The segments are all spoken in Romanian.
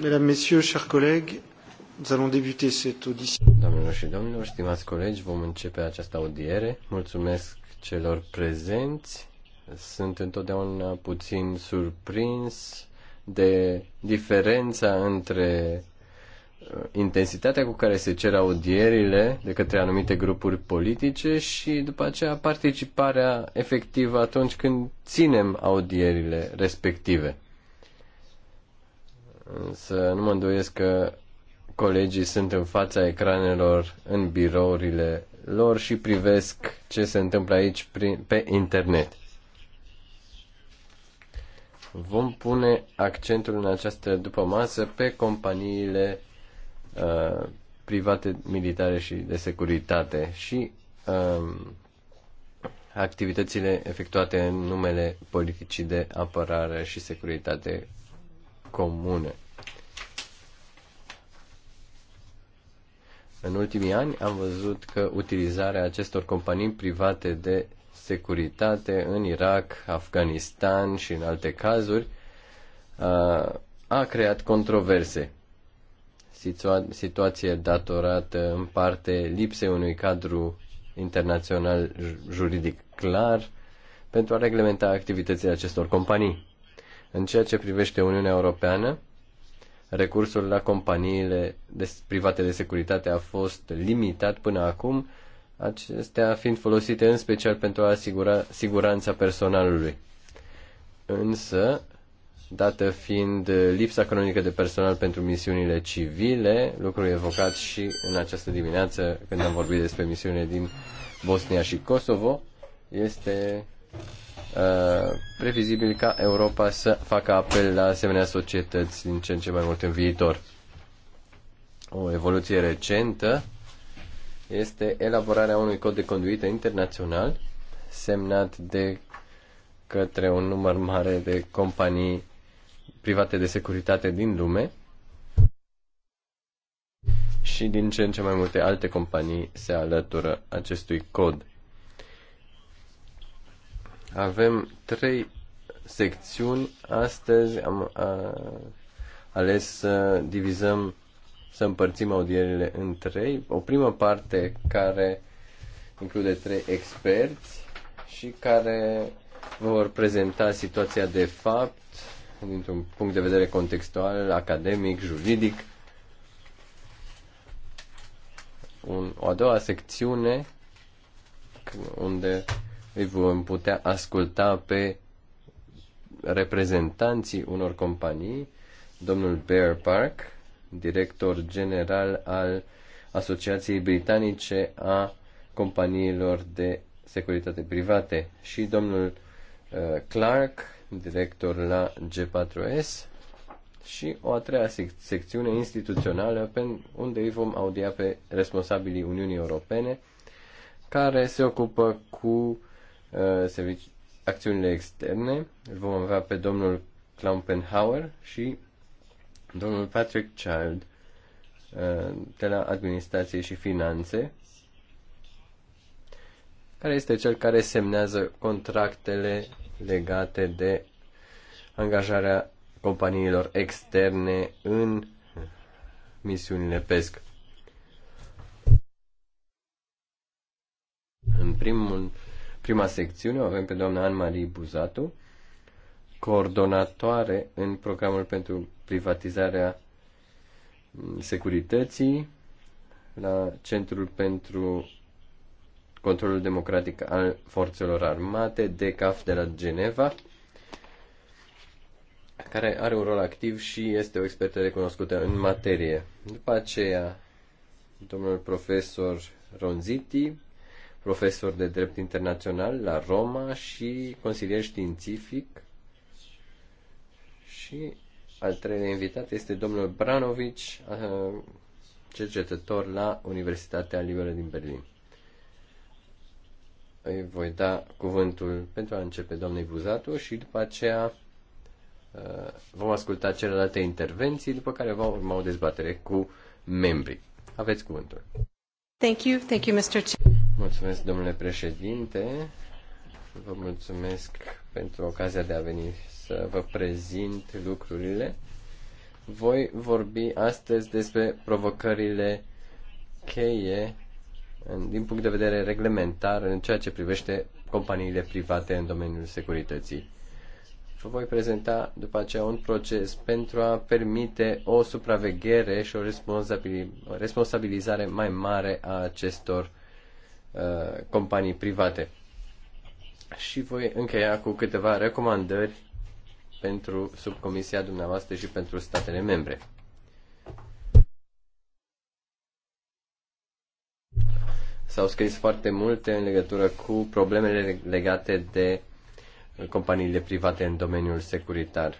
Mesdames, Messieurs, chers collègues, nous allons débuter cette audition. și domnilor, stimați colegi, vom începe această audiere. Mulțumesc celor prezenți. Sunt întotdeauna puțin surprins de diferența între uh, intensitatea cu care se cer audierile de către anumite grupuri politice și după aceea participarea efectivă atunci când ținem audierile respective. Însă nu mă îndoiesc că colegii sunt în fața ecranelor, în birourile lor și privesc ce se întâmplă aici prin, pe internet. Vom pune accentul în această după masă pe companiile uh, private militare și de securitate și uh, activitățile efectuate în numele politicii de apărare și securitate comune. În ultimii ani am văzut că utilizarea acestor companii private de securitate în Irak, Afganistan și în alte cazuri a creat controverse. situație datorată în parte lipsei unui cadru internațional juridic clar pentru a reglementa activitățile acestor companii. În ceea ce privește Uniunea Europeană, recursul la companiile private de securitate a fost limitat până acum, acestea fiind folosite în special pentru a asigura siguranța personalului. Însă, dată fiind lipsa cronică de personal pentru misiunile civile, lucru evocat și în această dimineață când am vorbit despre misiunile din Bosnia și Kosovo, este Uh, previzibil ca Europa să facă apel la asemenea societăți din ce în ce mai mult în viitor. O evoluție recentă este elaborarea unui cod de conduită internațional semnat de către un număr mare de companii private de securitate din lume și din ce în ce mai multe alte companii se alătură acestui cod. Avem trei secțiuni. Astăzi am a, ales să divizăm, să împărțim audierile în trei. O primă parte care include trei experți și care vor prezenta situația de fapt dintr-un punct de vedere contextual, academic, juridic. Un, o a doua secțiune unde îi vom putea asculta pe reprezentanții unor companii, domnul Bear Park, director general al Asociației Britanice a Companiilor de Securitate Private și domnul uh, Clark, director la G4S și o a treia sec- secțiune instituțională unde îi vom audia pe responsabilii Uniunii Europene care se ocupă cu Uh, servici, acțiunile externe. Îl vom avea pe domnul Klampenhauer și domnul Patrick Child uh, de la Administrație și Finanțe, care este cel care semnează contractele legate de angajarea companiilor externe în misiunile PESC. În primul Prima secțiune o avem pe doamna Anne-Marie Buzatu, coordonatoare în programul pentru privatizarea mm, securității la Centrul pentru Controlul Democratic al Forțelor Armate, DECAF de la Geneva, care are un rol activ și este o expertă recunoscută în materie. După aceea, domnul profesor Ronziti, profesor de drept internațional la Roma și consilier științific. Și al treilea invitat este domnul Branovic, uh, cercetător la Universitatea Liberă din Berlin. Îi voi da cuvântul pentru a începe domnului Buzatu și după aceea uh, vom asculta celelalte intervenții, după care va urma o dezbatere cu membrii. Aveți cuvântul. Thank you, thank you, Mr. Chair. Mulțumesc, domnule președinte. Vă mulțumesc pentru ocazia de a veni să vă prezint lucrurile. Voi vorbi astăzi despre provocările cheie din punct de vedere reglementar în ceea ce privește companiile private în domeniul securității. Vă voi prezenta după aceea un proces pentru a permite o supraveghere și o responsabilizare mai mare a acestor Uh, companii private. Și voi încheia cu câteva recomandări pentru subcomisia dumneavoastră și pentru statele membre. S-au scris foarte multe în legătură cu problemele legate de companiile private în domeniul securitar.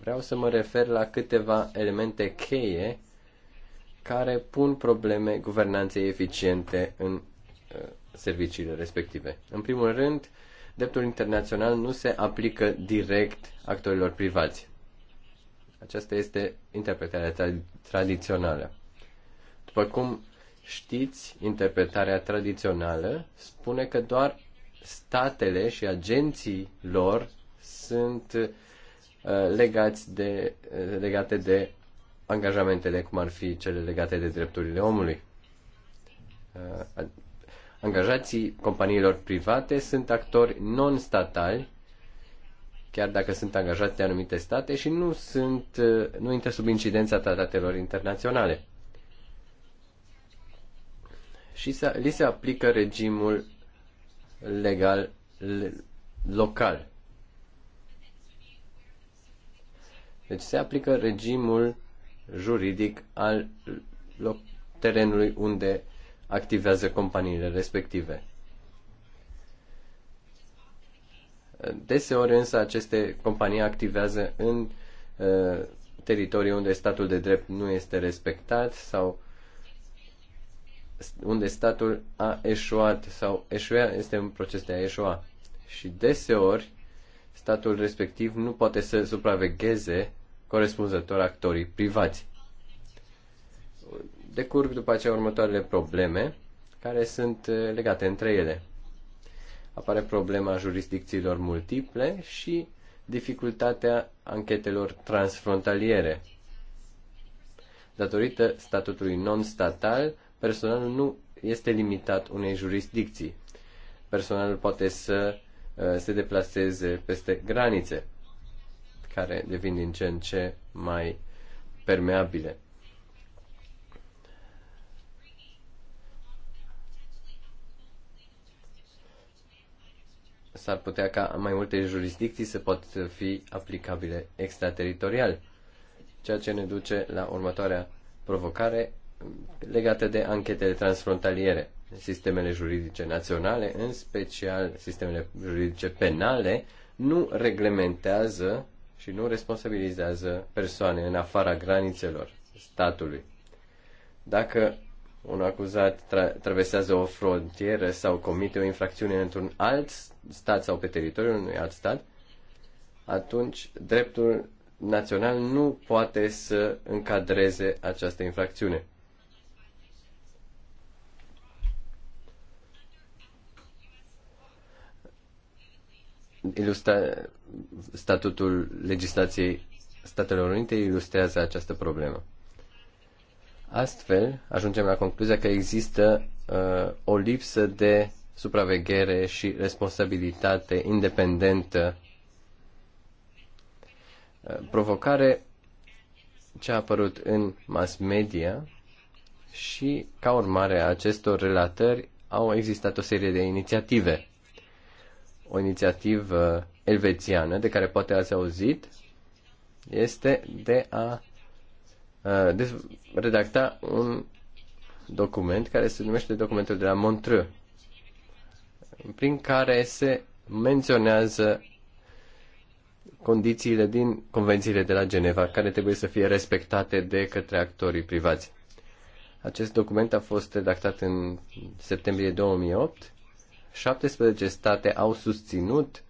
Vreau să mă refer la câteva elemente cheie care pun probleme guvernanței eficiente în Uh, serviciile respective. În primul rând, dreptul internațional nu se aplică direct actorilor privați. Aceasta este interpretarea tra- tradițională. După cum știți, interpretarea tradițională spune că doar statele și agenții lor sunt uh, legați de, uh, legate de angajamentele, cum ar fi cele legate de drepturile omului. Uh, Angajații companiilor private sunt actori non-statali, chiar dacă sunt angajați de anumite state și nu, sunt, nu intră sub incidența tratatelor internaționale. Și se, li se aplică regimul legal local. Deci se aplică regimul juridic al terenului unde activează companiile respective. Deseori însă aceste companii activează în uh, teritorii unde statul de drept nu este respectat sau unde statul a eșuat sau eșuia este un proces de a eșua. Și deseori statul respectiv nu poate să supravegheze corespunzător actorii privați decurg după aceea următoarele probleme care sunt eh, legate între ele. Apare problema jurisdicțiilor multiple și dificultatea anchetelor transfrontaliere. Datorită statutului non-statal, personalul nu este limitat unei jurisdicții. Personalul poate să eh, se deplaseze peste granițe, care devin din ce în ce mai permeabile. s-ar putea ca mai multe jurisdicții să pot fi aplicabile extrateritorial, ceea ce ne duce la următoarea provocare legată de anchetele transfrontaliere. Sistemele juridice naționale, în special sistemele juridice penale, nu reglementează și nu responsabilizează persoane în afara granițelor statului. Dacă un acuzat tra- traversează o frontieră sau comite o infracțiune într-un alt stat sau pe teritoriul unui alt stat, atunci dreptul național nu poate să încadreze această infracțiune. Ilustra- statutul legislației Statelor Unite ilustrează această problemă. Astfel, ajungem la concluzia că există uh, o lipsă de supraveghere și responsabilitate independentă. Uh, provocare ce a apărut în mass media și, ca urmare a acestor relatări, au existat o serie de inițiative. O inițiativă elvețiană, de care poate ați auzit, este de a Uh, de redacta un document care se numește documentul de la Montreux, prin care se menționează condițiile din convențiile de la Geneva care trebuie să fie respectate de către actorii privați. Acest document a fost redactat în septembrie 2008. 17 state au susținut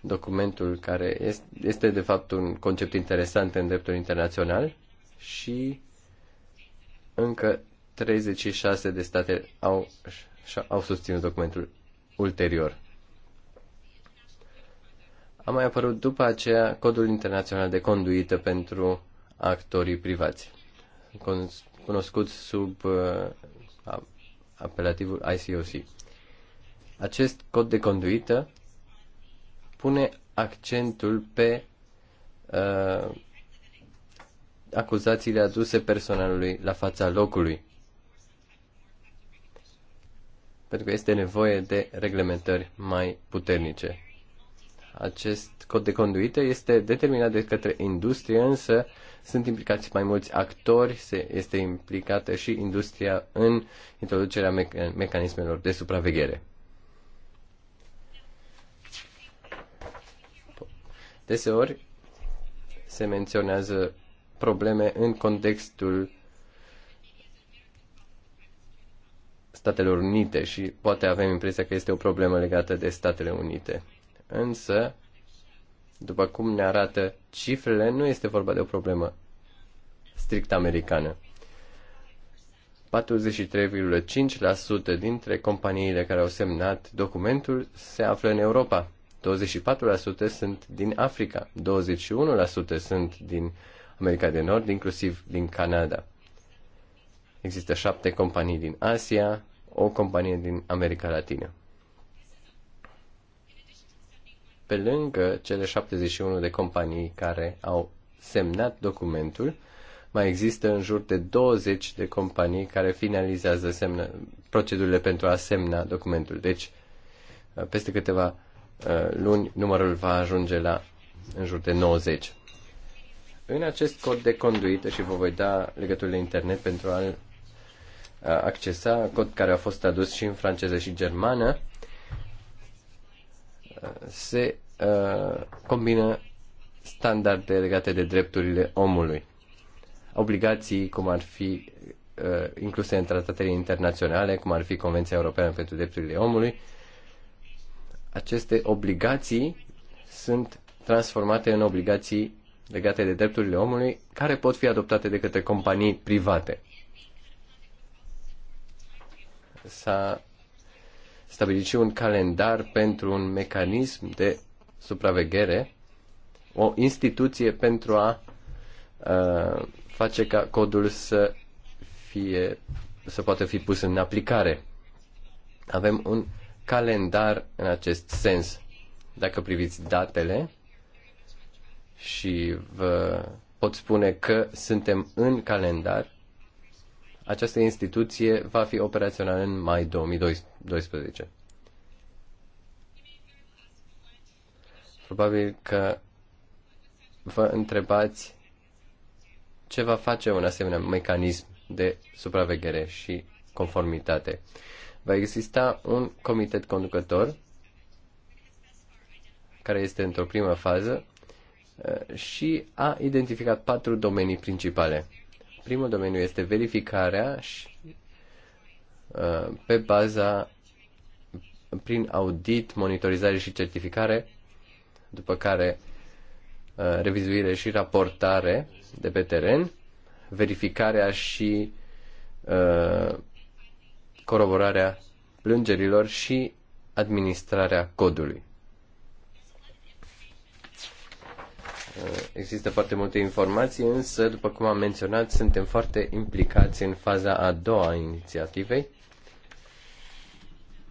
documentul care este de fapt un concept interesant în dreptul internațional și încă 36 de state au, au susținut documentul ulterior. A mai apărut după aceea Codul Internațional de Conduită pentru Actorii Privați, cunoscut sub uh, apelativul ICOC. Acest cod de conduită pune accentul pe uh, acuzațiile aduse personalului la fața locului. Pentru că este nevoie de reglementări mai puternice. Acest cod de conduită este determinat de către industrie, însă sunt implicați mai mulți actori, se, este implicată și industria în introducerea mecanismelor de supraveghere. Deseori se menționează probleme în contextul Statelor Unite și poate avem impresia că este o problemă legată de Statele Unite. Însă, după cum ne arată cifrele, nu este vorba de o problemă strict americană. 43,5% dintre companiile care au semnat documentul se află în Europa. 24% sunt din Africa, 21% sunt din America de Nord, inclusiv din Canada. Există șapte companii din Asia, o companie din America Latină. Pe lângă cele 71 de companii care au semnat documentul, mai există în jur de 20 de companii care finalizează semnă, procedurile pentru a semna documentul. Deci, peste câteva Uh, luni numărul va ajunge la în jur de 90. În acest cod de conduită și vă voi da legăturile internet pentru a uh, accesa cod care a fost adus și în franceză și germană, uh, se uh, combină standarde legate de drepturile omului. Obligații cum ar fi uh, incluse în tratatele internaționale, cum ar fi Convenția Europeană pentru Drepturile Omului, uh, aceste obligații sunt transformate în obligații legate de drepturile omului care pot fi adoptate de către companii private. S-a stabilit și un calendar pentru un mecanism de supraveghere, o instituție pentru a uh, face ca codul să fie să poată fi pus în aplicare. Avem un calendar în acest sens. Dacă priviți datele și vă pot spune că suntem în calendar, această instituție va fi operațională în mai 2012. Probabil că vă întrebați ce va face un asemenea mecanism de supraveghere și conformitate. Va exista un comitet conducător care este într-o primă fază uh, și a identificat patru domenii principale. Primul domeniu este verificarea și uh, pe baza prin audit, monitorizare și certificare, după care uh, revizuire și raportare de pe teren, verificarea și coroborarea plângerilor și administrarea codului. Există foarte multe informații, însă, după cum am menționat, suntem foarte implicați în faza a doua a inițiativei.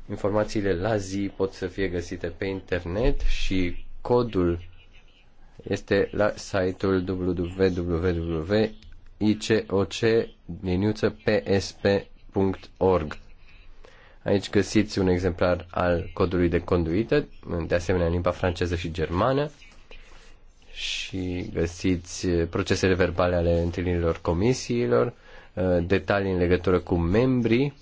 Informațiile la zi pot să fie găsite pe internet și codul este la site-ul www.icoc.org. Aici găsiți un exemplar al codului de conduită, de asemenea în limba franceză și germană și găsiți procesele verbale ale întâlnirilor comisiilor, uh, detalii în legătură cu membrii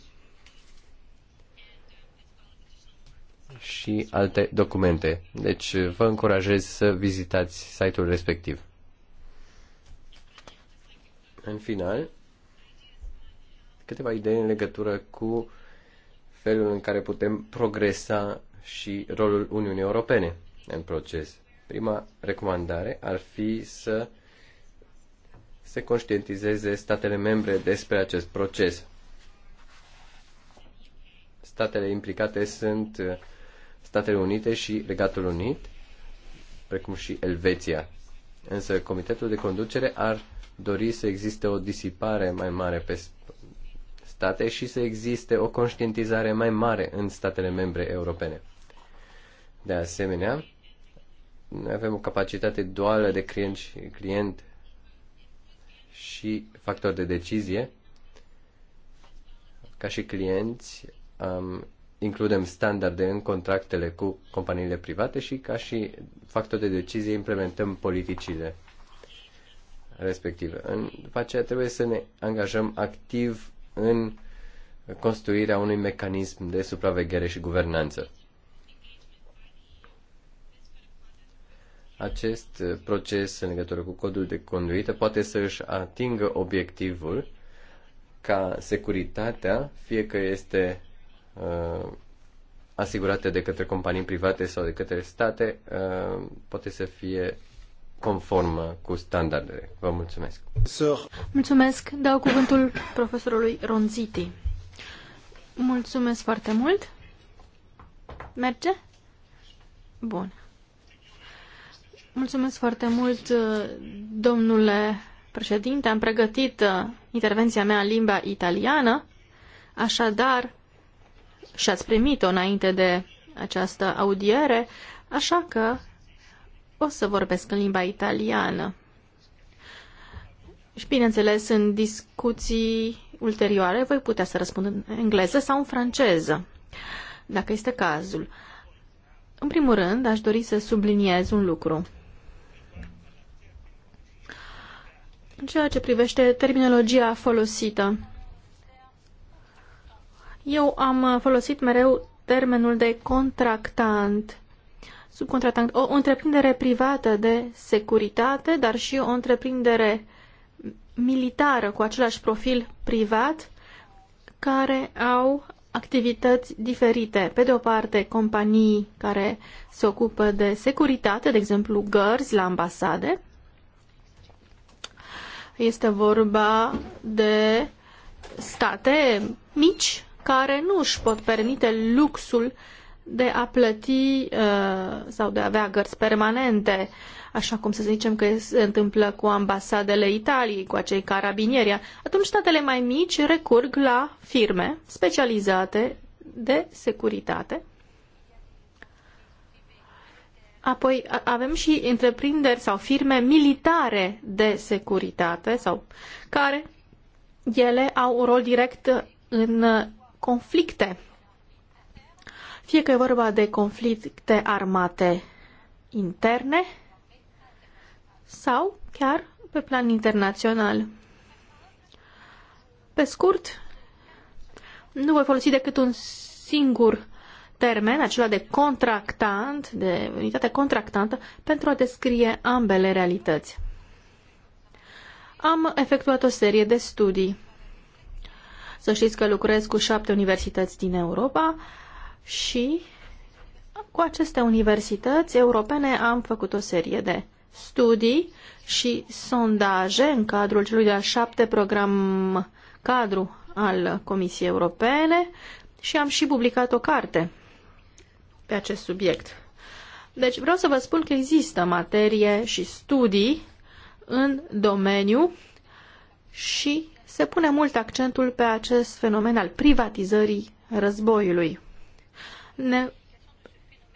și alte documente. Deci uh, vă încurajez să vizitați site-ul respectiv. În final, câteva idei în legătură cu felul în care putem progresa și rolul Uniunii Europene în proces. Prima recomandare ar fi să se conștientizeze statele membre despre acest proces. Statele implicate sunt Statele Unite și Regatul Unit, precum și Elveția. Însă Comitetul de Conducere ar dori să existe o disipare mai mare pe state și să existe o conștientizare mai mare în statele membre europene. De asemenea, noi avem o capacitate duală de client și, client și factor de decizie. Ca și clienți, um, includem standarde în contractele cu companiile private și ca și factor de decizie implementăm politicile respective. În, după aceea trebuie să ne angajăm activ în construirea unui mecanism de supraveghere și guvernanță. Acest proces în legătură cu codul de conduită poate să își atingă obiectivul ca securitatea, fie că este uh, asigurată de către companii private sau de către state, uh, poate să fie conformă uh, cu standardele. Vă mulțumesc. Mulțumesc. Dau cuvântul profesorului Ronziti. Mulțumesc foarte mult. Merge? Bun. Mulțumesc foarte mult, uh, domnule președinte. Am pregătit uh, intervenția mea în limba italiană, așadar, și ați primit-o înainte de această audiere, așa că o să vorbesc în limba italiană. Și bineînțeles, în discuții ulterioare voi putea să răspund în engleză sau în franceză, dacă este cazul. În primul rând, aș dori să subliniez un lucru. În ceea ce privește terminologia folosită, eu am folosit mereu termenul de contractant subcontratant, o, o întreprindere privată de securitate, dar și o întreprindere militară cu același profil privat, care au activități diferite. Pe de o parte, companii care se ocupă de securitate, de exemplu gărzi la ambasade. Este vorba de state mici care nu își pot permite luxul uh, de a plăti uh, sau de a avea gărzi permanente, așa cum să zicem că se întâmplă cu ambasadele Italiei, cu acei carabinieri, atunci statele mai mici recurg la firme specializate de securitate. Apoi avem și întreprinderi sau firme militare de securitate sau care ele au un rol direct în conflicte fie că e vorba de conflicte armate interne sau chiar pe plan internațional. Pe scurt, nu voi folosi decât un singur termen, acela de contractant, de unitate contractantă, pentru a descrie ambele realități. Am efectuat o serie de studii. Să știți că lucrez cu șapte universități din Europa, și cu aceste universități europene am făcut o serie de studii și sondaje în cadrul celui de-al șapte program cadru al Comisiei Europene și am și publicat o carte pe acest subiect. Deci vreau să vă spun că există materie și studii în domeniu și se pune mult accentul pe acest fenomen al privatizării războiului ne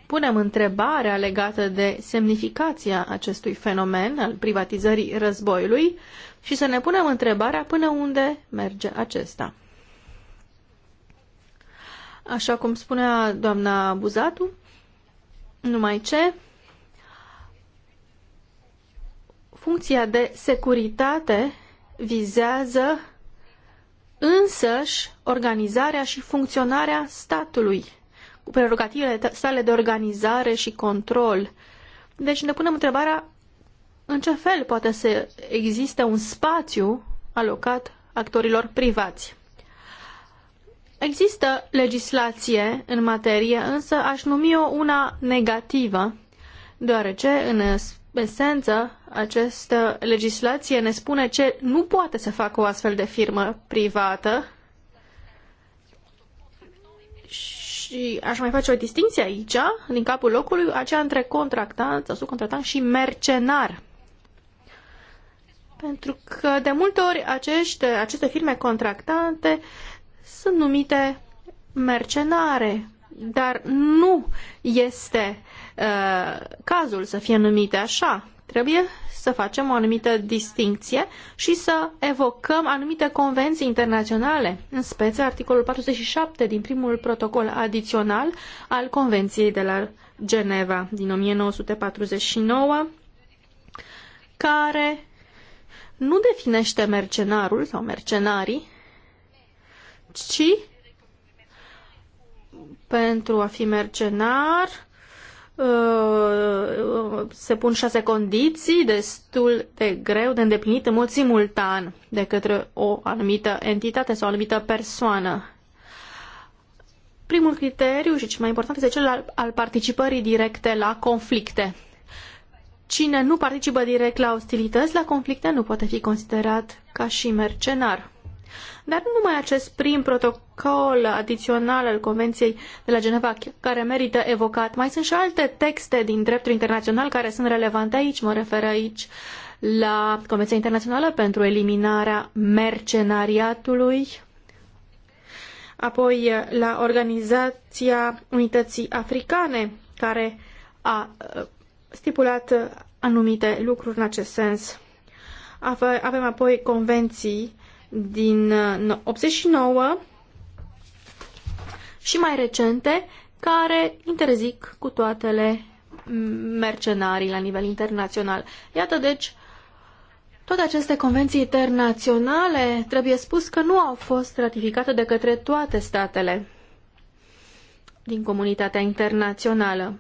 punem întrebarea legată de semnificația acestui fenomen al privatizării războiului și să ne punem întrebarea până unde merge acesta. Așa cum spunea doamna Buzatu, numai ce funcția de securitate vizează însăși organizarea și funcționarea statului prerogativele sale de organizare și control. Deci ne punem întrebarea în ce fel poate să existe un spațiu alocat actorilor privați. Există legislație în materie, însă aș numi-o una negativă, deoarece, în esență, această legislație ne spune ce nu poate să facă o astfel de firmă privată și aș mai face o distinție aici, din capul locului, aceea între contractant sau subcontractant și mercenar. Pentru că de multe ori acești, aceste firme contractante sunt numite mercenare, dar nu este uh, cazul să fie numite așa. Trebuie să facem o anumită distincție și să evocăm anumite convenții internaționale, în speță articolul 47 din primul protocol adițional al Convenției de la Geneva din 1949, care nu definește mercenarul sau mercenarii, ci pentru a fi mercenar Uh, se pun șase condiții destul de greu de îndeplinit în mod simultan de către o anumită entitate sau o anumită persoană. Primul criteriu și cel mai important este cel al, al participării directe la conflicte. Cine nu participă direct la ostilități, la conflicte, nu poate fi considerat ca și mercenar. Dar nu numai acest prim protocol protocol adițional al Convenției de la Geneva care merită evocat. Mai sunt și alte texte din dreptul internațional care sunt relevante aici. Mă refer aici la Convenția Internațională pentru eliminarea mercenariatului, apoi la Organizația Unității Africane care a uh, stipulat anumite lucruri în acest sens. Avem apoi convenții din 89 uh, și mai recente care interzic cu toatele mercenarii la nivel internațional. Iată deci toate aceste convenții internaționale trebuie spus că nu au fost ratificate de către toate statele din comunitatea internațională.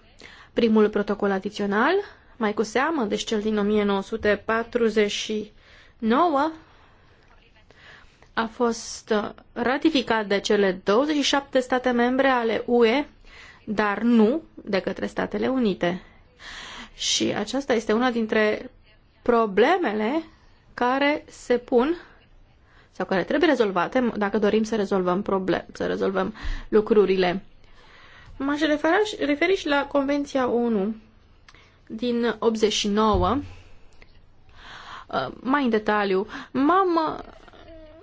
Primul protocol adițional, mai cu seamă, deci cel din 1949, a fost ratificat de cele 27 state membre ale UE, dar nu de către Statele Unite. Și aceasta este una dintre problemele care se pun sau care trebuie rezolvate dacă dorim să rezolvăm problem, să rezolvăm lucrurile. M-aș referi și la Convenția ONU din 89, uh, mai în detaliu. M-am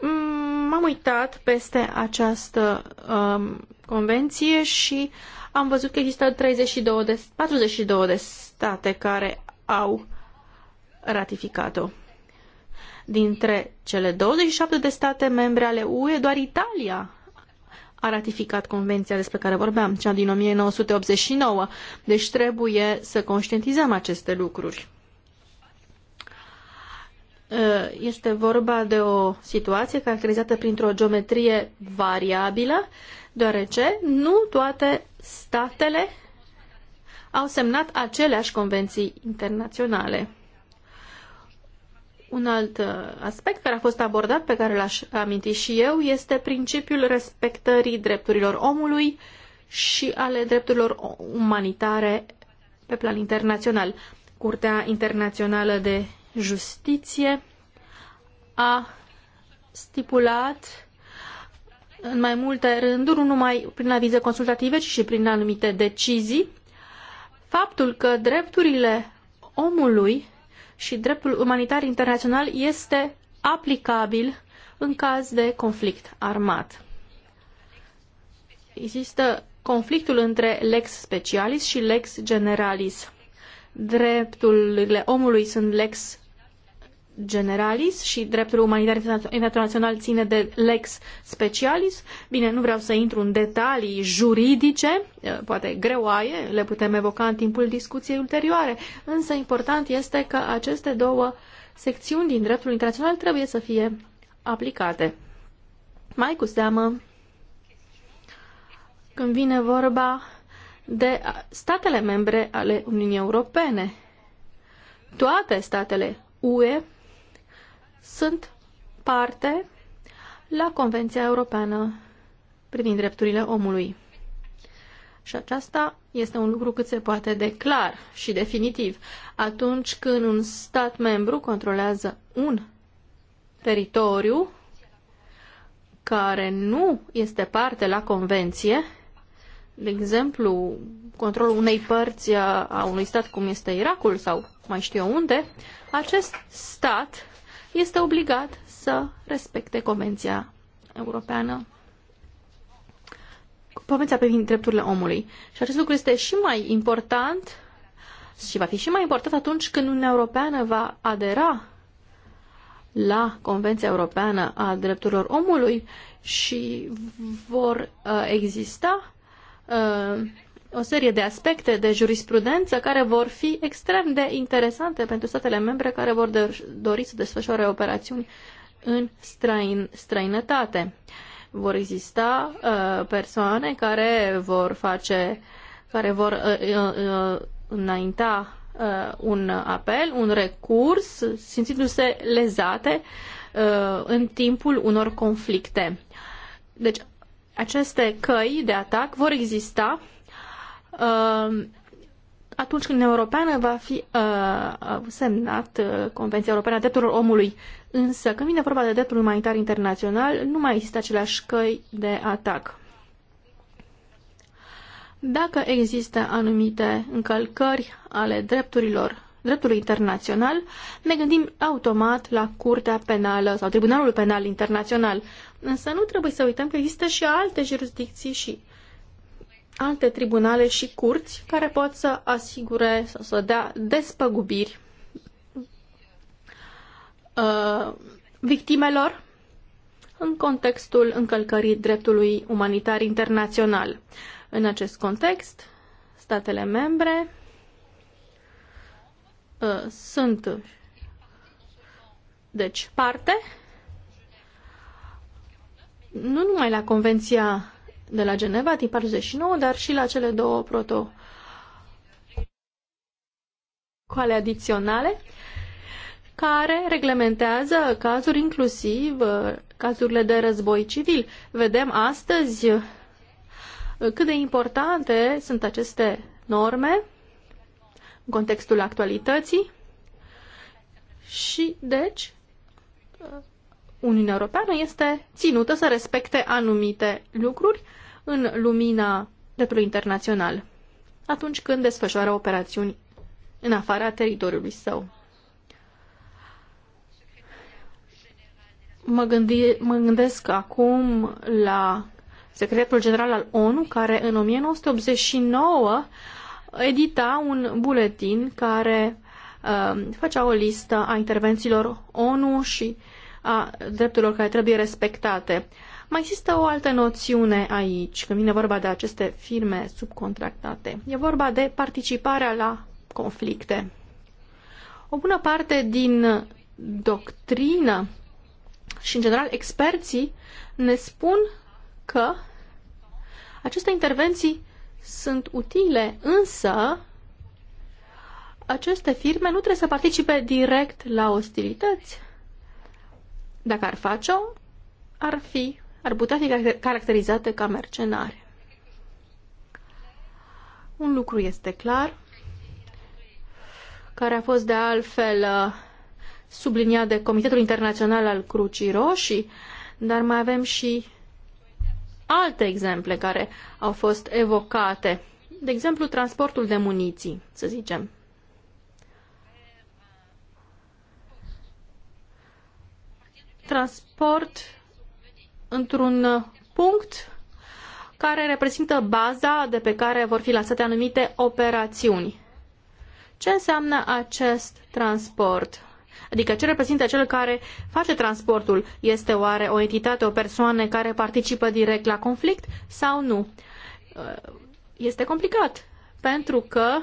Mm, m-am uitat peste această um, convenție și am văzut că există 32 de, 42 de state care au ratificat-o. Dintre cele 27 de state membre ale UE, doar Italia a ratificat convenția despre care vorbeam, cea din 1989. Deci trebuie să conștientizăm aceste lucruri. Ă, este vorba de o situație caracterizată printr-o geometrie variabilă, deoarece nu toate statele au semnat aceleași convenții internaționale. Un alt ă, aspect care a fost abordat, pe care l-aș aminti și eu, este principiul respectării drepturilor omului și ale drepturilor umanitare pe plan internațional. Curtea Internațională de Justiție a stipulat în mai multe rânduri, nu numai prin avize consultative, ci și prin anumite decizii, faptul că drepturile omului și dreptul umanitar internațional este aplicabil în caz de conflict armat. Există conflictul între lex specialis și lex generalis drepturile omului sunt lex generalis și dreptul umanitar internațional ține de lex specialis. Bine, nu vreau să intru în detalii juridice, eh, poate greoaie, le putem evoca în timpul discuției ulterioare, însă important este că aceste două secțiuni din dreptul internațional trebuie să fie aplicate. Mai cu seamă, când vine vorba de statele membre ale Uniunii Europene. Toate statele UE sunt parte la Convenția Europeană privind drepturile omului. Și aceasta este un lucru cât se poate de clar și definitiv. Atunci când un stat membru controlează un teritoriu care nu este parte la convenție, de exemplu, controlul unei părți a unui stat cum este Irakul sau mai știu eu unde, acest stat este obligat să respecte Convenția Europeană Convenția privind drepturile omului. Și acest lucru este și mai important și va fi și mai important atunci când Uniunea Europeană va adera la Convenția Europeană a Drepturilor Omului și vor uh, exista Uh, o serie de aspecte de jurisprudență care vor fi extrem de interesante pentru statele membre care vor de- dori să desfășoare operațiuni în străin- străinătate. Vor exista uh, persoane care vor face, care vor uh, uh, uh înainta uh, un apel, un recurs, simțindu-se lezate uh, în timpul unor conflicte. Deci aceste căi de atac vor exista uh, atunci când europeană va fi uh, uh, semnat uh, Convenția Europeană a Drepturilor Omului. Însă, când vine vorba de dreptul umanitar internațional, nu mai există aceleași căi de atac. Dacă există anumite încălcări ale drepturilor dreptului internațional, ne gândim automat la Curtea Penală sau Tribunalul Penal Internațional. Însă nu trebuie să uităm că există și alte jurisdicții și alte tribunale și curți care pot să asigure sau să dea despăgubiri uh, victimelor în contextul încălcării dreptului umanitar internațional. În acest context, statele membre uh, sunt deci parte nu numai la Convenția de la Geneva din 49, dar și la cele două protocoale adiționale care reglementează cazuri inclusiv cazurile de război civil. Vedem astăzi cât de importante sunt aceste norme în contextul actualității și, deci, Uniunea Europeană este ținută să respecte anumite lucruri în lumina dreptului internațional atunci când desfășoară operațiuni în afara teritoriului său. Mă, gândi, mă gândesc acum la secretul general al ONU, care în 1989 edita un buletin care uh, făcea o listă a intervențiilor ONU și uh, a drepturilor care trebuie respectate. Mai există o altă noțiune aici, când vine vorba de aceste firme subcontractate. E vorba de participarea la conflicte. O bună parte din doctrină și, în general, experții ne spun că aceste intervenții sunt utile, însă aceste firme nu trebuie să participe direct la ostilități dacă ar face-o, ar, fi, ar putea fi caracterizate ca mercenare. Un lucru este clar, care a fost de altfel uh, subliniat de Comitetul Internațional al Crucii Roșii, dar mai avem și alte exemple care au fost evocate. De exemplu, transportul de muniții, să zicem. transport într-un punct care reprezintă baza de pe care vor fi lansate anumite operațiuni. Ce înseamnă acest transport? Adică ce reprezintă cel care face transportul? Este oare o entitate, o persoană care participă direct la conflict sau nu? Este complicat, pentru că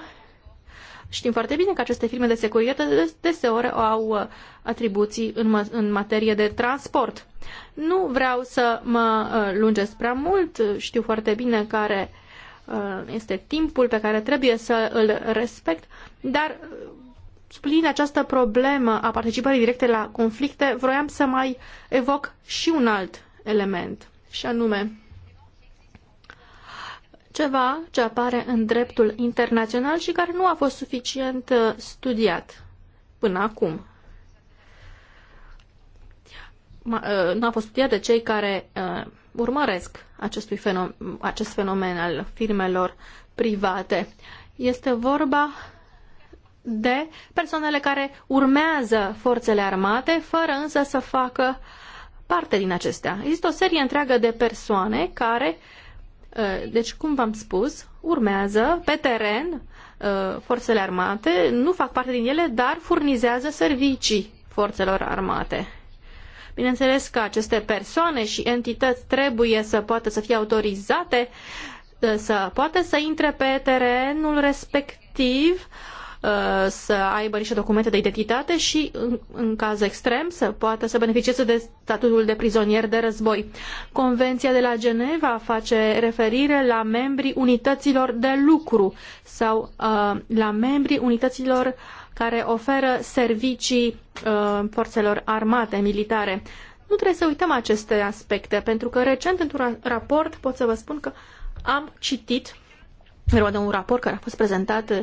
Știm foarte bine că aceste firme de securitate deseori au uh, atribuții în, în materie de transport. Nu vreau să mă uh, lungesc prea mult, știu foarte bine care uh, este timpul pe care trebuie să îl respect, dar plin această problemă a participării directe la conflicte, vroiam să mai evoc și un alt element, și anume ceva ce apare în dreptul internațional și care nu a fost suficient uh, studiat până acum. Uh, nu a fost studiat de cei care uh, urmăresc acestui fenomen, acest fenomen al firmelor private. Este vorba de persoanele care urmează forțele armate, fără însă să facă parte din acestea. Există o serie întreagă de persoane care uh, Eh, deci, cum v-am spus, urmează pe teren eh, forțele armate, nu fac parte din ele, dar furnizează servicii forțelor armate. Bineînțeles că aceste persoane și entități trebuie să poată să fie autorizate eh, să poată să intre pe terenul respectiv uh, Uh, să aibă niște documente de identitate și, în, în caz extrem, să poată să beneficieze de statutul de prizonier de război. Convenția de la Geneva face referire la membrii unităților de lucru sau uh, la membrii unităților care oferă servicii uh, forțelor armate, militare. Nu trebuie să uităm aceste aspecte, pentru că recent, într-un raport, pot să vă spun că am citit, era de un raport care a fost prezentat uh,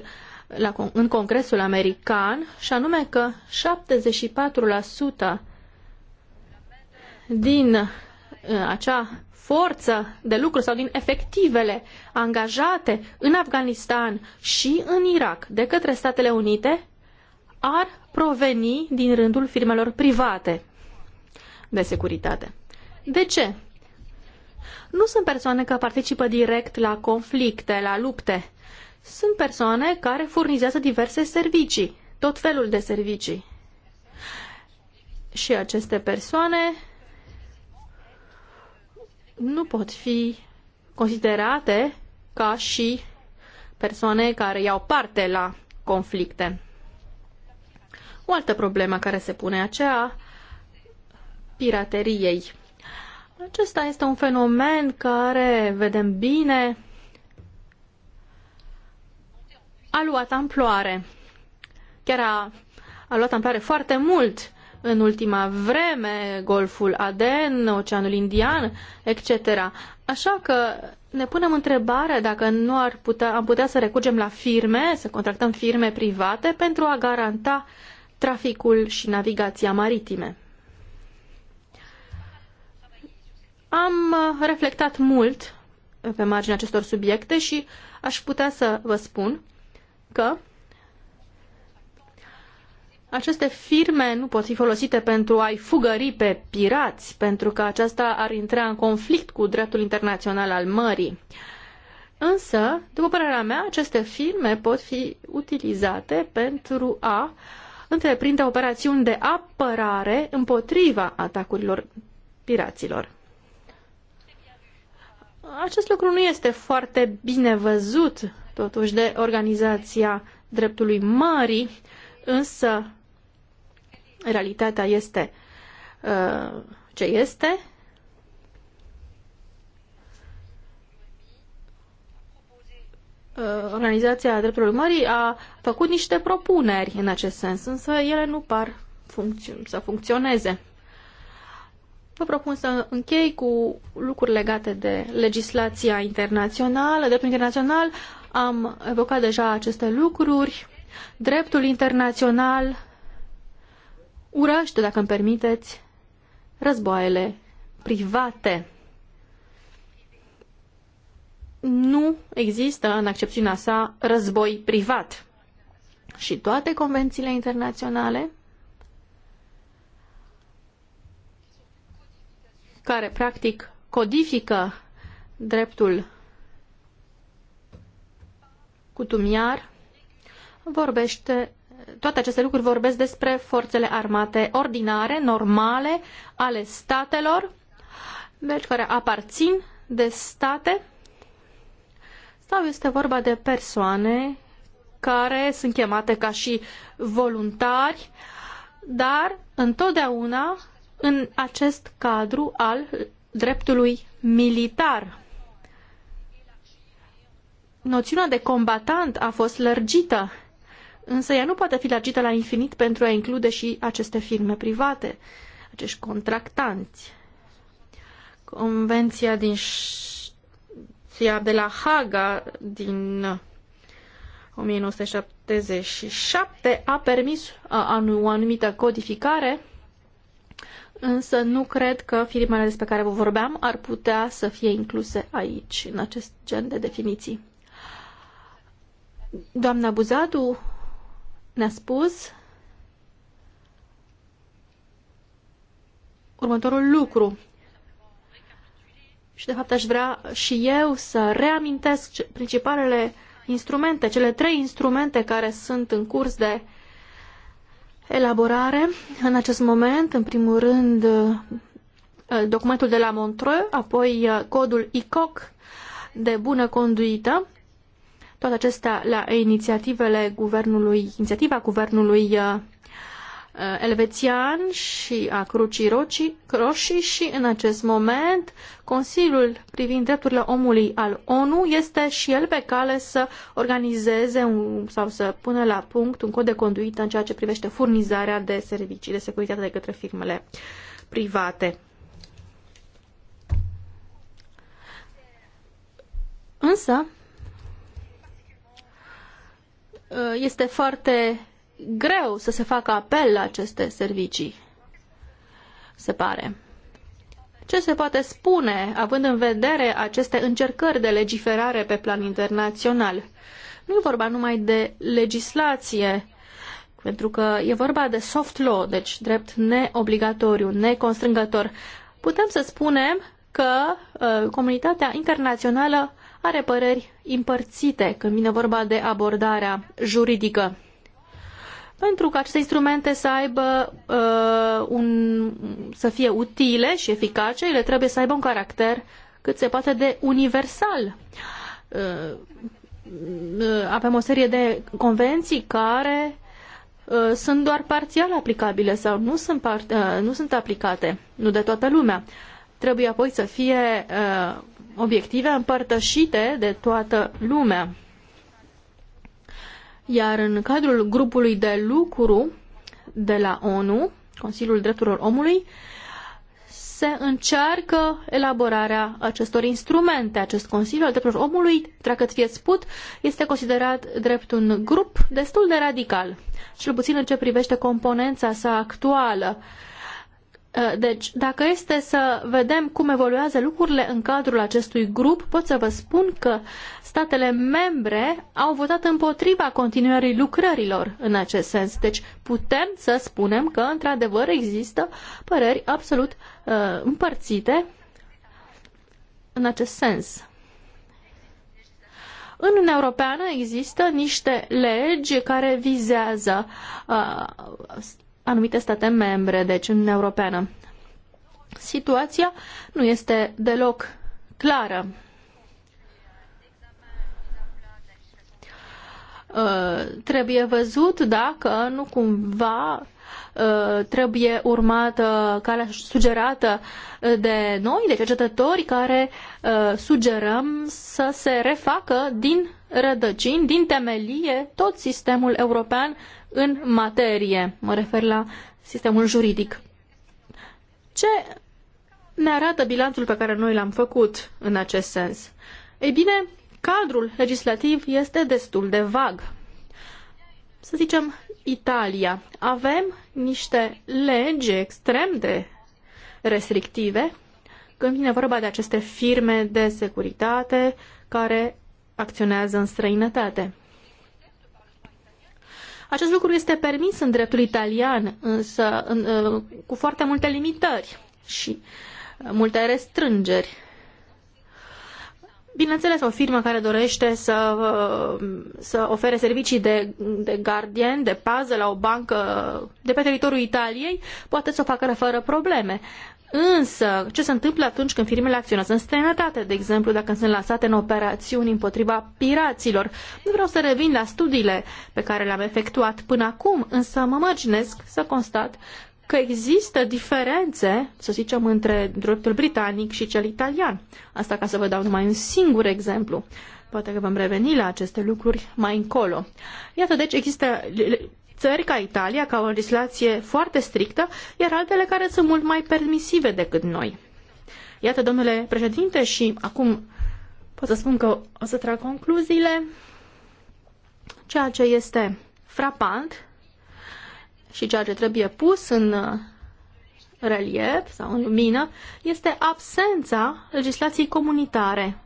la, în Congresul American, și anume că 74% din uh, acea forță de lucru sau din efectivele angajate în Afganistan și în Irak de către Statele Unite ar proveni din rândul firmelor private de securitate. De ce? Nu sunt persoane care participă direct la conflicte, la lupte, sunt persoane care furnizează diverse servicii, tot felul de servicii. Și aceste persoane nu pot fi considerate ca și persoane care iau parte la conflicte. O altă problemă care se pune aceea pirateriei. Acesta este un fenomen care vedem bine a luat amploare. Chiar a, a luat amploare foarte mult în ultima vreme, Golful Aden, Oceanul Indian, etc. Așa că ne punem întrebarea dacă nu ar putea, am putea să recurgem la firme, să contractăm firme private pentru a garanta traficul și navigația maritime. Am reflectat mult pe marginea acestor subiecte și aș putea să vă spun că aceste firme nu pot fi folosite pentru a-i fugări pe pirați, pentru că aceasta ar intra în conflict cu dreptul internațional al mării. Însă, după părerea mea, aceste firme pot fi utilizate pentru a întreprinde operațiuni de apărare împotriva atacurilor piraților. Acest lucru nu este foarte bine văzut totuși de Organizația Dreptului Mării, însă realitatea este uh, ce este. Uh, Organizația Dreptului Mării a făcut niște propuneri în acest sens, însă ele nu par funcțion să funcționeze. Vă propun să închei cu lucruri legate de legislația internațională, dreptul internațional. Uh, am evocat deja aceste lucruri. Dreptul internațional urăște, dacă îmi permiteți, războaiele private. Nu există în accepțiunea sa război privat. Și toate convențiile internaționale care practic codifică dreptul Cutumiar vorbește, toate aceste lucruri vorbesc despre forțele armate ordinare, normale, ale statelor, deci care aparțin de state sau este vorba de persoane care sunt chemate ca și voluntari, dar întotdeauna în acest cadru al dreptului militar noțiunea de combatant a fost lărgită, însă ea nu poate fi lărgită la infinit pentru a include și aceste firme private, acești contractanți. Convenția din de la Haga din 1977 a permis o anumită codificare, însă nu cred că firmele despre care vă vorbeam ar putea să fie incluse aici, în acest gen de definiții. Doamna Buzadu ne-a spus următorul lucru. Și de fapt aș vrea și eu să reamintesc principalele instrumente, cele trei instrumente care sunt în curs de elaborare în acest moment. În primul rând uh, documentul de la Montreux, apoi uh, codul ICOC de bună conduită toate acestea la inițiativele guvernului, inițiativa guvernului uh, uh, elvețian și a Crucii Roșii, Roșii și în acest moment Consiliul privind drepturile omului al ONU este și el pe cale să organizeze un, sau să pună la punct un cod de conduită în ceea ce privește furnizarea de servicii de securitate de către firmele private. Însă, Uh, este foarte greu să se facă apel la aceste servicii, se pare. Ce se poate spune, având în vedere aceste încercări de legiferare pe plan internațional? Nu e vorba numai de legislație, pentru că e vorba de soft law, deci drept neobligatoriu, neconstrângător. Putem să spunem că uh, comunitatea internațională are păreri împărțite când vine vorba de abordarea juridică. Pentru că aceste instrumente să aibă uh, un, să fie utile și eficace, ele trebuie să aibă un caracter cât se poate de universal. Uh, uh avem o serie de convenții care uh, sunt doar parțial aplicabile sau nu sunt, par, uh, nu sunt aplicate, nu de toată lumea. Trebuie apoi să fie uh, obiective împărtășite de toată lumea. Iar în cadrul grupului de lucru de la ONU, Consiliul Drepturilor Omului, se încearcă elaborarea acestor instrumente. Acest Consiliu al Drepturilor Omului, tracăt fie sput, este considerat drept un grup destul de radical, cel puțin în ce privește componența sa actuală. Uh, Uh, deci, dacă este să vedem cum evoluează lucrurile în cadrul acestui grup, pot să vă spun că statele membre au votat împotriva continuării lucrărilor în acest sens. Deci, putem să spunem că, într-adevăr, există păreri absolut uh, împărțite în acest sens. În Uniunea Europeană există niște legi care vizează uh, anumite state membre, deci Uniunea Europeană. Situația nu este deloc clară. Uh, trebuie văzut dacă nu cumva uh, trebuie urmată calea sugerată de noi, de cercetători, care uh, sugerăm să se refacă din rădăcini, din temelie, tot sistemul european în materie. Mă refer la sistemul juridic. Ce ne arată bilanțul pe care noi l-am făcut în acest sens? Ei bine, cadrul legislativ este destul de vag. Să zicem, Italia. Avem niște legi extrem de restrictive când vine vorba de aceste firme de securitate care acționează în străinătate. Acest lucru este permis în dreptul italian, însă în, uh, cu foarte multe limitări și uh, multe restrângeri. Bineînțeles, o firmă care dorește să, uh, să ofere servicii de, de gardien, de pază la o bancă de pe teritoriul Italiei, poate să o facă fără probleme. Însă, ce se întâmplă atunci când firmele acționează în străinătate, de exemplu, dacă sunt lansate în operațiuni împotriva piraților? Nu vreau să revin la studiile pe care le-am efectuat până acum, însă mă marginesc să constat că există diferențe, să zicem, între dreptul britanic și cel italian. Asta ca să vă dau numai un singur exemplu. Poate că vom reveni la aceste lucruri mai încolo. Iată, deci există țări ca Italia, ca o legislație foarte strictă, iar altele care sunt mult mai permisive decât noi. Iată, domnule președinte, și acum pot să spun că o să trag concluziile. Ceea ce este frapant și ceea ce trebuie pus în uh, relief sau în lumină este absența legislației comunitare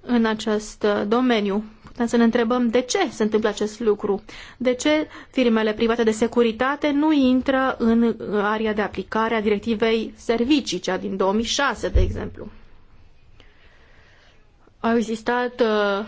în acest uh, domeniu. Putem să ne întrebăm de ce se întâmplă acest lucru. De ce firmele private de securitate nu intră în uh, area de aplicare a directivei servicii, cea din 2006, de exemplu? Au existat uh,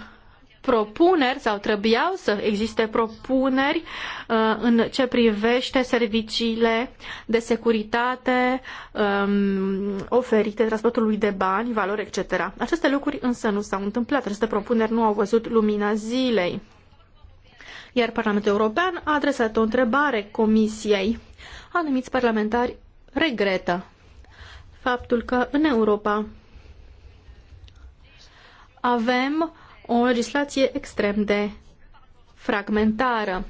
propuneri sau trebuiau să existe propuneri uh, în ce privește serviciile de securitate um, oferite transportului de bani, valori, etc. Aceste lucruri însă nu s-au întâmplat, aceste propuneri nu au văzut lumina zilei. Iar Parlamentul European a adresat o întrebare Comisiei. Anumiți parlamentari regretă faptul că în Europa avem o legislație extrem de fragmentară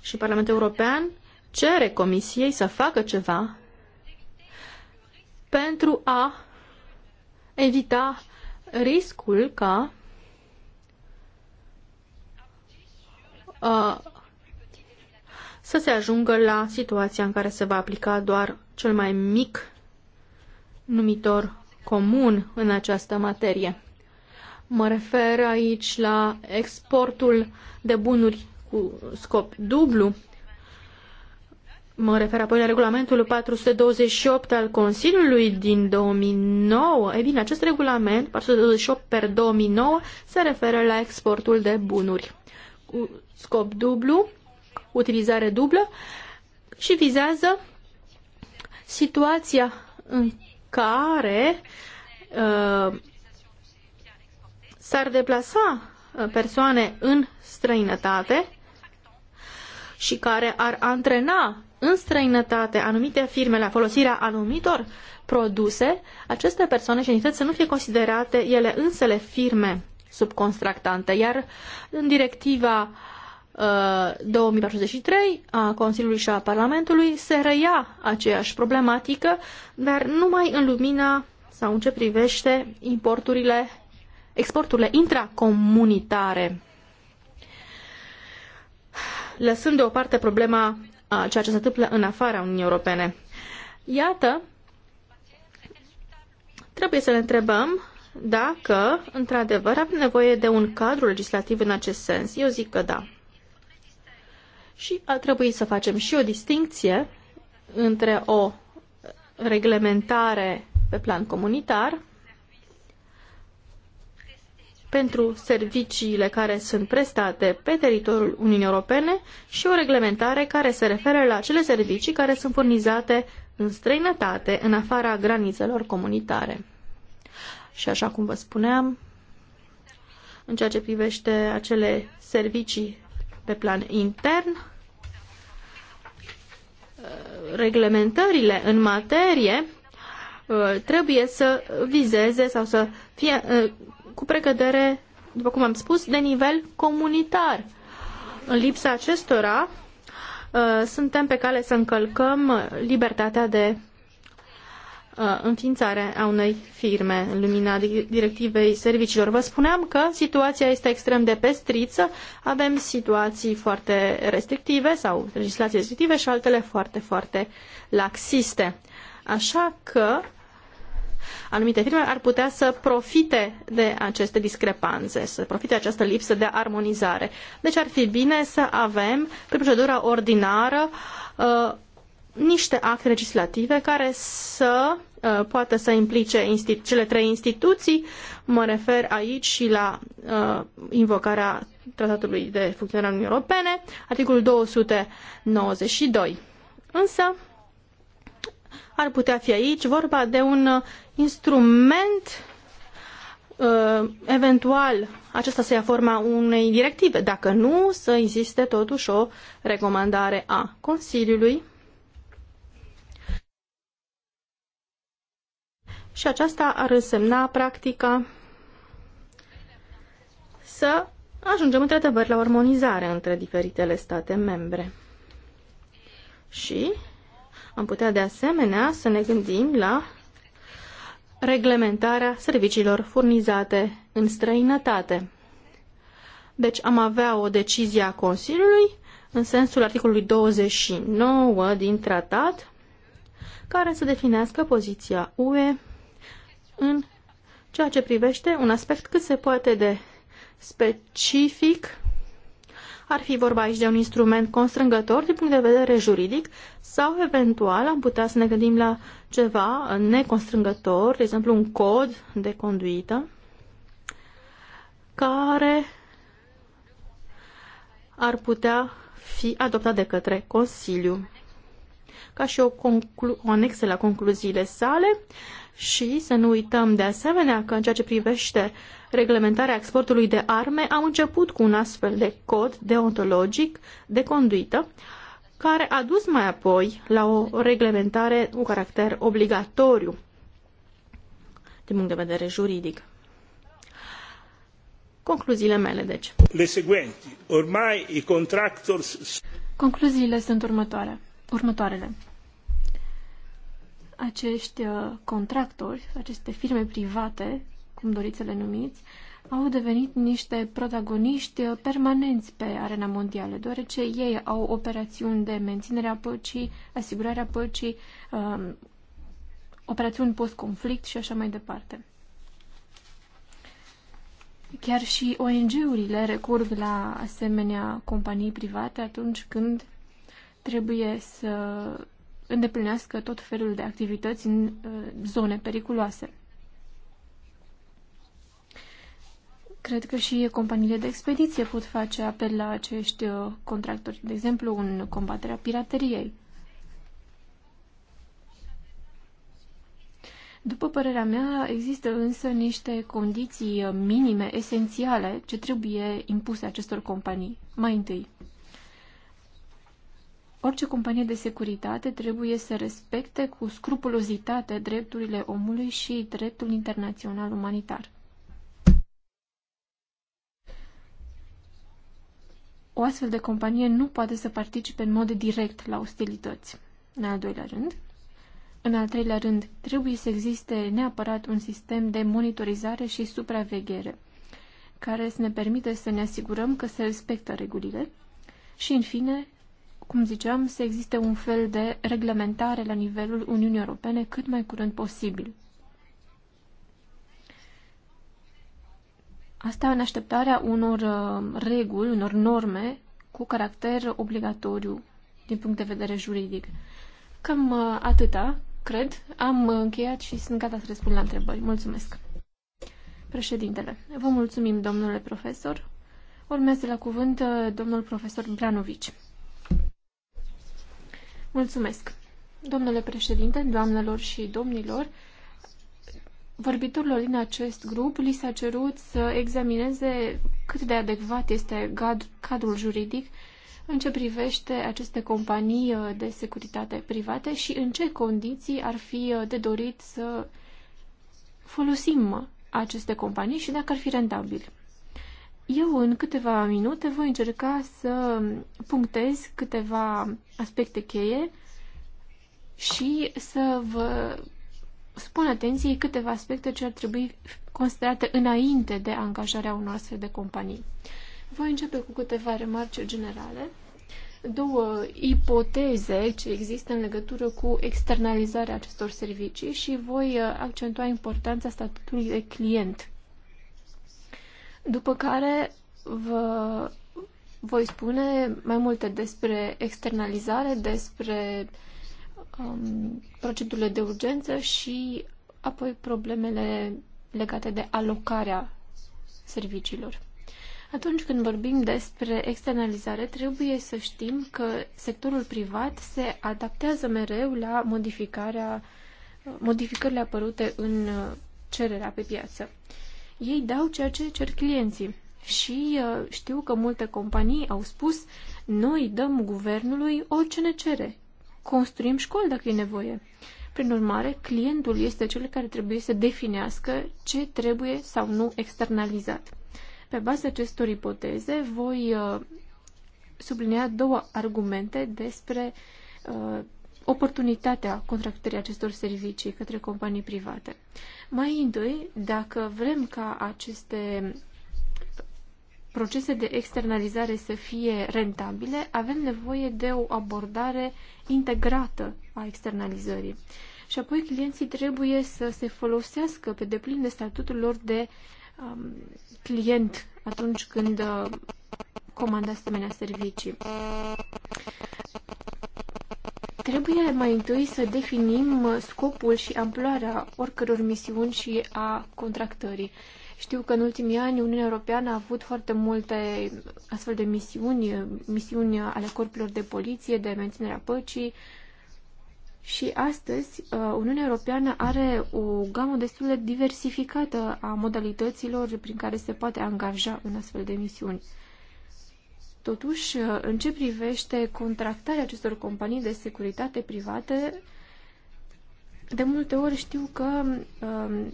și Parlamentul European cere Comisiei să facă ceva pentru a evita riscul ca uh, să se ajungă la situația în care se va aplica doar cel mai mic numitor comun în această materie. Mă refer aici la exportul de bunuri cu scop dublu. Mă refer apoi la regulamentul 428 al Consiliului din 2009. Ei bine, acest regulament, 428 per 2009, se referă la exportul de bunuri cu scop dublu, utilizare dublă și vizează situația în care uh, s-ar deplasa uh, persoane în străinătate și care ar antrena în străinătate anumite firme la folosirea anumitor produse, aceste persoane și entități să nu fie considerate ele însele firme subcontractante, iar în directiva uh, 2043 a Consiliului și a Parlamentului se reia aceeași problematică, dar numai în lumina sau în ce privește importurile exporturile intracomunitare, lăsând deoparte problema a ceea ce se întâmplă în afara Uniunii Europene. Iată, trebuie să ne întrebăm dacă, într-adevăr, avem nevoie de un cadru legislativ în acest sens. Eu zic că da. Și ar trebui să facem și o distinție între o reglementare pe plan comunitar pentru serviciile care sunt prestate pe teritoriul Uniunii Europene și o reglementare care se referă la acele servicii care sunt furnizate în străinătate, în afara granițelor comunitare. Și așa cum vă spuneam, în ceea ce privește acele servicii pe plan intern, reglementările în materie uh, trebuie să vizeze sau să fie uh, cu precădere, după cum am spus, de nivel comunitar. În lipsa acestora, uh, suntem pe cale să încălcăm libertatea de uh, înființare a unei firme în lumina directivei serviciilor. Vă spuneam că situația este extrem de pestriță, avem situații foarte restrictive sau legislații restrictive și altele foarte, foarte laxiste. Așa că anumite firme ar putea să profite de aceste discrepanțe, să profite de această lipsă de armonizare. Deci ar fi bine să avem, prin procedura ordinară, uh, niște acte legislative care să uh, poată să implice cele trei instituții. Mă refer aici și la uh, invocarea Tratatului de Funcționare a Uniunii Europene, articolul 292. Însă, ar putea fi aici vorba de un instrument uh, eventual acesta să ia forma unei directive, dacă nu, să existe totuși o recomandare a Consiliului și aceasta ar însemna practica să ajungem într-adevăr la armonizare între diferitele state membre. Și am putea de asemenea să ne gândim la reglementarea serviciilor furnizate în străinătate. Deci am avea o decizie a Consiliului în sensul articolului 29 din tratat care să definească poziția UE în ceea ce privește un aspect cât se poate de specific. Ar fi vorba aici de un instrument constrângător din punct de vedere juridic sau eventual am putea să ne gândim la ceva neconstrângător, de exemplu un cod de conduită, care ar putea fi adoptat de către Consiliu ca și o, conclu- o anexă la concluziile sale și să nu uităm de asemenea că în ceea ce privește reglementarea exportului de arme am început cu un astfel de cod deontologic de conduită uh, care a dus mai apoi la o reglementare cu caracter obligatoriu din punct de vedere juridic. Concluziile mele, deci. Le seguenti. Ormai i contractors... Concluziile sunt următoare. următoarele. Acești uh, contractori, aceste firme private, cum doriți să le numiți, uh, au devenit niște protagoniști permanenți pe arena mondială, deoarece ei au operațiuni de menținere a păcii, asigurarea păcii, um, operațiuni post-conflict și așa mai departe. Chiar și ONG-urile recurg la asemenea companii private atunci când trebuie să îndeplinească tot felul de activități în uh, zone periculoase. Cred că și companiile de expediție pot face apel la acești uh, contractori, de exemplu, în combaterea pirateriei. După părerea mea, există însă niște condiții uh, minime, esențiale, ce trebuie impuse acestor companii. Mai întâi, orice companie de securitate trebuie să respecte cu scrupulozitate drepturile omului și dreptul internațional umanitar. o astfel de companie nu poate să participe în mod direct la ostilități. În al doilea rând, în al treilea rând, trebuie să existe neapărat un sistem de monitorizare și supraveghere care să ne permite să ne asigurăm că se respectă regulile și, în fine, cum ziceam, să existe un fel de reglementare la nivelul Uniunii Europene cât mai curând posibil. Asta în așteptarea unor uh, reguli, unor norme cu caracter obligatoriu din punct de vedere juridic. Cam uh, atâta, cred. Am uh, încheiat și sunt gata să răspund la întrebări. Mulțumesc. Președintele, vă mulțumim, domnule profesor. Urmează la cuvânt domnul profesor Branovici. Mulțumesc. Domnule președinte, doamnelor și domnilor, vorbitorilor din acest grup li s-a cerut să examineze cât de adecvat este cadrul juridic în ce privește aceste companii uh, de securitate private și în ce condiții ar fi uh, de dorit să folosim aceste companii și dacă ar fi rentabil. Eu în câteva minute voi încerca să punctez câteva aspecte cheie și să vă spun atenției câteva aspecte ce ar trebui considerate înainte de angajarea unor astfel de companii. Voi începe cu câteva remarce generale, două ipoteze ce există în legătură cu externalizarea acestor servicii și voi uh, accentua importanța statutului de client. După care vă voi spune mai multe despre externalizare, despre uh, um, procedurile de urgență și apoi problemele legate de alocarea serviciilor. Atunci când vorbim despre externalizare, trebuie să știm că sectorul privat se adaptează mereu la modificarea, modificările apărute în cererea pe piață. Ei dau ceea ce cer clienții și uh, știu că multe companii au spus noi dăm guvernului orice ne cere, construim școli dacă e nevoie. Prin urmare, clientul este cel care trebuie să definească ce trebuie sau nu externalizat. Pe baza acestor ipoteze, voi uh, sublinia două argumente despre uh, oportunitatea contractării acestor servicii către companii private. Mai întâi, dacă vrem ca aceste procese de externalizare să fie rentabile, avem nevoie de o abordare integrată a externalizării. Și apoi clienții trebuie să se folosească pe deplin de statutul lor de um, client atunci când uh, comandă asemenea servicii. Trebuie mai întâi să definim uh, scopul și amploarea oricăror misiuni și a contractării. Știu că în ultimii ani Uniunea Europeană a avut foarte multe astfel de misiuni, misiuni ale corpurilor de poliție, de menținerea păcii și astăzi uh, Uniunea Europeană are o gamă destul de diversificată a modalităților prin care se poate angaja în astfel de misiuni. Totuși, uh, în ce privește contractarea acestor companii de securitate private, de multe ori știu că um,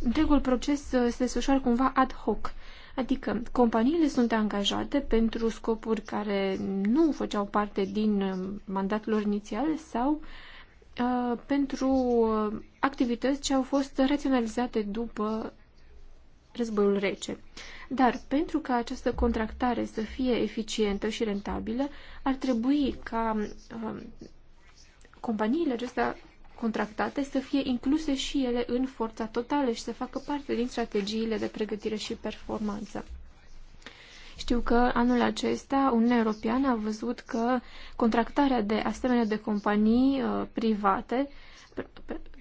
întregul proces uh, se desfășoară cumva ad hoc. Adică companiile sunt angajate pentru scopuri care nu făceau parte din uh, mandatul lor inițial sau uh, pentru uh, activități ce au fost raționalizate după războiul rece. Dar pentru ca această contractare să fie eficientă și rentabilă, ar trebui ca uh, companiile acestea contractate să fie incluse și ele în forța totală și să facă parte din strategiile de pregătire și performanță. Știu că anul acesta Uniunea Europeană a văzut că contractarea de asemenea de companii uh, private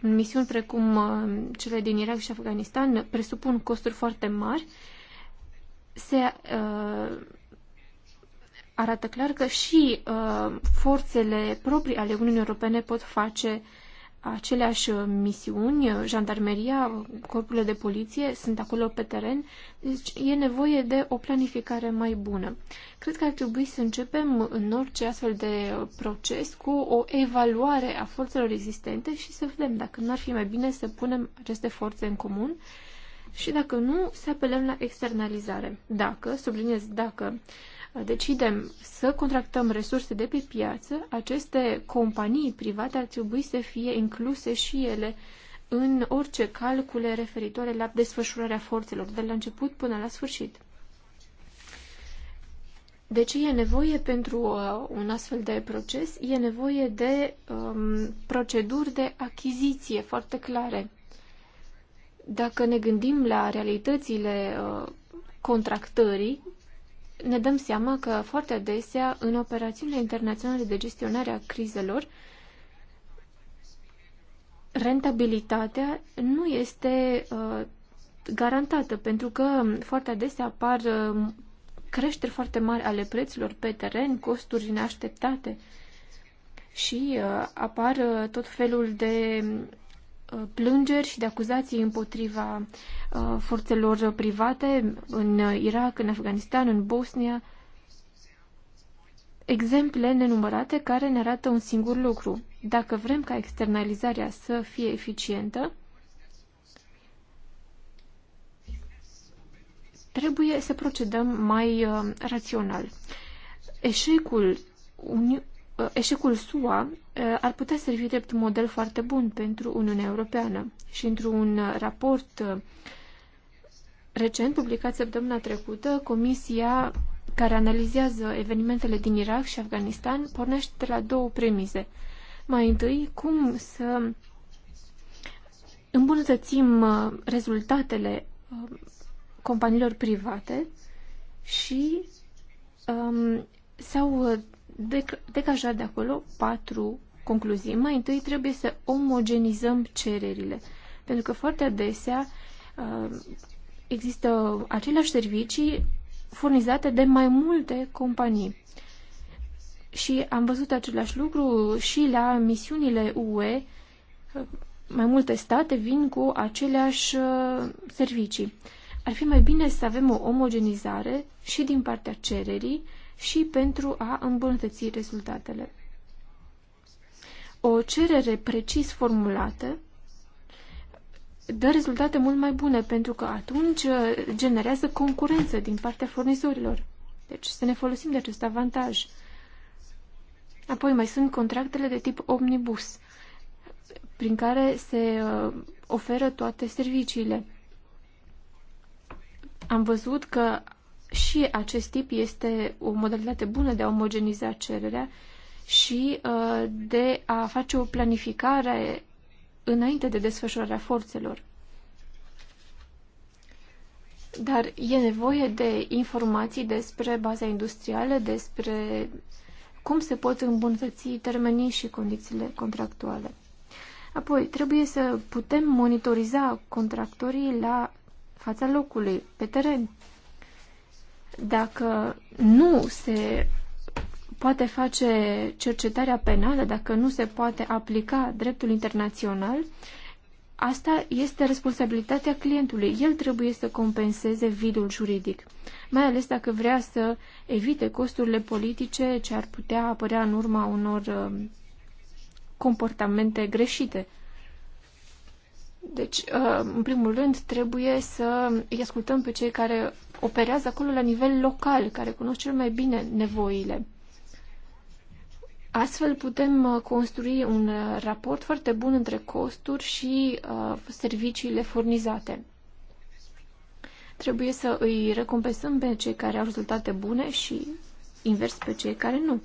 în misiuni precum uh, cele din Irak și Afganistan presupun costuri foarte mari. Se uh, arată clar că și uh, forțele proprii ale Uniunii Europene pot face aceleași uh, misiuni, uh, jandarmeria, corpurile de poliție sunt acolo pe teren, deci e nevoie de o planificare mai bună. Cred că ar trebui să începem în orice astfel de uh, proces cu o evaluare a forțelor existente și să vedem dacă nu ar fi mai bine să punem aceste forțe în comun și dacă nu, să apelăm la externalizare. Dacă, subliniez dacă, uh, decidem să contractăm resurse de pe piață, aceste companii private ar trebui să fie incluse și ele în orice calcule referitoare la desfășurarea forțelor, de la început până la sfârșit. De deci ce e nevoie pentru uh, un astfel de proces? E nevoie de um, proceduri de achiziție foarte clare. Dacă ne gândim la realitățile uh, contractării, ne dăm seama că foarte adesea în operațiunile internaționale de gestionare a crizelor rentabilitatea nu este uh, garantată pentru că foarte adesea apar uh, creșteri foarte mari ale prețurilor pe teren, costuri neașteptate și uh, apar uh, tot felul de Uh, plângeri și de acuzații împotriva uh, forțelor private în uh, Irak, în Afganistan, în Bosnia. Exemple nenumărate care ne arată un singur lucru. Dacă vrem ca externalizarea să fie eficientă, trebuie să procedăm mai rațional. Eșecul Uh, eșecul SUA uh, ar putea servi drept un model foarte bun pentru Uniunea Europeană și într-un uh, raport recent publicat săptămâna trecută, Comisia care analizează evenimentele din Irak și Afganistan pornește de la două premise. Mai întâi, cum să îmbunătățim rezultatele companiilor private și um, sau decajat de acolo patru concluzii. Mai întâi trebuie să omogenizăm cererile, pentru că foarte adesea uh, există aceleași servicii furnizate de mai multe companii. Și am văzut același lucru și la misiunile UE. Mai multe state vin cu aceleași uh, servicii. Ar fi mai bine să avem o omogenizare și din partea cererii și pentru a îmbunătăți rezultatele. O cerere precis formulată dă rezultate mult mai bune, pentru că atunci uh, generează concurență din partea furnizorilor. Deci să ne folosim de acest avantaj. Apoi mai sunt contractele de tip omnibus, prin care se uh, oferă toate serviciile. Am văzut că și acest tip este o modalitate bună de a omogeniza cererea și uh, de a face o planificare înainte de desfășurarea forțelor. Dar e nevoie de informații despre baza industrială, despre cum se pot îmbunătăți termenii și condițiile contractuale. Apoi, trebuie să putem monitoriza contractorii la fața locului, pe teren, dacă nu se poate face cercetarea penală, dacă nu se poate aplica dreptul internațional, asta este responsabilitatea clientului. El trebuie să compenseze vidul juridic, mai ales dacă vrea să evite costurile politice ce ar putea apărea în urma unor um, comportamente greșite. Deci, uh, în primul rând, trebuie să îi ascultăm pe cei care operează acolo la nivel local, care cunosc cel mai bine nevoile. Astfel putem uh, construi un uh, raport foarte bun între costuri și uh, serviciile furnizate. Trebuie să îi recompensăm pe cei care au rezultate bune și invers pe cei care nu.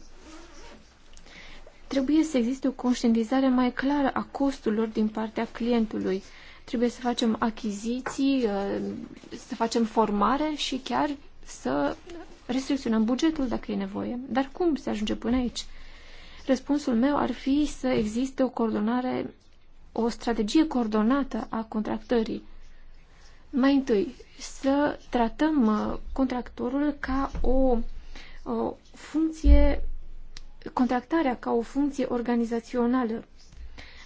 Trebuie să existe o conștientizare mai clară a costurilor din partea clientului trebuie să facem achiziții, uh, să facem formare și chiar să restricționăm bugetul dacă e nevoie. Dar cum se ajunge până aici? Răspunsul meu ar fi să existe o coordonare, o strategie coordonată a contractării. Mai întâi, să tratăm uh, contractorul ca o, o funcție, contractarea ca o funcție organizațională.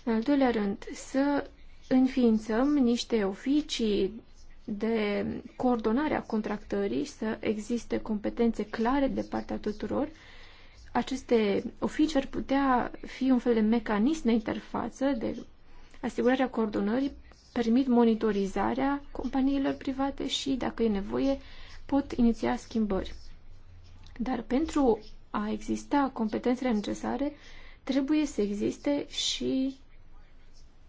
În al doilea rând, să înființăm niște oficii de coordonare a contractării, să existe competențe clare de partea tuturor. Aceste oficii ar putea fi un fel de mecanism de interfață, de asigurarea coordonării, permit monitorizarea companiilor private și, dacă e nevoie, pot iniția schimbări. Dar pentru a exista competențele necesare, trebuie să existe și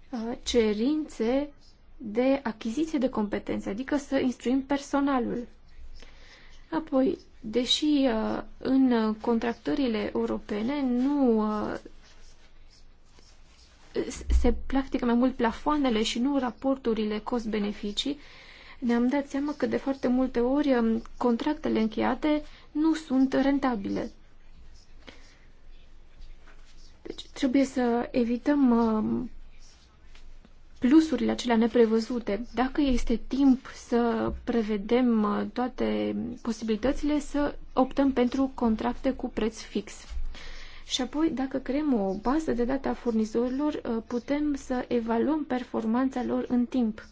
Uh, cerințe de achiziție de competențe, adică să instruim personalul. Apoi, deși uh, în contractările europene nu uh, se practică mai mult plafoanele și nu raporturile cost-beneficii, ne-am dat seama că de foarte multe ori um, contractele încheiate nu sunt rentabile. Deci trebuie să evităm um, plusurile acelea neprevăzute. Dacă este timp să prevedem uh, toate posibilitățile, să optăm pentru contracte cu preț fix. Și apoi, dacă creăm o bază de date a furnizorilor, uh, putem să evaluăm performanța lor în timp.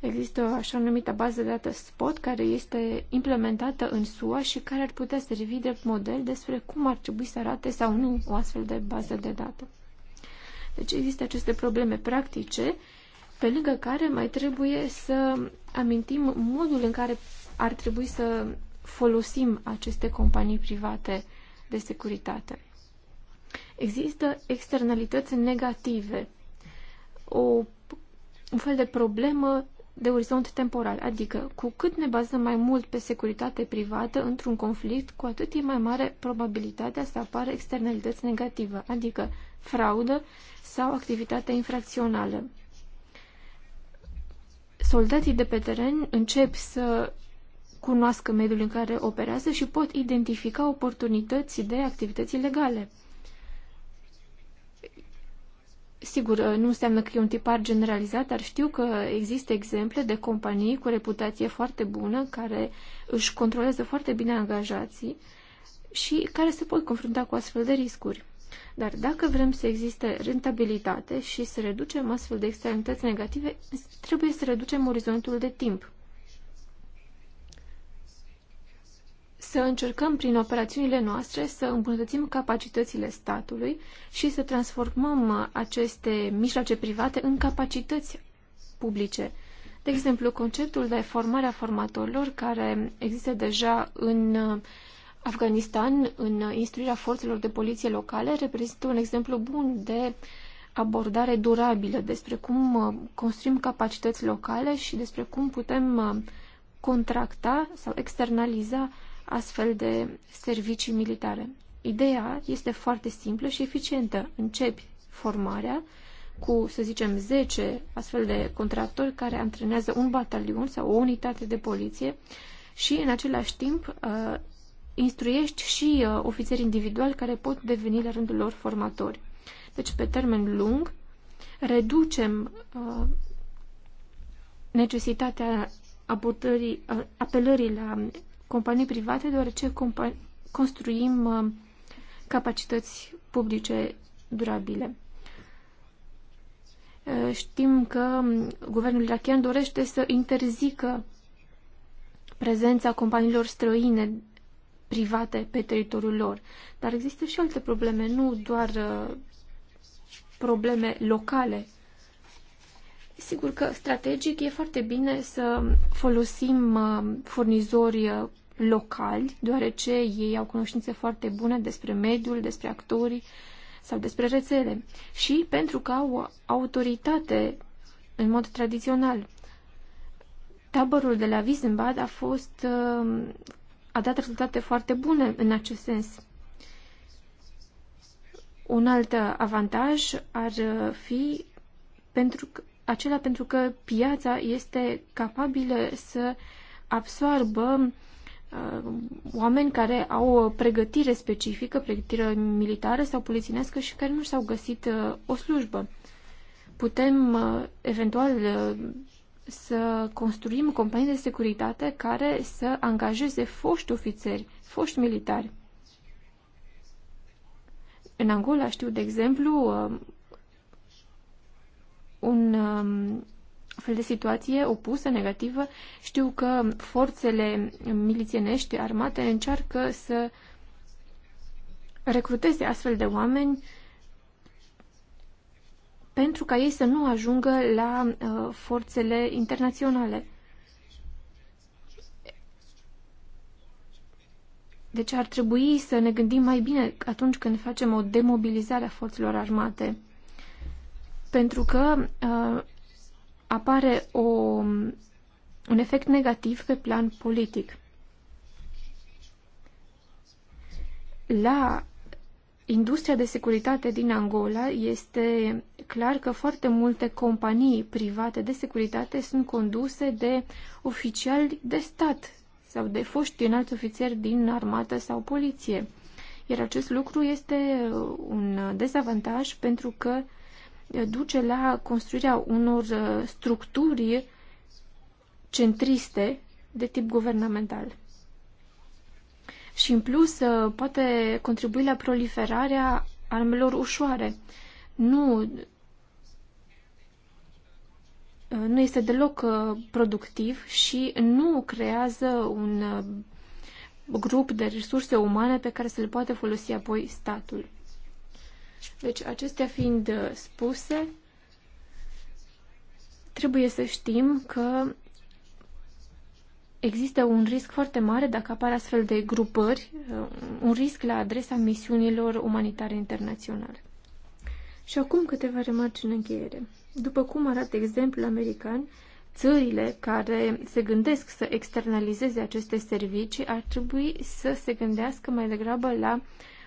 Există o așa numită bază de date SPOT care este implementată în SUA și care ar putea servi drept model despre cum ar trebui să arate sau nu o astfel de bază de date. Deci există aceste probleme practice, pe lângă care mai trebuie să amintim modul în care ar trebui să folosim aceste companii private de securitate. Există externalități negative, o, un fel de problemă de orizont temporal, adică cu cât ne bazăm mai mult pe securitate privată într-un conflict, cu atât e mai mare probabilitatea să apară externalități negative, adică fraudă sau activitatea infracțională. Soldații de pe teren încep să cunoască mediul în care operează și pot identifica oportunități de activități legale. Sigur, nu înseamnă că e un tipar generalizat, dar știu că există exemple de companii cu reputație foarte bună, care își controlează foarte bine angajații și care se pot confrunta cu astfel de riscuri. Dar dacă vrem să existe rentabilitate și să reducem astfel de externalități negative, trebuie să reducem orizontul de timp. Să încercăm prin operațiunile noastre să îmbunătățim capacitățile statului și să transformăm aceste mijloace private în capacități publice. De exemplu, conceptul de formare a formatorilor care există deja în Afganistan, în instruirea forțelor de poliție locale, reprezintă un exemplu bun de abordare durabilă despre cum uh, construim capacități locale și despre cum putem uh, contracta sau externaliza astfel de servicii militare. Ideea este foarte simplă și eficientă. Începi formarea cu, să zicem, 10 astfel de contractori care antrenează un batalion sau o unitate de poliție și, în același timp, uh, instruiești și uh, ofițeri individuali care pot deveni la rândul lor formatori. Deci, pe termen lung, reducem uh, necesitatea abordării, uh, apelării la companii private, deoarece compa- construim uh, capacități publice durabile. Uh, știm că um, guvernul irachian dorește să interzică prezența companiilor străine private pe teritoriul lor. Dar există și alte probleme, nu doar uh, probleme locale. Sigur că strategic e foarte bine să folosim uh, furnizori uh, locali, deoarece ei au cunoștințe foarte bune despre mediul, despre actorii sau despre rețele și pentru că au autoritate în mod tradițional. Taborul de la Wiesenbad a fost a dat rezultate foarte bune în acest sens. Un alt avantaj ar fi pentru că, acela pentru că piața este capabilă să absoarbă uh, oameni care au o pregătire specifică, pregătire militară sau polițienescă și care nu și-au găsit uh, o slujbă. Putem uh, eventual uh, să construim companii de securitate care să angajeze foști ofițeri, foști militari. În Angola știu, de exemplu, um, un um, fel de situație opusă, negativă. Știu că forțele milițienești armate încearcă să recruteze astfel de oameni pentru ca ei să nu ajungă la uh, forțele internaționale. Deci ar trebui să ne gândim mai bine atunci când facem o demobilizare a forțelor armate. Pentru că uh, apare o, un efect negativ pe plan politic. La industria de securitate din Angola este clar că foarte multe companii private de securitate sunt conduse de oficiali de stat sau de foști înalți ofițeri din armată sau poliție. Iar acest lucru este uh, un dezavantaj pentru că uh, duce la construirea unor uh, structuri centriste de tip guvernamental. Și în plus poate contribui la proliferarea armelor ușoare. Nu Uh, nu este deloc uh, productiv și nu creează un uh, grup de resurse umane pe care să le poate folosi apoi statul. Deci, acestea fiind spuse, trebuie să știm că există un risc foarte mare dacă apar astfel de grupări, un risc la adresa misiunilor umanitare internaționale. Și acum câteva remarci în încheiere. După cum arată exemplul american, țările care se gândesc să externalizeze aceste servicii ar trebui să se gândească mai degrabă la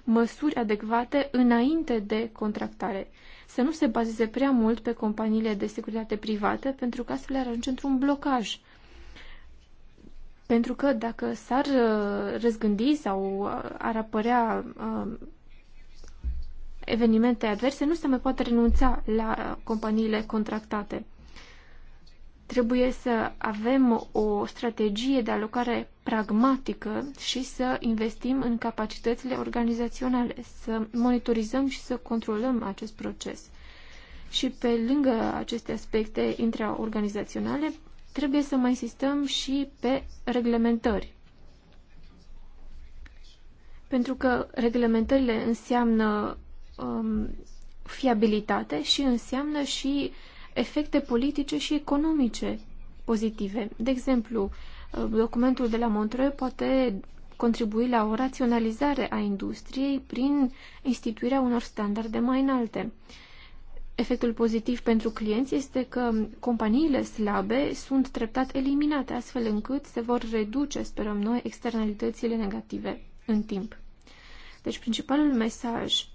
măsuri adecvate înainte de contractare. Să nu se bazeze prea mult pe companiile de securitate privată, pentru că astfel ar ajunge într-un blocaj. Pentru că dacă s-ar uh, răzgândi sau uh, ar apărea uh, evenimente adverse, nu se mai poate renunța la companiile contractate. Trebuie să avem o strategie de alocare pragmatică și să investim în capacitățile organizaționale, să monitorizăm și să controlăm acest proces. Și pe lângă aceste aspecte intraorganizaționale, trebuie să mai insistăm și pe reglementări. Pentru că reglementările înseamnă um, fiabilitate și înseamnă și efecte politice și economice pozitive. De exemplu, uh, documentul de la Montreux poate contribui la o raționalizare a industriei prin instituirea unor standarde mai înalte. Efectul pozitiv pentru clienți este că companiile slabe sunt treptat eliminate, astfel încât se vor reduce, sperăm noi, externalitățile negative în timp. Deci, principalul mesaj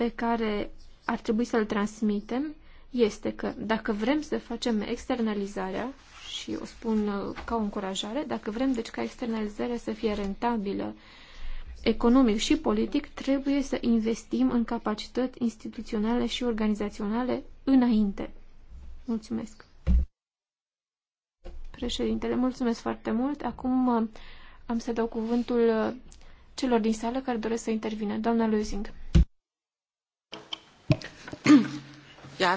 pe care ar trebui să-l transmitem este că dacă vrem să facem externalizarea, și o spun uh, ca o încurajare, dacă vrem deci ca externalizarea să fie rentabilă economic și politic, trebuie să investim în capacități instituționale și organizaționale înainte. Mulțumesc. Președintele, mulțumesc foarte mult. Acum uh, am să dau cuvântul uh, celor din sală care doresc să intervină. Doamna Lusing.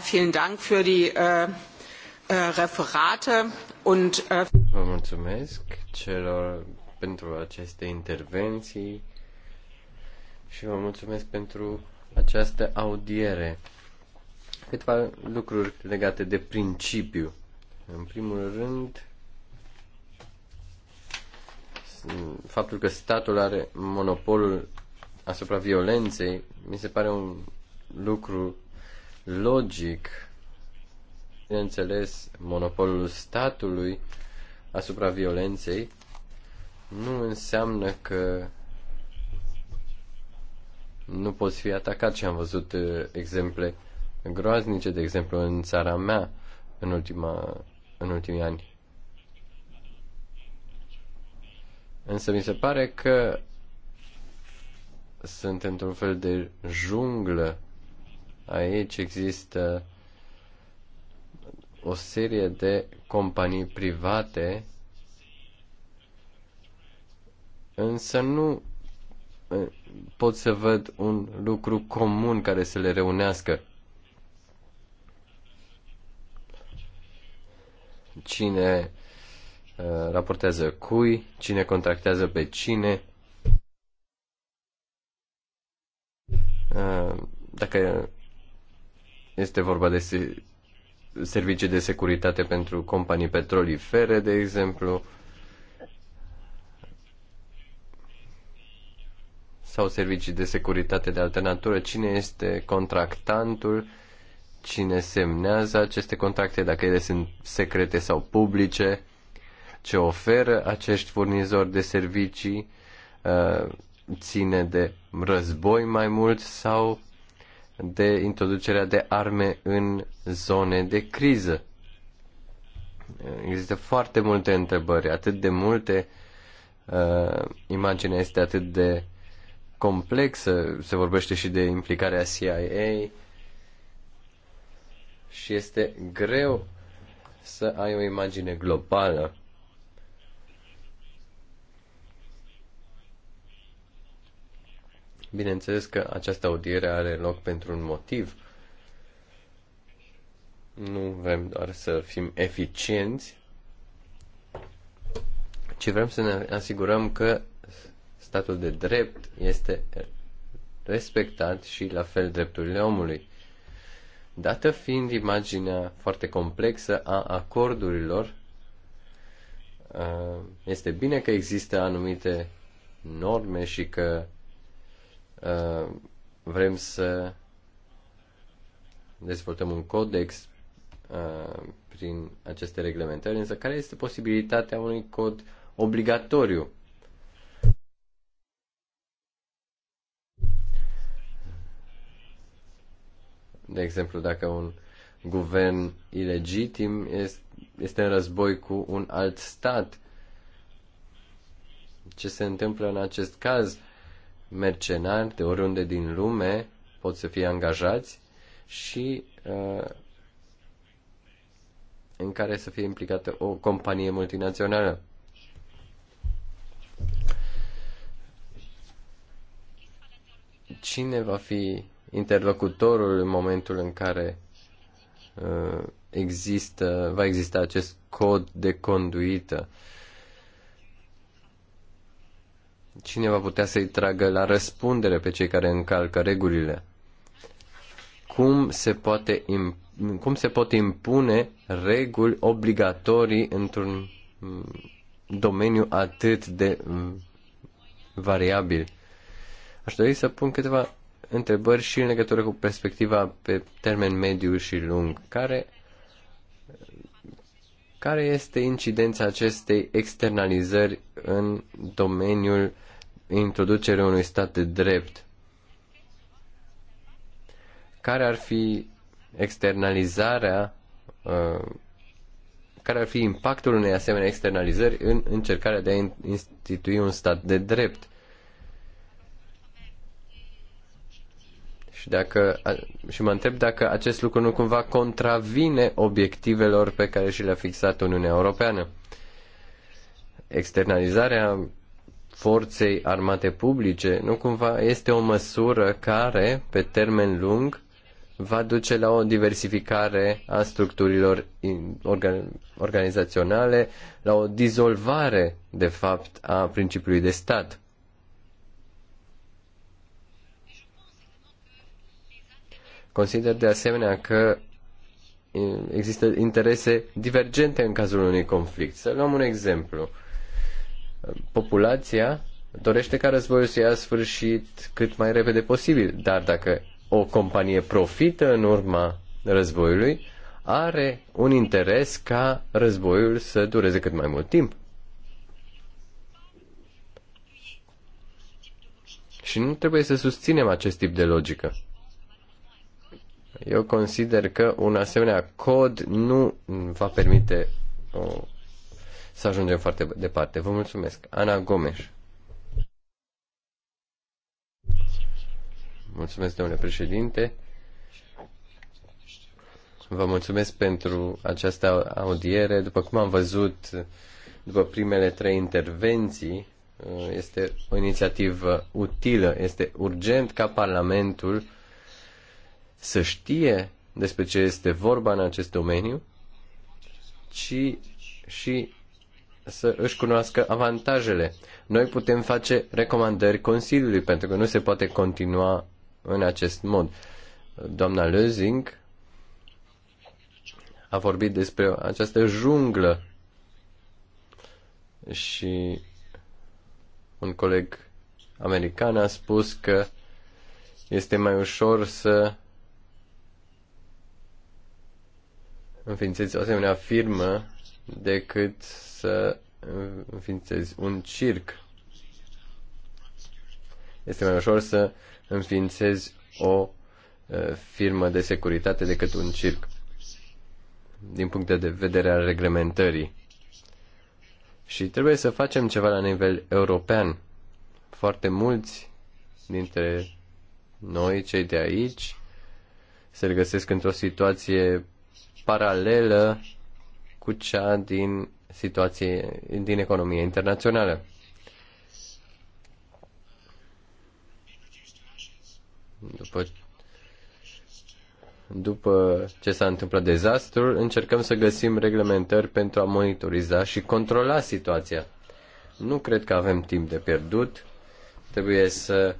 vielen Dank für die äh, äh, Referate und äh, Vă mulțumesc celor pentru aceste intervenții și vă mulțumesc pentru această audiere. Câteva lucruri legate de principiu. În primul rând, faptul că statul are monopolul asupra violenței mi se pare un lucru logic, bineînțeles, monopolul statului asupra violenței nu înseamnă că nu poți fi atacat și am văzut uh, exemple groaznice, de exemplu, în țara mea în, ultima, în ultimii ani. Însă mi se pare că sunt într-un fel de junglă Aici există o serie de companii private, însă nu pot să văd un lucru comun care să le reunească. Cine raportează cui, cine contractează pe cine. Dacă este vorba de servicii de securitate pentru companii petrolifere, de exemplu, sau servicii de securitate de altă natură, cine este contractantul, cine semnează aceste contracte, dacă ele sunt secrete sau publice, ce oferă acești furnizori de servicii, uh, ține de război mai mult sau de introducerea de arme în zone de criză. Există foarte multe întrebări, atât de multe. Uh, imaginea este atât de complexă, se vorbește și de implicarea CIA și este greu să ai o imagine globală. Bineînțeles că această audiere are loc pentru un motiv. Nu vrem doar să fim eficienți, ci vrem să ne asigurăm că statul de drept este respectat și la fel drepturile omului. Dată fiind imaginea foarte complexă a acordurilor, uh, este bine că există anumite norme și că Uh, vrem să dezvoltăm un codex uh, prin aceste reglementări, însă care este posibilitatea unui cod obligatoriu? De exemplu, dacă un guvern ilegitim este în război cu un alt stat, ce se întâmplă în acest caz? mercenari de oriunde din lume pot să fie angajați și uh, în care să fie implicată o companie multinațională. Cine va fi interlocutorul în momentul în care uh, există, va exista acest cod de conduită? Uh, cine va putea să-i tragă la răspundere pe cei care încalcă regulile? Cum se, poate cum se pot impune reguli obligatorii într-un mm, domeniu atât de mm, variabil? Aș dori să pun câteva întrebări și în legătură cu perspectiva pe termen mediu și lung. Care, care este incidența acestei externalizări în domeniul introducerea unui stat de drept care ar fi externalizarea, uh, care ar fi impactul unei asemenea externalizări în încercarea de a institui un stat de drept. Și, dacă, și mă întreb dacă acest lucru nu cumva contravine obiectivelor pe care și le-a fixat Uniunea Europeană. Externalizarea forței armate publice, nu cumva este o măsură care, pe termen lung, va duce la o diversificare a structurilor organizaționale, la o dizolvare, de fapt, a principiului de stat. Consider de asemenea că există interese divergente în cazul unui conflict. Să luăm un exemplu. Uh, populația dorește ca războiul să ia sfârșit cât mai repede posibil, dar dacă o companie profită în urma războiului, are un interes ca războiul să dureze cât mai mult timp. Și nu trebuie să susținem acest tip de logică. Eu consider că un asemenea cod nu va permite o să ajungem foarte departe. Vă mulțumesc. Ana Gomes. Mulțumesc, domnule președinte. Vă mulțumesc pentru această audiere. După cum am văzut, după primele trei intervenții, este o inițiativă utilă. Este urgent ca Parlamentul să știe despre ce este vorba în acest domeniu, ci și să își cunoască avantajele. Noi putem face recomandări Consiliului, pentru că nu se poate continua în acest mod. Doamna Lözing a vorbit despre această junglă și un coleg american a spus că este mai ușor să înființezi o asemenea firmă decât să înființezi un circ. Este mai ușor să înființezi o uh, firmă de securitate decât un circ din punct de vedere al reglementării. Și trebuie să facem ceva la nivel european. Foarte mulți dintre noi, cei de aici, se regăsesc într-o situație paralelă cu cea din situație din economia internațională. După, după ce s-a întâmplat dezastru, încercăm să găsim reglementări pentru a monitoriza și controla situația. Nu cred că avem timp de pierdut. Trebuie să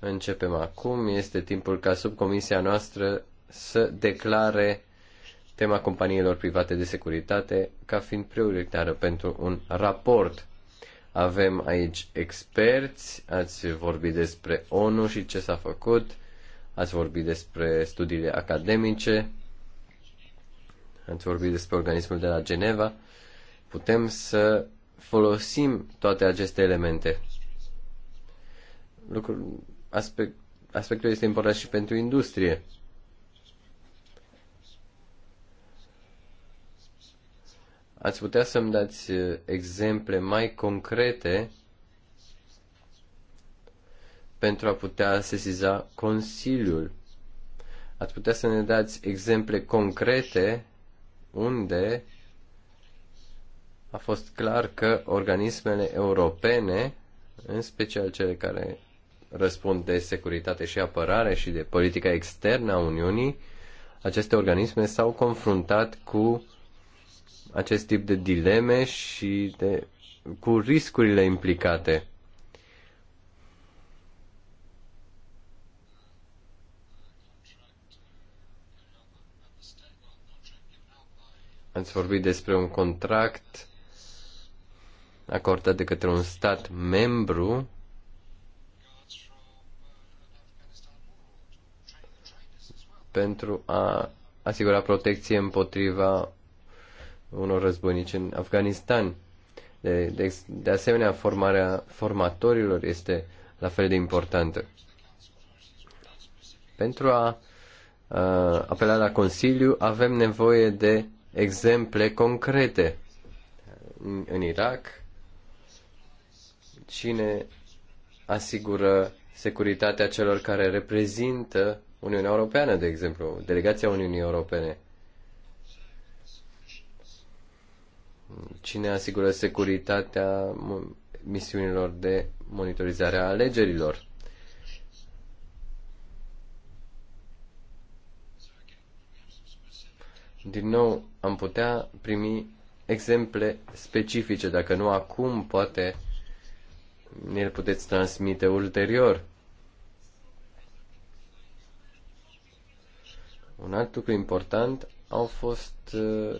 începem acum. Este timpul ca subcomisia noastră să declare tema companiilor private de securitate ca fiind prioritară pentru un raport. Avem aici experți, ați vorbit despre ONU și ce s-a făcut, ați vorbit despre studiile academice, ați vorbit despre organismul de la Geneva. Putem să folosim toate aceste elemente. Lucru, aspect, aspectul este important și pentru industrie Ați putea să-mi dați uh, exemple mai concrete pentru a putea sesiza Consiliul? Ați putea să ne dați exemple concrete unde a fost clar că organismele europene, în special cele care răspund de securitate și apărare și de politica externă a Uniunii, aceste organisme s-au confruntat cu acest tip de dileme și de, cu riscurile implicate. Ați vorbit despre un contract acordat de către un stat membru pentru a asigura protecție împotriva unor războinici în Afganistan. De, de, de asemenea, formarea formatorilor este la fel de importantă. Pentru a, a apela la Consiliu, avem nevoie de exemple concrete. În, în Irak, cine asigură securitatea celor care reprezintă Uniunea Europeană, de exemplu, delegația Uniunii Europene cine asigură securitatea misiunilor de monitorizare a alegerilor. Din nou, am putea primi exemple specifice, dacă nu acum, poate ne le puteți transmite ulterior. Un alt lucru important au fost uh,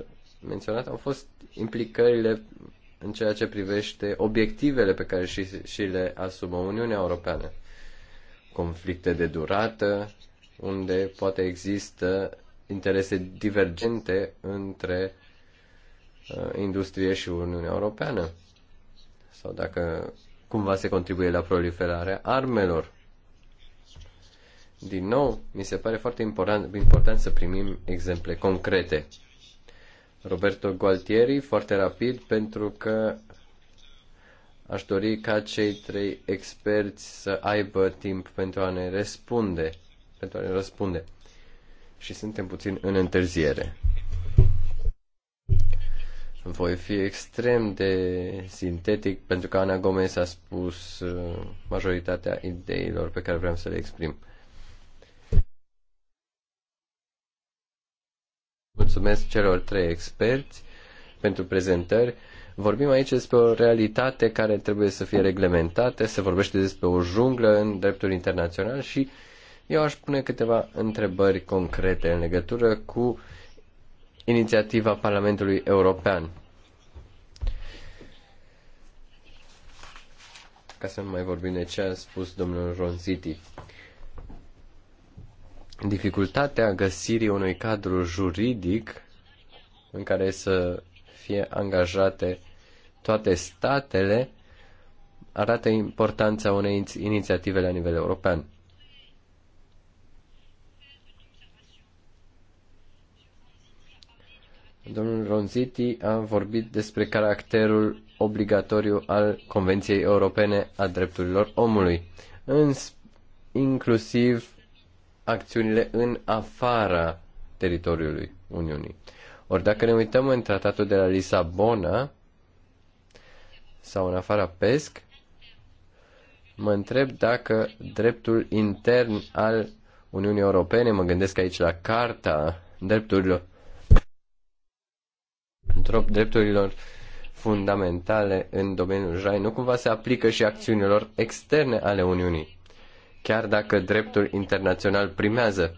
menționat au fost implicările în ceea ce privește obiectivele pe care și, și le asumă Uniunea Europeană. Conflicte de durată, unde poate există interese divergente între uh, industrie și Uniunea Europeană. Sau dacă cumva se contribuie la proliferarea armelor. Din nou, mi se pare foarte important, important să primim exemple concrete Roberto Gualtieri foarte rapid pentru că aș dori ca cei trei experți să aibă timp pentru a ne răspunde, pentru a ne răspunde. Și suntem puțin în întârziere. Voi fi extrem de sintetic pentru că Ana Gomez a spus uh, majoritatea ideilor pe care vreau să le exprim. mulțumesc celor trei experți pentru prezentări. Vorbim aici despre o realitate care trebuie să fie reglementată, se vorbește despre o junglă în dreptul internațional și eu aș pune câteva întrebări concrete în legătură cu inițiativa Parlamentului European. Ca să nu mai vorbim de ce a spus domnul Ronziti dificultatea găsirii unui cadru juridic în care să fie angajate toate statele arată importanța unei inițiative la nivel european. Domnul Ronziti a vorbit despre caracterul obligatoriu al Convenției Europene a Drepturilor Omului, în inclusiv acțiunile în afara teritoriului Uniunii. Ori dacă ne uităm în tratatul de la Lisabona sau în afara PESC, mă întreb dacă dreptul intern al Uniunii Europene, mă gândesc aici la Carta Drepturilor, drepturilor fundamentale în domeniul JAI, nu cumva se aplică și acțiunilor externe ale Uniunii chiar dacă dreptul internațional primează.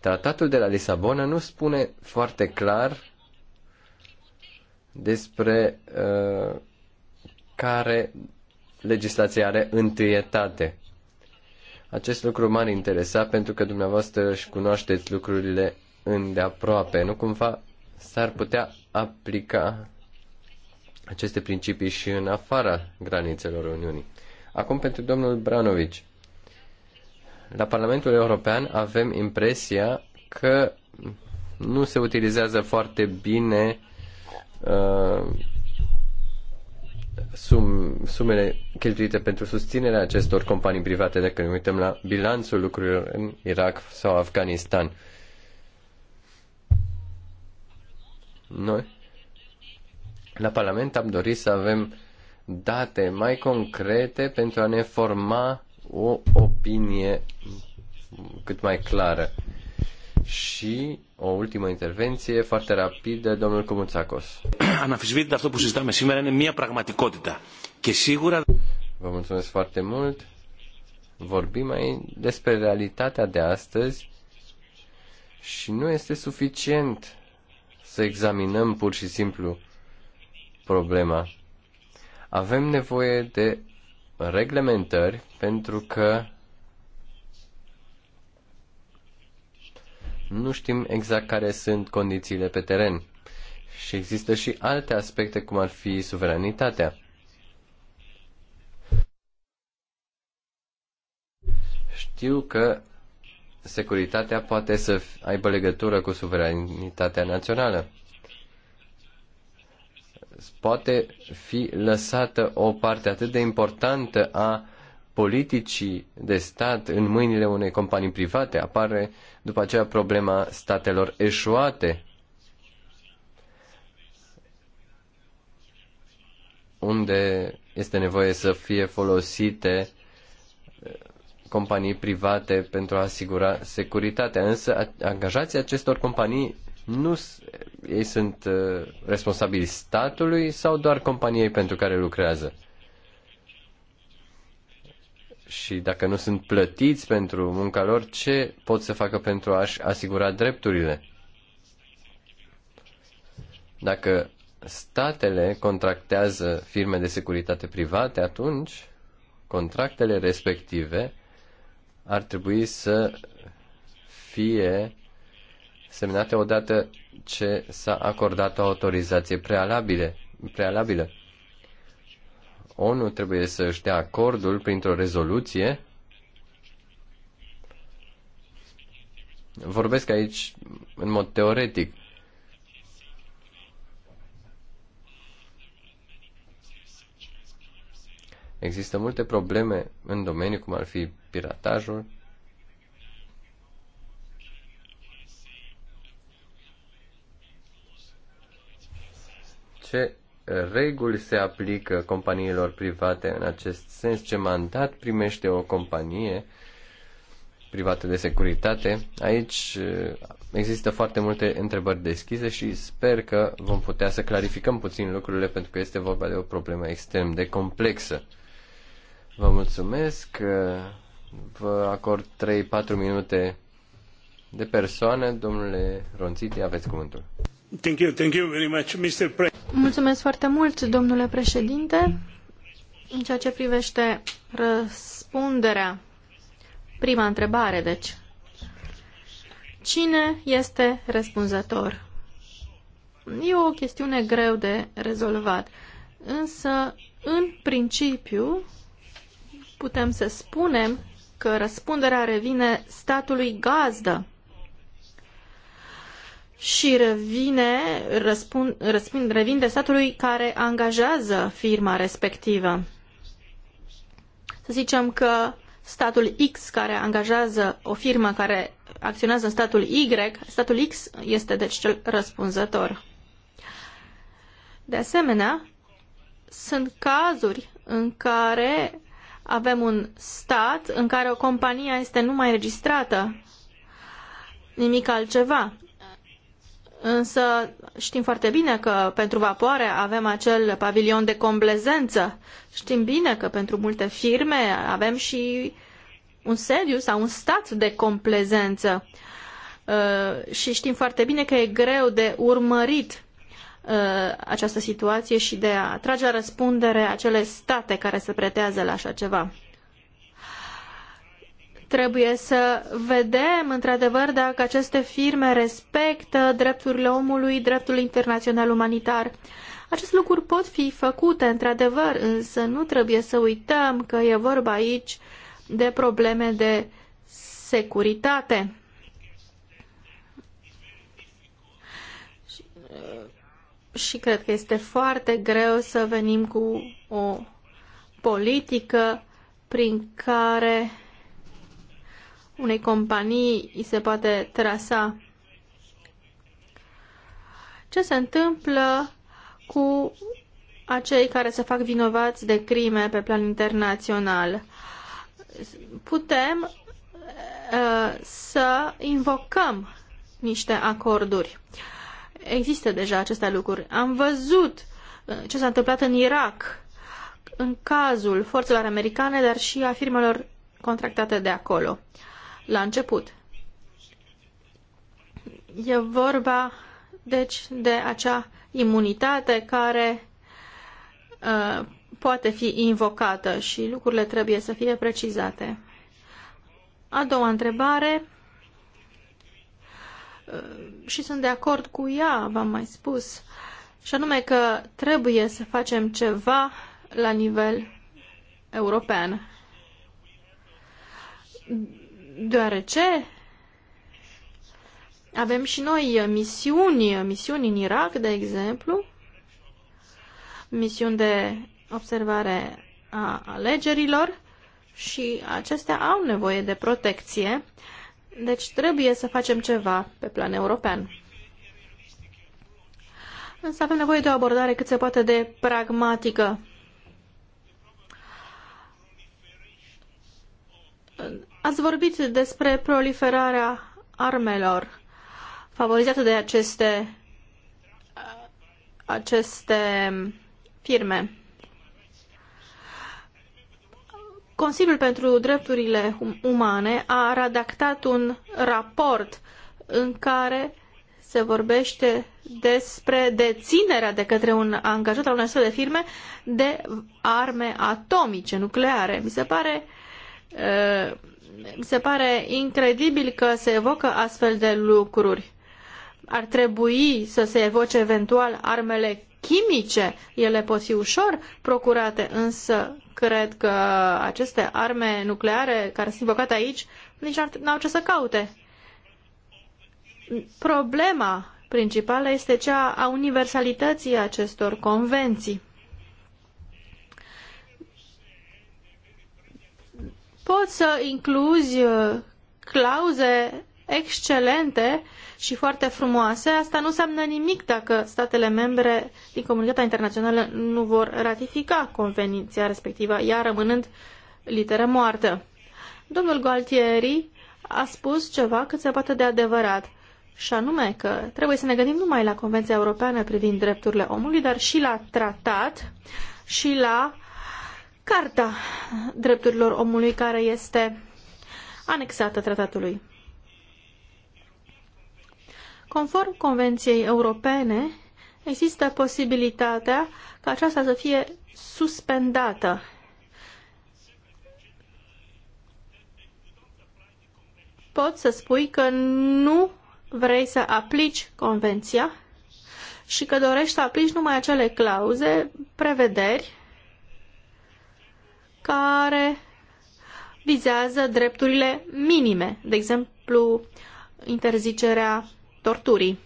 Tratatul de la Lisabona nu spune foarte clar despre uh, care legislația are întâietate. Acest lucru m-ar interesa pentru că dumneavoastră își cunoașteți lucrurile îndeaproape. Nu cumva s-ar putea aplica aceste principii și în afara granițelor Uniunii. Acum pentru domnul Branovici la Parlamentul European avem impresia că nu se utilizează foarte bine uh, sum, sumele cheltuite pentru susținerea acestor companii private, dacă ne uităm la bilanțul lucrurilor în Irak sau Afganistan. Noi, la Parlament, am dorit să avem date mai concrete pentru a ne forma o opinie cât mai clară. Și o ultimă intervenție foarte rapidă, domnul Comuțacos. Αναφυσβήτητα αυτό που συζητάμε σήμερα είναι μια pragmaticotita. Και sigur. Vă mulțumesc foarte mult. Vorbim mai despre realitatea de astăzi și nu este suficient să examinăm pur și simplu problema. Avem nevoie de reglementări pentru că nu știm exact care sunt condițiile pe teren. Și există și alte aspecte, cum ar fi suveranitatea. Știu că securitatea poate să aibă legătură cu suveranitatea națională poate fi lăsată o parte atât de importantă a politicii de stat în mâinile unei companii private. Apare după aceea problema statelor eșuate, unde este nevoie să fie folosite uh, companii private pentru a asigura securitatea. Însă angajații acestor companii nu ei sunt uh, responsabili statului sau doar companiei pentru care lucrează? Și dacă nu sunt plătiți pentru munca lor, ce pot să facă pentru a-și asigura drepturile? Dacă statele contractează firme de securitate private, atunci contractele respective ar trebui să fie semnate odată ce s-a acordat o autorizație prealabile, prealabilă. ONU trebuie să își dea acordul printr-o rezoluție. Vorbesc aici în mod teoretic. Există multe probleme în domeniu, cum ar fi piratajul, ce reguli se aplică companiilor private în acest sens, ce mandat primește o companie privată de securitate. Aici eh, există foarte multe întrebări deschise și sper că vom putea să clarificăm puțin lucrurile pentru că este vorba de o problemă extrem de complexă. Vă mulțumesc. Eh, vă acord 3-4 minute de persoană. Domnule Ronțiti, aveți cuvântul. Thank you, thank you very much, Mr. President. Mulțumesc foarte mult, domnule președinte. În ceea ce privește răspunderea, prima întrebare, deci, cine este răspunzător? E o chestiune greu de rezolvat, însă, în principiu, putem să spunem că răspunderea revine statului gazdă și revine, răspund, răspund, revinde statului care angajează firma respectivă. Să zicem că statul X care angajează o firmă care acționează în statul Y, statul X este deci cel răspunzător. De asemenea, sunt cazuri în care avem un stat în care o companie este numai registrată, nimic altceva. Însă știm foarte bine că pentru vapoare avem acel pavilion de complezență. Știm bine că pentru multe firme avem și un sediu sau un stat de complezență. Uh, și știm foarte bine că e greu de urmărit uh, această situație și de a trage la răspundere acele state care se pretează la așa ceva. Trebuie să vedem, într-adevăr, dacă aceste firme respectă drepturile omului, dreptul internațional umanitar. Aceste lucruri pot fi făcute, într-adevăr, însă nu trebuie să uităm că e vorba aici de probleme de securitate. Și, și cred că este foarte greu să venim cu o politică prin care unei companii îi se poate trasa ce se întâmplă cu acei care se fac vinovați de crime pe plan internațional. Putem uh, să invocăm niște acorduri. Există deja aceste lucruri. Am văzut uh, ce s-a întâmplat în Irak în cazul forțelor americane, dar și a firmelor contractate de acolo. Uh, la început. E vorba, deci, de acea imunitate care uh, poate fi invocată și lucrurile trebuie să fie precizate. A doua întrebare, uh, și sunt de acord cu ea, v-am mai spus, și anume că trebuie să facem ceva la nivel european deoarece avem și noi misiuni, misiuni în Irak, de exemplu, misiuni de observare a alegerilor și acestea au nevoie de protecție, deci trebuie să facem ceva pe plan european. Însă avem nevoie de o abordare cât se poate de pragmatică. Ați vorbit despre proliferarea armelor favorizată de aceste, aceste firme. Consiliul pentru Drepturile um-, Umane a redactat un raport în care se vorbește despre deținerea de către un angajat al unei astfel de firme de arme atomice, nucleare. Mi se pare uh, mi se pare incredibil că se evocă astfel de lucruri. Ar trebui să se evoce eventual armele chimice, ele pot fi ușor procurate, însă cred că aceste arme nucleare care sunt invocate aici nici n-au ce să caute. Problema principală este cea a universalității acestor convenții. poți să incluzi uh, clauze excelente și foarte frumoase. Asta nu înseamnă nimic dacă statele membre din comunitatea internațională nu vor ratifica convenția respectivă, ea rămânând literă moartă. Domnul Gualtieri a spus ceva cât se poate de adevărat, și anume că trebuie să ne gândim numai la Convenția Europeană privind drepturile omului, dar și la tratat și la Carta Drepturilor Omului care este anexată tratatului. Conform Convenției Europene, există posibilitatea ca aceasta să fie suspendată. Poți să spui că nu vrei să aplici convenția și că dorești să aplici numai acele clauze, prevederi care vizează drepturile minime, de exemplu interzicerea torturii.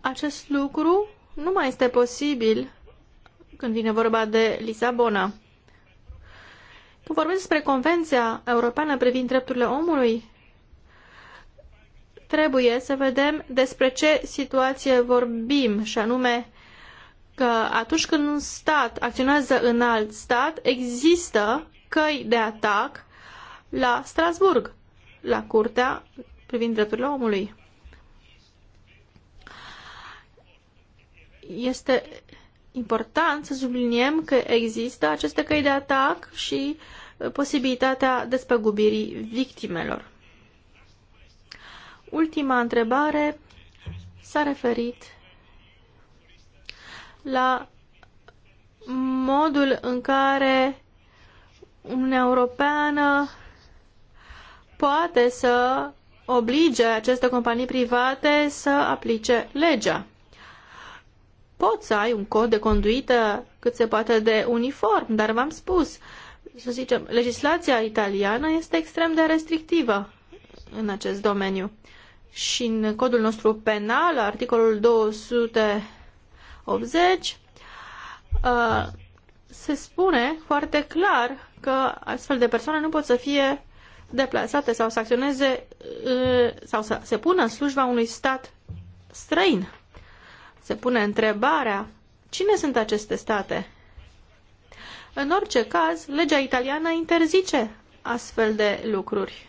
Acest lucru nu mai este posibil când vine vorba de Lisabona. Când vorbim despre Convenția Europeană privind drepturile omului, trebuie să vedem despre ce situație vorbim, și anume că atunci când un stat acționează în alt stat, există căi de atac la Strasburg, la Curtea privind drepturile omului. Este important să subliniem că există aceste căi de atac și uh, posibilitatea despăgubirii victimelor. Ultima întrebare s-a referit la modul în care Uniunea Europeană poate să oblige aceste companii private să aplice legea. Poți să ai un cod de conduită cât se poate de uniform, dar v-am spus, să zicem, legislația italiană este extrem de restrictivă în acest domeniu. Și în codul nostru penal, articolul 200 80, uh, se spune foarte clar că astfel de persoane nu pot să fie deplasate sau să acționeze uh, sau să se pună în slujba unui stat străin. Se pune întrebarea cine sunt aceste state? În orice caz, legea italiană interzice astfel de lucruri.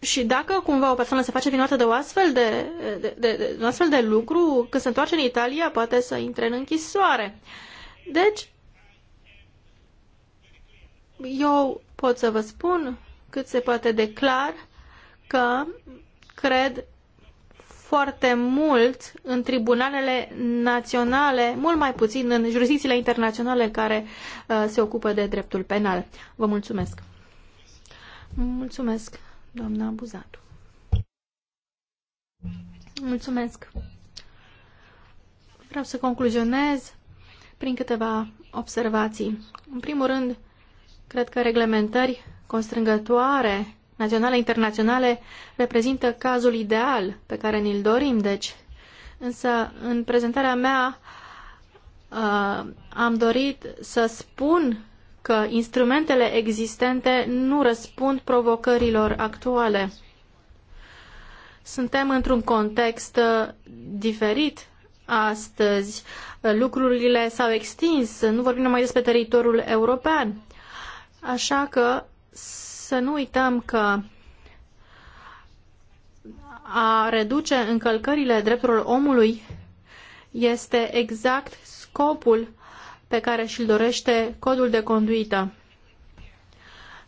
Și dacă cumva o persoană se face vinoată de, o astfel de, de, de, de un astfel de lucru, când se întoarce în Italia, poate să intre în închisoare. Deci, eu pot să vă spun cât se poate de clar că cred foarte mult în tribunalele naționale, mult mai puțin în jurisdicțiile internaționale care uh, se ocupă de dreptul penal. Vă mulțumesc! Mulțumesc! doamna Buzatu. Mulțumesc! Vreau să concluzionez prin câteva observații. În primul rând, cred că reglementări constrângătoare naționale, internaționale, reprezintă cazul ideal pe care ni-l dorim, deci. Însă, în prezentarea mea, uh, am dorit să spun că instrumentele existente nu răspund provocărilor actuale. Suntem într-un context uh, diferit astăzi. Lucrurile s-au extins, nu vorbim numai despre teritoriul european. Așa că să nu uităm că a reduce încălcările drepturilor omului este exact scopul pe care și-l dorește codul de conduită.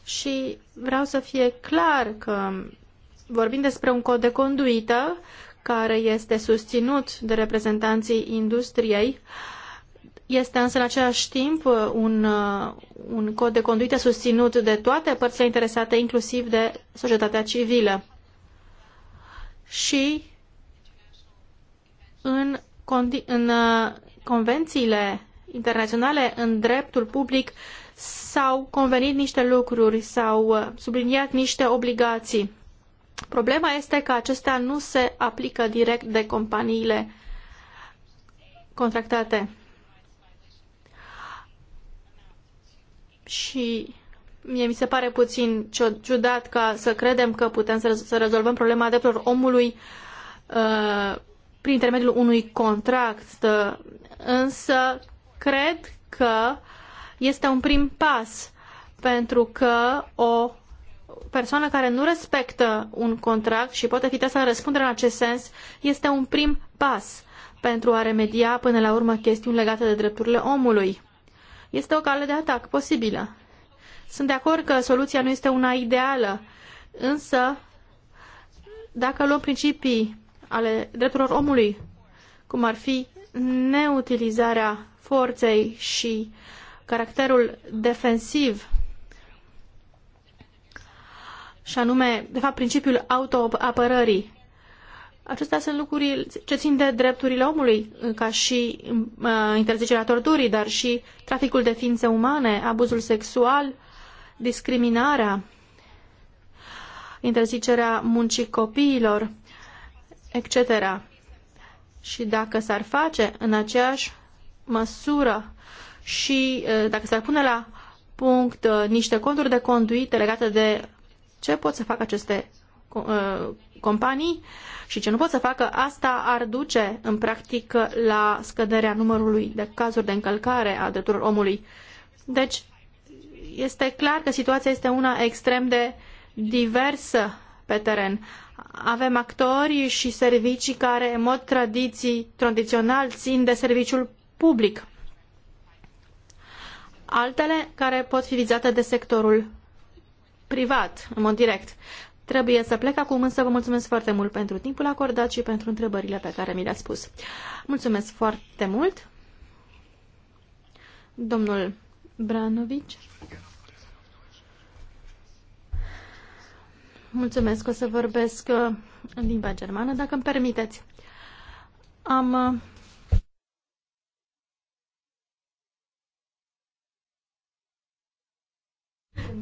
Și vreau să fie clar că vorbim despre un cod de conduită care este susținut de reprezentanții industriei, este însă în același timp un, un cod de conduită susținut de toate părțile interesate, inclusiv de societatea civilă. Și în, în uh, convențiile internaționale în dreptul public s-au convenit niște lucruri, s-au uh, subliniat niște obligații. Problema este că acestea nu se aplică direct de companiile contractate. Și mie mi se pare puțin ciudat ca să credem că putem să rezolvăm problema drepturilor omului uh, prin intermediul unui contract, însă cred că este un prim pas pentru că o persoană care nu respectă un contract și poate fi trasă la răspundere în acest sens este un prim pas pentru a remedia până la urmă chestiuni legate de drepturile omului. Este o cale de atac posibilă. Sunt de acord că soluția nu este una ideală, însă dacă luăm principii ale drepturilor omului, cum ar fi neutilizarea forței și caracterul defensiv și anume, de fapt, principiul autoapărării. Acestea sunt lucruri ce țin de drepturile omului, ca și uh, interzicerea torturii, dar și traficul de ființe umane, abuzul sexual, discriminarea, interzicerea muncii copiilor, etc. Și dacă s-ar face în aceeași măsură și dacă s-ar pune la punct niște conturi de conduită legate de ce pot să facă aceste companii și ce nu pot să facă, asta ar duce în practică la scăderea numărului de cazuri de încălcare a drepturilor omului. Deci, este clar că situația este una extrem de diversă pe teren. Avem actori și servicii care, în mod tradiții, tradițional, țin de serviciul public. Altele care pot fi vizate de sectorul privat, în mod direct. Trebuie să plec acum, însă vă mulțumesc foarte mult pentru timpul acordat și pentru întrebările pe care mi le-ați spus. Mulțumesc foarte mult, domnul Branovici. Mulțumesc, o să vorbesc uh, în limba germană, dacă îmi permiteți. Am uh,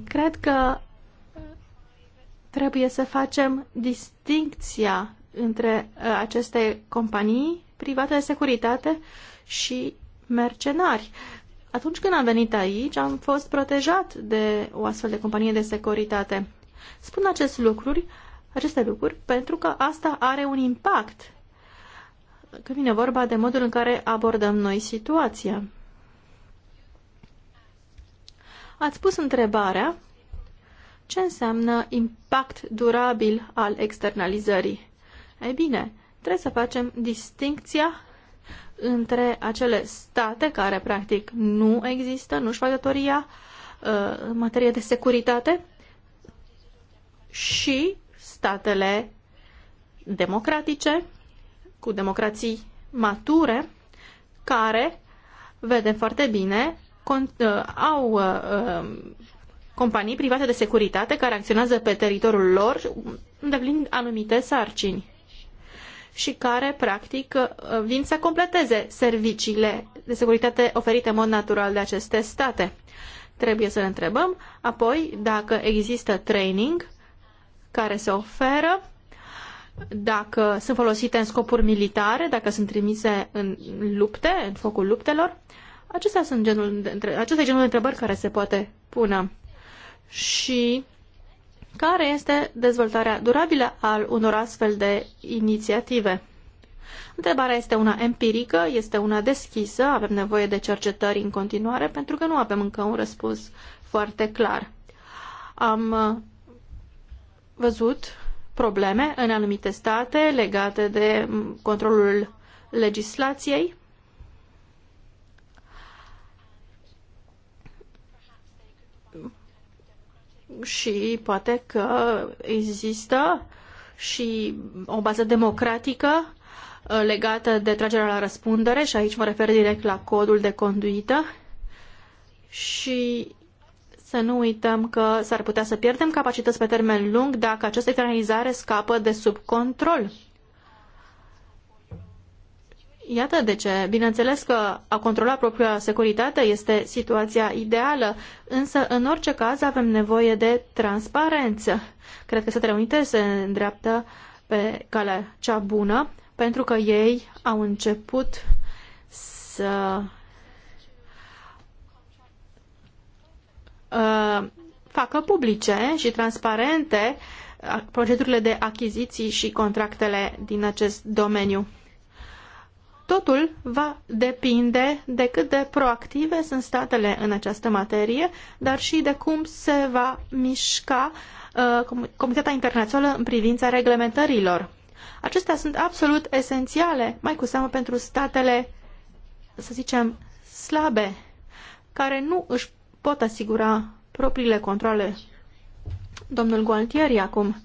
Cred că trebuie să facem distincția între uh, aceste companii private de securitate și mercenari. Atunci când am venit aici, am fost protejat de o astfel de companie de securitate. Spun acest lucruri, aceste lucruri pentru că asta are un impact când vine vorba de modul în care abordăm noi situația. Ați pus întrebarea ce înseamnă impact durabil al externalizării. Ei bine, trebuie să facem distincția între acele state care practic nu există, nu-și fac datoria uh, în materie de securitate și statele democratice, cu democrații mature, care vedem foarte bine Uh, au uh, um, companii private de securitate care acționează pe teritoriul lor îndeplinind anumite sarcini și care, practic, uh, vin să completeze serviciile de securitate oferite în mod natural de aceste state. Trebuie să ne întrebăm apoi dacă există training care se oferă, dacă sunt folosite în scopuri militare, dacă sunt trimise în lupte, în focul luptelor, uh, Acestea sunt genul de, acesta e genul de întrebări care se poate pune. Și care este dezvoltarea durabilă al unor astfel de inițiative? Întrebarea este una empirică, este una deschisă, avem nevoie de cercetări în continuare pentru că nu avem încă un răspuns foarte clar. Am uh, văzut probleme în anumite state legate de mm, controlul legislației și poate că există și o bază democratică uh, legată de tragerea la răspundere și aici mă refer direct la codul de conduită și să nu uităm că s-ar putea să pierdem capacități pe termen lung dacă această externalizare scapă de sub control. Iată de ce. Bineînțeles că a controla propria securitate este situația ideală, însă în orice caz avem nevoie de transparență. Cred că Statele Unite se îndreaptă pe calea cea bună, pentru că ei au început să uh, facă publice și transparente procedurile de achiziții și contractele din acest domeniu. Totul va depinde de cât de proactive sunt statele în această materie, dar și de cum se va mișca uh, Comunitatea Internațională în privința reglementărilor. Acestea sunt absolut esențiale, mai cu seamă pentru statele, să zicem, slabe, care nu își pot asigura propriile controle. Domnul Gualtieri, acum,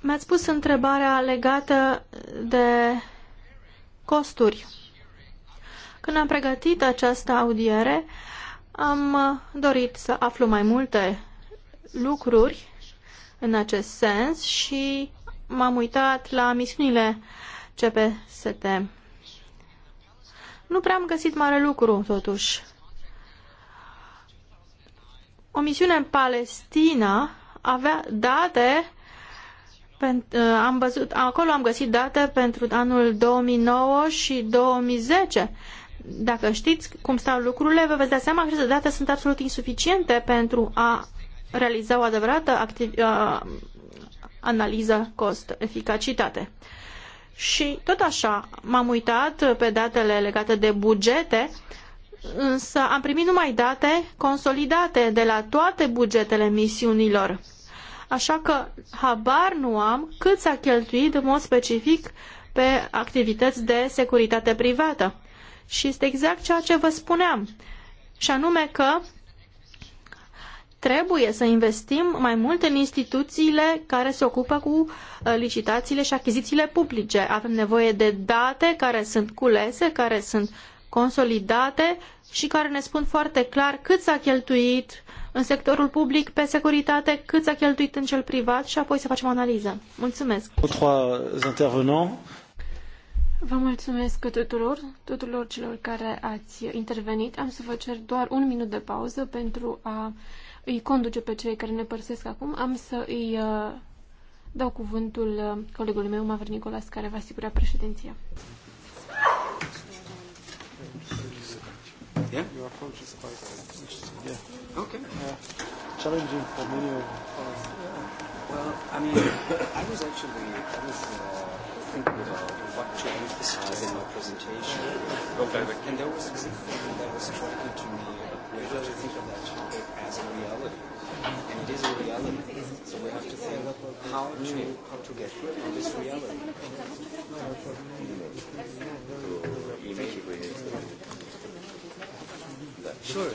mi-ați pus întrebarea legată de costuri. Când am pregătit această audiere, am uh, dorit să aflu mai multe lucruri în acest sens și m-am uitat la misiunile CPST. Nu prea am găsit mare lucru, totuși. O misiune în Palestina avea date Ă, am văzut, acolo am găsit date pentru anul 2009 și 2010. Dacă știți cum stau lucrurile, vă veți da seama că aceste date sunt absolut insuficiente pentru a realiza o adevărată activ, ă, analiză cost-eficacitate. Și tot așa m-am uitat pe datele legate de bugete, însă am primit numai date consolidate de la toate bugetele misiunilor așa că habar nu am cât s-a cheltuit în mod specific pe activități de securitate privată. Și este exact ceea ce vă spuneam, și anume că trebuie să investim mai mult în instituțiile care se ocupă cu uh, licitațiile și achizițiile publice. Avem nevoie de date care sunt culese, care sunt consolidate și care ne spun foarte clar cât s-a cheltuit în sectorul public pe securitate, cât s-a cheltuit în cel privat și apoi să facem o analiză. Mulțumesc! Vă mulțumesc tuturor, tuturor celor care ați intervenit. Am să vă cer doar un minut de pauză pentru a îi conduce pe cei care ne părsesc acum. Am să îi uh, dau cuvântul uh, colegului meu, Mavr Nicolas, care va asigura președinția. Yeah? You are conscious quite, yeah. Okay. Yeah. Challenging for many of us. Yeah. Well, I mean, I was actually, I was uh, thinking about what to emphasize in my presentation. Okay. And there was one thing that was striking to me, we have to think of that topic as a reality. And it is a reality. So we have to think how to, how to get rid of this reality. Thank you. sure.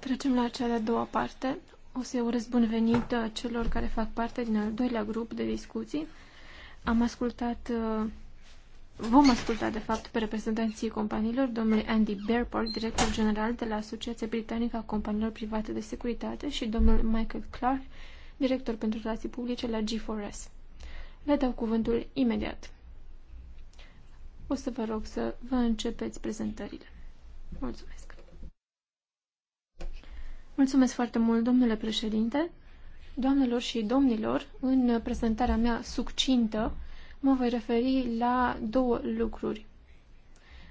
Trecem la cea de-a doua parte. O să urez bun venit uh, celor care fac parte din al doilea grup de discuții. Am ascultat, uh, vom asculta de fapt pe reprezentanții companiilor, domnul Andy Bearport, director general de la Asociația Britanică a Companiilor Private de Securitate și domnul Michael Clark, director pentru relații publice la G4S. Le dau cuvântul imediat. O să vă rog să vă începeți prezentările. Mulțumesc! Mulțumesc foarte mult, domnule președinte! Doamnelor și domnilor, în prezentarea mea succintă mă voi referi la două lucruri.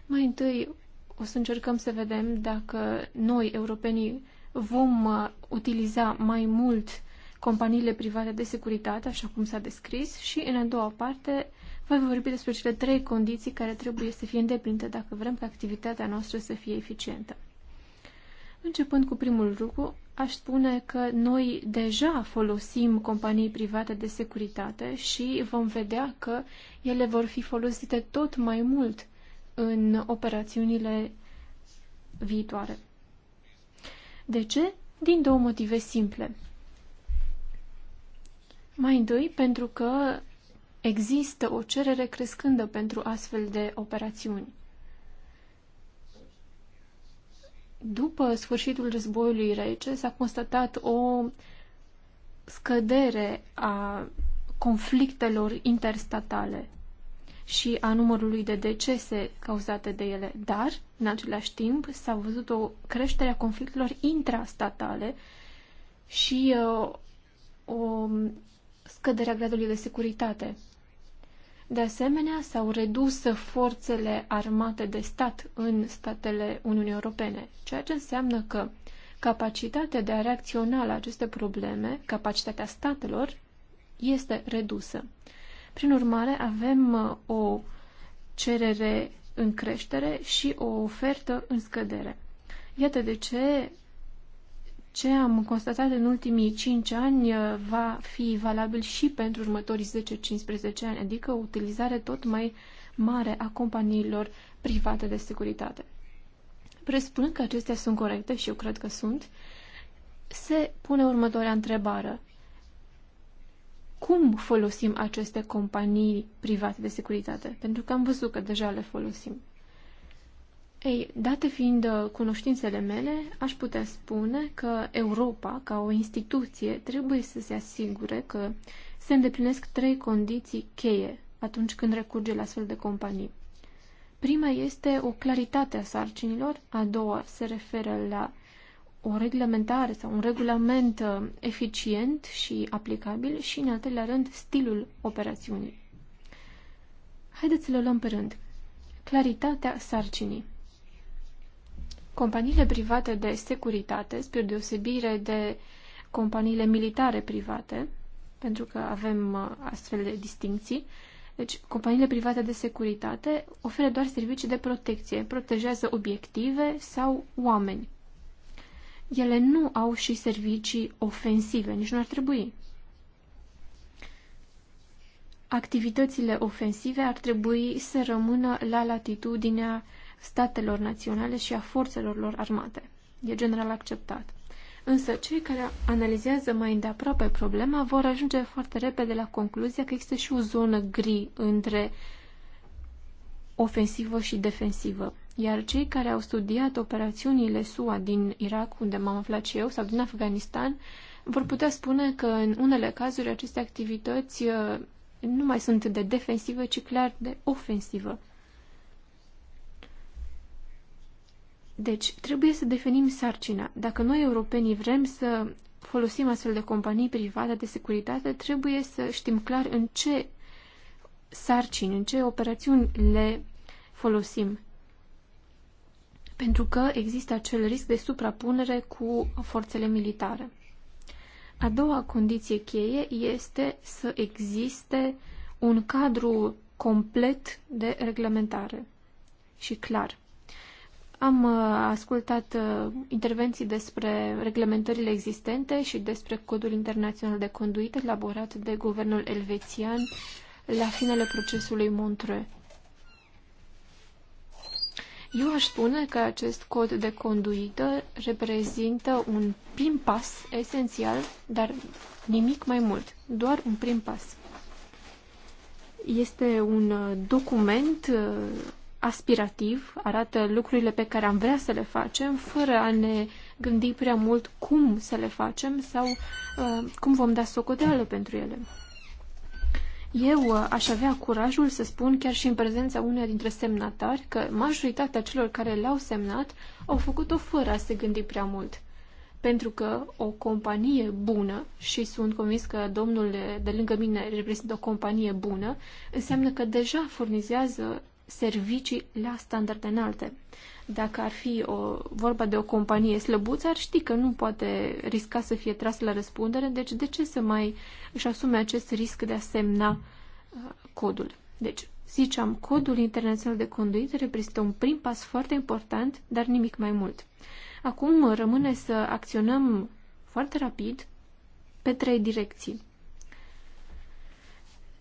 Mai întâi o să încercăm să vedem dacă noi, europenii, vom uh, utiliza mai mult companiile private de securitate, așa cum s-a descris, și în a doua parte voi vorbi despre cele trei condiții care trebuie să fie îndeplinite dacă vrem ca activitatea noastră să fie eficientă. Începând cu primul lucru, aș spune că noi deja folosim companii private de securitate și vom vedea că ele vor fi folosite tot mai mult în operațiunile viitoare. De ce? Din două motive simple. Mai întâi, pentru că Există o cerere crescândă pentru astfel de operațiuni. După sfârșitul războiului rece s-a constatat o scădere a conflictelor interstatale și a numărului de decese cauzate de ele, dar, în același timp, s-a văzut o creștere a conflictelor intrastatale și uh, o scădere a gradului de securitate. De asemenea, s-au redus forțele armate de stat în statele Uniunii Europene, ceea ce înseamnă că capacitatea de a reacționa la aceste probleme, capacitatea statelor, este redusă. Prin urmare, avem uh, o cerere în creștere și o ofertă în scădere. Iată de ce ce am constatat în ultimii 5 ani uh, va fi valabil și pentru următorii 10-15 ani, adică o utilizare tot mai mare a companiilor private de securitate. Presupunând că acestea sunt corecte, și eu cred că sunt, se pune următoarea întrebare. Cum folosim aceste companii private de securitate? Pentru că am văzut că deja le folosim. Ei, date fiind uh, cunoștințele mele, aș putea spune că Europa, ca o instituție, trebuie să se asigure că se îndeplinesc trei condiții cheie atunci când recurge la astfel de companii. Prima este o claritate a sarcinilor, a doua se referă la o reglementare sau un regulament uh, eficient și aplicabil și, în al treilea rând, stilul operațiunii. Haideți să le luăm pe rând. Claritatea sarcinii. Companiile private de securitate, spre deosebire de companiile militare private, pentru că avem uh, astfel de distinții, deci companiile private de securitate oferă doar servicii de protecție, protejează obiective sau oameni. Ele nu au și servicii ofensive, nici nu ar trebui. Activitățile ofensive ar trebui să rămână la latitudinea uh, statelor naționale și a forțelor lor armate. E general acceptat. Însă, cei care analizează mai îndeaproape problema vor ajunge foarte repede la concluzia că există și o zonă gri între ofensivă și defensivă. Iar cei care au studiat operațiunile SUA din Irak, unde m-am aflat și eu, sau din Afganistan, vor putea spune că în unele cazuri aceste activități uh, nu mai sunt de defensivă, ci clar de ofensivă. Deci, trebuie să definim sarcina. Dacă noi, europenii, vrem să folosim astfel de companii private de securitate, trebuie să știm clar în ce sarcini, în ce operațiuni le folosim. Pentru că există acel risc de suprapunere cu forțele militare. A doua condiție cheie este să existe un cadru complet de reglementare și clar. Am uh, ascultat uh, intervenții despre reglementările existente și despre codul internațional de conduit elaborat de guvernul elvețian la finele procesului Montreux. Eu aș spune că acest cod de conduită reprezintă un prim pas esențial, dar nimic mai mult, doar un prim pas. Este un uh, document aspirativ, arată lucrurile pe care am vrea să le facem, fără a ne gândi prea mult cum să le facem sau uh, cum vom da socoteală pentru ele. Eu uh, aș avea curajul să spun, chiar și în prezența uneia dintre semnatari, că majoritatea celor care l-au semnat au făcut-o fără a se gândi prea mult. Pentru că o companie bună, și sunt convins că domnul de lângă mine reprezintă o companie bună, înseamnă că deja furnizează servicii la standarde înalte. Dacă ar fi o, vorba de o companie slăbuță, ar ști că nu poate risca să fie tras la răspundere, deci de ce să mai își asume acest risc de a semna uh, codul? Deci, ziceam, codul internațional de conduită reprezintă un prim pas foarte important, dar nimic mai mult. Acum rămâne să acționăm foarte rapid pe trei direcții.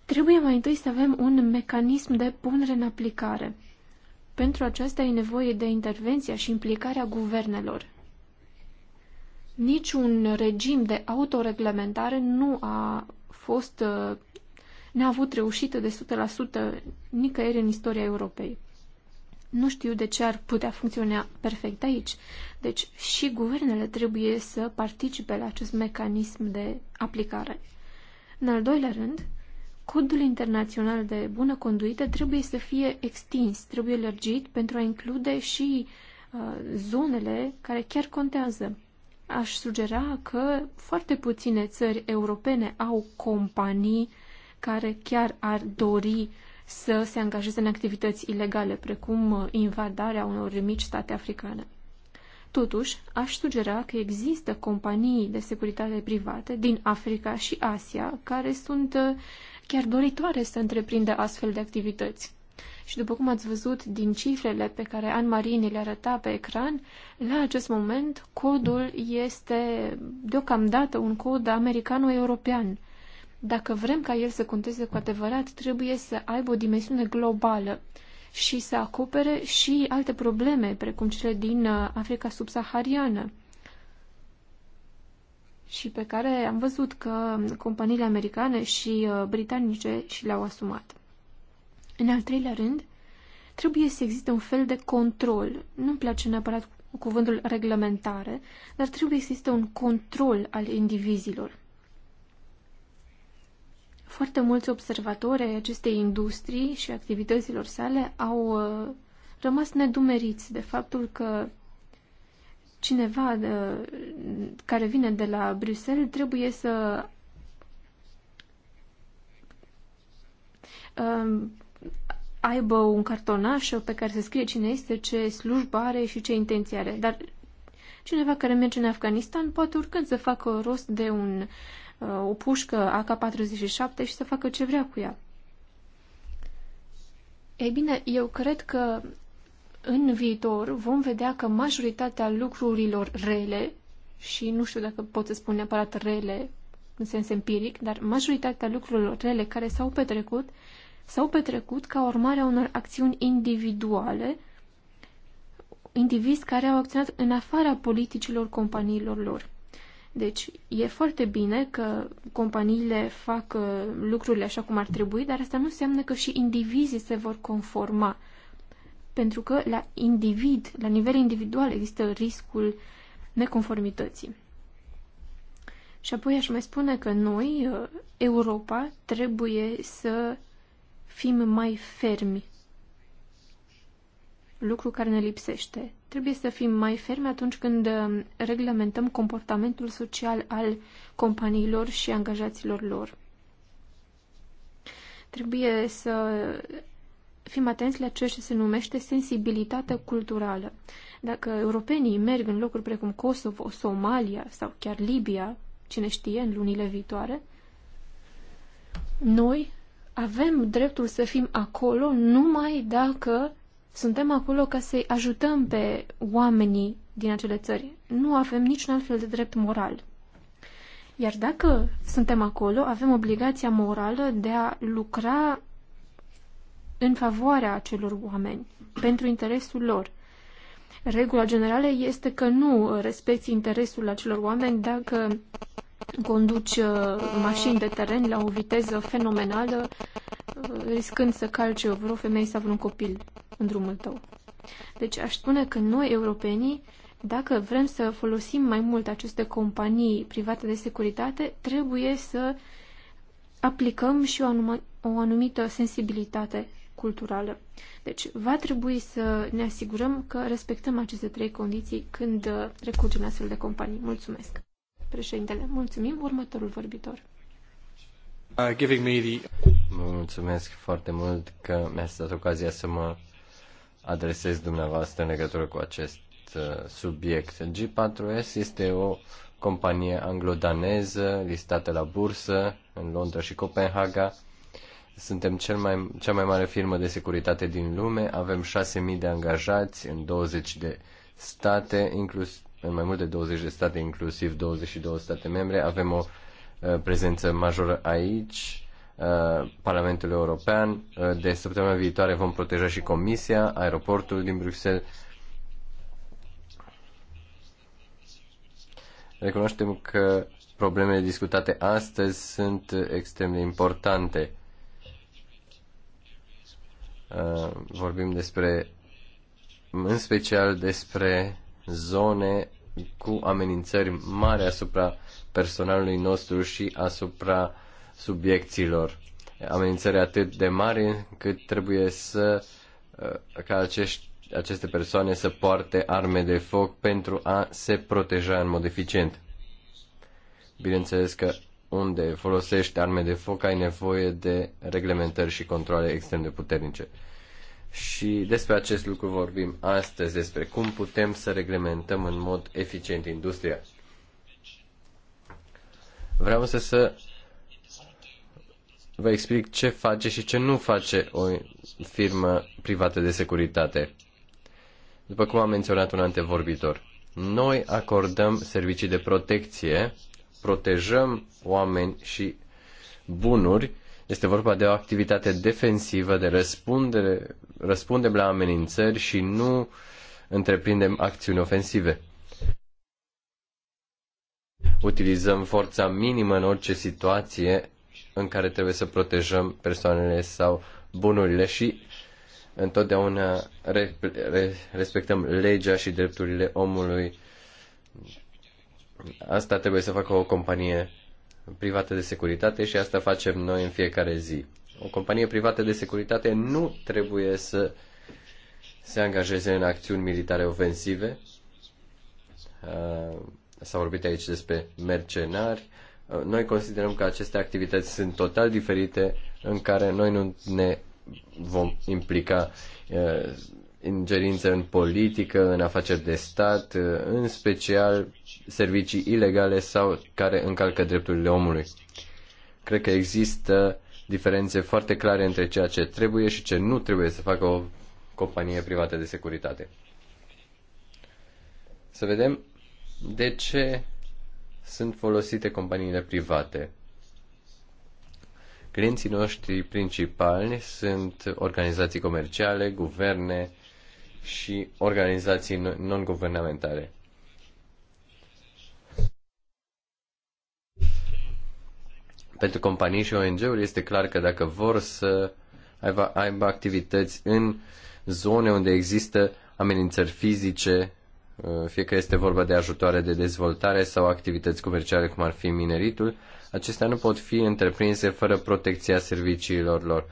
Trebuie mai întâi să avem un mecanism de punere în aplicare. Pentru aceasta e nevoie de intervenția și implicarea guvernelor. Niciun regim de autoreglementare nu a fost, n-a avut reușită de 100% nicăieri în istoria Europei. Nu știu de ce ar putea funcționa perfect aici. Deci și guvernele trebuie să participe la acest mecanism de aplicare. În al doilea rând, Codul internațional de bună conduită trebuie să fie extins, trebuie lărgit pentru a include și uh, zonele care chiar contează. Aș sugera că foarte puține țări europene au companii care chiar ar dori să se angajeze în activități ilegale, precum uh, invadarea unor mici state africane. Totuși, aș sugera că există companii de securitate private din Africa și Asia care sunt uh, chiar doritoare să întreprindă astfel de activități. Și după cum ați văzut din cifrele pe care Marie Marini le arăta pe ecran, la acest moment codul este deocamdată un cod americano-european. Dacă vrem ca el să conteze cu adevărat, trebuie să aibă o dimensiune globală și să acopere și alte probleme, precum cele din uh, Africa subsahariană și pe care am văzut că companiile americane și uh, britanice și le-au asumat. În al treilea rând, trebuie să existe un fel de control. Nu-mi place neapărat cuvântul reglementare, dar trebuie să existe un control al indivizilor. Foarte mulți observatori ai acestei industrii și activităților sale au uh, rămas nedumeriți de faptul că cineva care vine de la Bruxelles trebuie să um, aibă un cartonaș pe care se scrie cine este, ce slujbă are și ce intenție are. Dar cineva care merge în Afganistan poate oricând să facă rost de un, uh, o pușcă AK-47 și să facă ce vrea cu ea. Ei bine, eu cred că în viitor vom vedea că majoritatea lucrurilor rele, și nu știu dacă pot să spun neapărat rele în sens empiric, dar majoritatea lucrurilor rele care s-au petrecut, s-au petrecut ca urmare a unor acțiuni individuale, indivizi care au acționat în afara politicilor companiilor lor. Deci, e foarte bine că companiile fac uh, lucrurile așa cum ar trebui, dar asta nu înseamnă că și indivizii se vor conforma pentru că la individ, la nivel individual, există riscul neconformității. Și apoi aș mai spune că noi, uh, Europa, trebuie să fim mai fermi. Lucru care ne lipsește. Trebuie să fim mai fermi atunci când um, reglementăm comportamentul social al companiilor și angajaților lor. Trebuie să fim atenți la ceea ce se numește sensibilitate culturală. Dacă europenii merg în locuri precum Kosovo, Somalia sau chiar Libia, cine știe, în lunile viitoare, noi avem dreptul să fim acolo numai dacă suntem acolo ca să-i ajutăm pe oamenii din acele țări. Nu avem niciun alt fel de drept moral. Iar dacă suntem acolo, avem obligația morală de a lucra în favoarea acelor oameni, pentru interesul lor. Regula generală este că nu respecti interesul acelor oameni dacă conduci uh, mașini de teren la o viteză fenomenală, uh, riscând să calci vreo femeie sau vreun copil în drumul tău. Deci aș spune că noi, europenii, dacă vrem să folosim mai mult aceste companii private de securitate, trebuie să aplicăm și o, anum- o anumită sensibilitate culturală. Deci va trebui să ne asigurăm că respectăm aceste trei condiții când uh, recurgem la astfel de companii. Mulțumesc. Președintele, mulțumim. Următorul vorbitor. Uh, giving me the... Mă mulțumesc foarte mult că mi a dat ocazia să mă adresez dumneavoastră în legătură cu acest uh, subiect. G4S este o companie anglodaneză listată la bursă în Londra și Copenhaga suntem cel mai, cea mai mare firmă de securitate din lume, avem 6.000 de angajați în 20 de state, inclus, în mai mult de 20 de state, inclusiv 22 state membre. Avem o uh, prezență majoră aici, uh, Parlamentul European. Uh, de săptămâna viitoare vom proteja și Comisia, aeroportul din Bruxelles. Recunoaștem că problemele discutate astăzi sunt extrem de importante. Uh, vorbim despre, în special despre zone cu amenințări mari asupra personalului nostru și asupra subiecților. Amenințări atât de mari cât trebuie să uh, ca acești, aceste persoane să poarte arme de foc pentru a se proteja în mod eficient. Bineînțeles că unde folosești arme de foc ai nevoie de reglementări și controle extrem de puternice. Și despre acest lucru vorbim astăzi, despre cum putem să reglementăm în mod eficient industria. Vreau să, să vă explic ce face și ce nu face o firmă privată de securitate. După cum am menționat un antevorbitor, noi acordăm servicii de protecție protejăm oameni și bunuri. Este vorba de o activitate defensivă, de răspundere, răspundem la amenințări și nu întreprindem acțiuni ofensive. Utilizăm forța minimă în orice situație în care trebuie să protejăm persoanele sau bunurile și întotdeauna respectăm legea și drepturile omului asta trebuie să facă o companie privată de securitate și asta facem noi în fiecare zi. O companie privată de securitate nu trebuie să se angajeze în acțiuni militare ofensive. Uh, s-a vorbit aici despre mercenari. Uh, noi considerăm că aceste activități sunt total diferite în care noi nu ne vom implica uh, ingerință în politică, în afaceri de stat, în special servicii ilegale sau care încalcă drepturile omului. Cred că există diferențe foarte clare între ceea ce trebuie și ce nu trebuie să facă o companie privată de securitate. Să vedem de ce sunt folosite companiile private. Clienții noștri principali sunt organizații comerciale, guverne, și organizații non-guvernamentale. Pentru companii și ONG-uri este clar că dacă vor să aibă, aibă activități în zone unde există amenințări fizice, uh, fie că este vorba de ajutoare de dezvoltare sau activități comerciale cum ar fi mineritul, acestea nu pot fi întreprinse fără protecția serviciilor lor.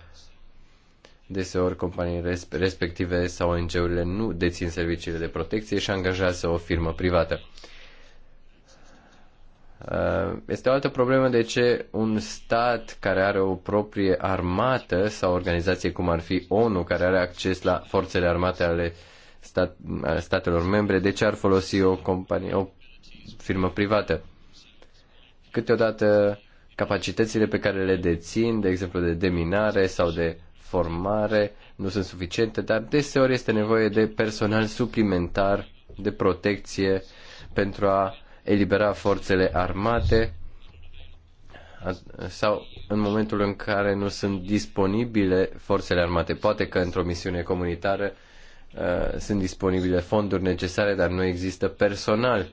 Deseori companiile respective sau ONG-urile nu dețin serviciile de protecție și angajează o firmă privată. Uh, este o altă problemă de ce un stat care are o proprie armată sau organizație cum ar fi ONU, care are acces la forțele armate ale stat, statelor membre, de ce ar folosi o companie, o firmă privată? Câteodată capacitățile pe care le dețin, de exemplu de deminare sau de formare nu sunt suficiente, dar deseori este nevoie de personal suplimentar de protecție pentru a elibera forțele armate sau în momentul în care nu sunt disponibile forțele armate. Poate că într-o misiune comunitară uh, sunt disponibile fonduri necesare, dar nu există personal.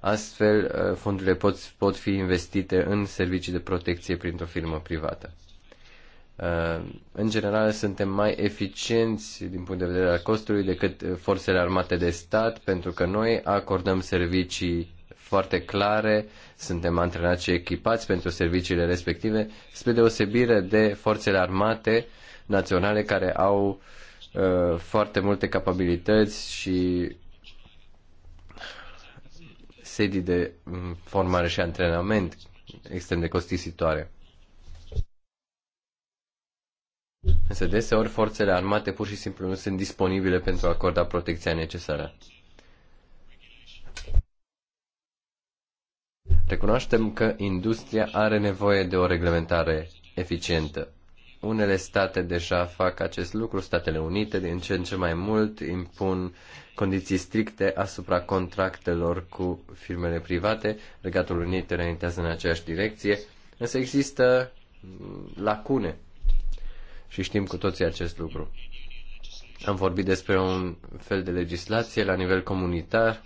Astfel, uh, fondurile pot, pot fi investite în servicii de protecție printr-o firmă privată. Uh, în general suntem mai eficienți din punct de vedere al costului decât uh, forțele armate de stat, pentru că noi acordăm servicii foarte clare, suntem antrenați și echipați pentru serviciile respective, spre deosebire de forțele armate naționale care au uh, foarte multe capabilități și sedii de mm, formare și antrenament extrem de costisitoare. Însă deseori forțele armate pur și simplu nu sunt disponibile pentru a acorda protecția necesară. Recunoaștem că industria are nevoie de o reglementare eficientă. Unele state deja fac acest lucru, Statele Unite din ce în ce mai mult impun condiții stricte asupra contractelor cu firmele private. Regatul Unit reintează în aceeași direcție, însă există lacune și știm cu toții acest lucru. Am vorbit despre un fel de legislație la nivel comunitar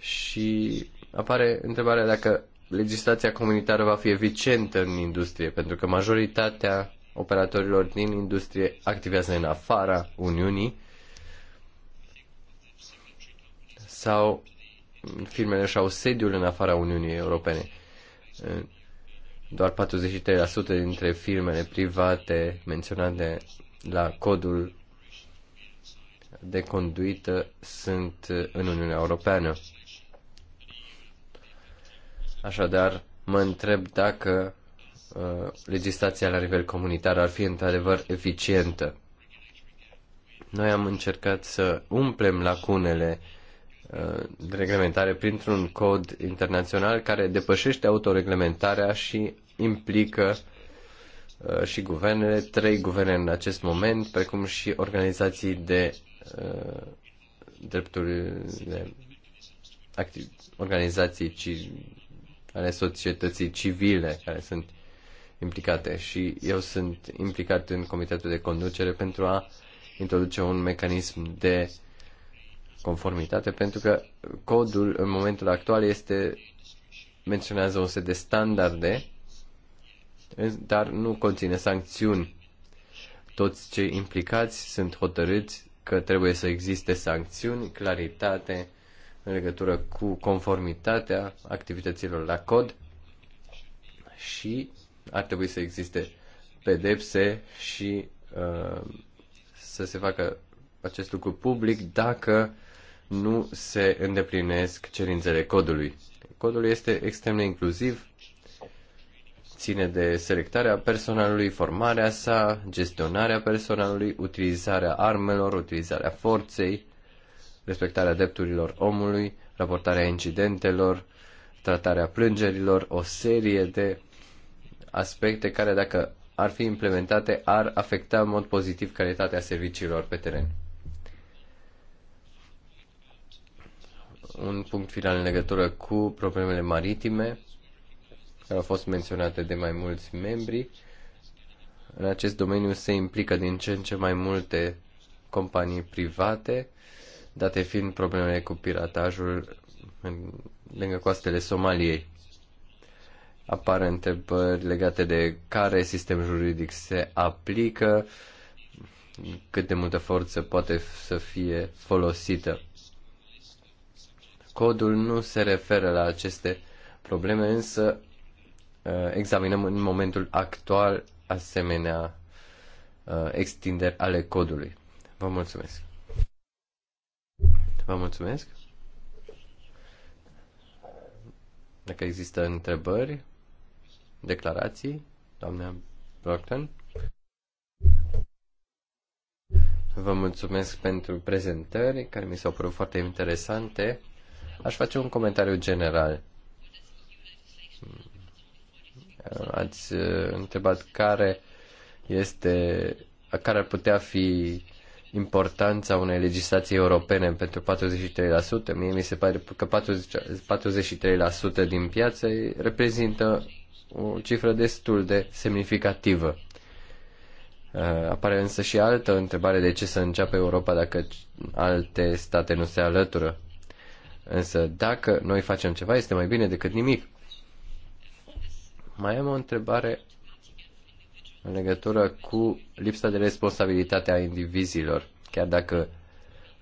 și apare întrebarea dacă legislația comunitară va fi eficientă în industrie, pentru că majoritatea operatorilor din industrie activează în afara Uniunii sau firmele și-au sediul în afara Uniunii Europene. Doar 43% dintre firmele private menționate la codul de conduită sunt în Uniunea Europeană. Așadar, mă întreb dacă uh, legislația la nivel comunitar ar fi într-adevăr eficientă. Noi am încercat să umplem lacunele uh, de uh, reglementare printr-un cod internațional care depășește autoreglementarea și implică uh, și guvernele, trei guverne în acest moment, precum și organizații de uh, de organizații ci, ale societății civile care sunt implicate și eu sunt implicat în comitetul de conducere pentru a introduce un mecanism de uh, conformitate, pentru că codul în momentul actual este menționează un set de standarde, dar nu conține sancțiuni. Toți cei implicați sunt hotărâți că trebuie să existe sancțiuni, claritate în legătură cu conformitatea activităților la cod și ar trebui să existe pedepse și uh, să se facă acest lucru public dacă uh, nu se îndeplinesc cerințele codului. Codul este extrem de inclusiv, ține de selectarea personalului, formarea sa, gestionarea personalului, utilizarea armelor, utilizarea forței, respectarea drepturilor omului, raportarea incidentelor, tratarea plângerilor, o serie de aspecte care, dacă ar fi implementate, ar afecta în mod pozitiv calitatea serviciilor pe teren. un punct final în legătură cu problemele maritime, care au fost menționate de mai mulți membri. În acest domeniu se implică din ce în ce mai multe companii private, date fiind problemele cu piratajul în, lângă coastele Somaliei. Apar întrebări legate de care sistem juridic se aplică, cât de multă forță poate să fie folosită. Codul nu se referă la aceste probleme, însă uh, examinăm în momentul actual asemenea uh, extinderi ale codului. Vă mulțumesc. Vă mulțumesc. Dacă există întrebări, declarații, doamna Brockton. Vă mulțumesc pentru prezentări care mi s-au părut foarte interesante. Aș face un comentariu general. Ați uh, întrebat care este, care ar putea fi importanța unei legislații europene pentru 43%. Mie mi se pare că 40, 43% din piață reprezintă o cifră destul de semnificativă. Uh, apare însă și altă întrebare de ce să înceapă Europa dacă alte state nu se alătură. Însă dacă noi facem ceva, este mai bine decât nimic. Mai am o întrebare în legătură cu lipsa de responsabilitate a indivizilor. Chiar dacă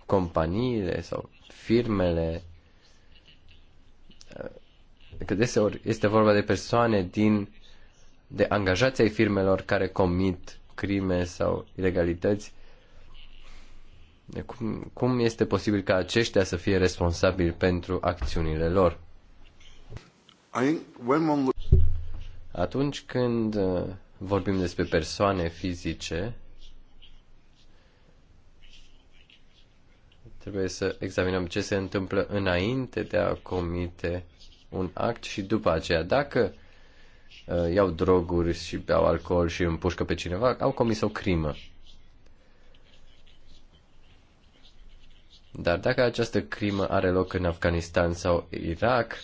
companiile sau firmele, că deseori este vorba de persoane din, de angajații ai firmelor care comit crime sau ilegalități, cum, cum este posibil ca aceștia să fie responsabili pentru acțiunile lor? Atunci când uh, vorbim despre persoane fizice, trebuie să examinăm ce se întâmplă înainte de a comite un act și după aceea. Dacă uh, iau droguri și beau alcool și împușcă pe cineva, au comis o crimă. Dar dacă această crimă are loc în Afganistan sau Irak,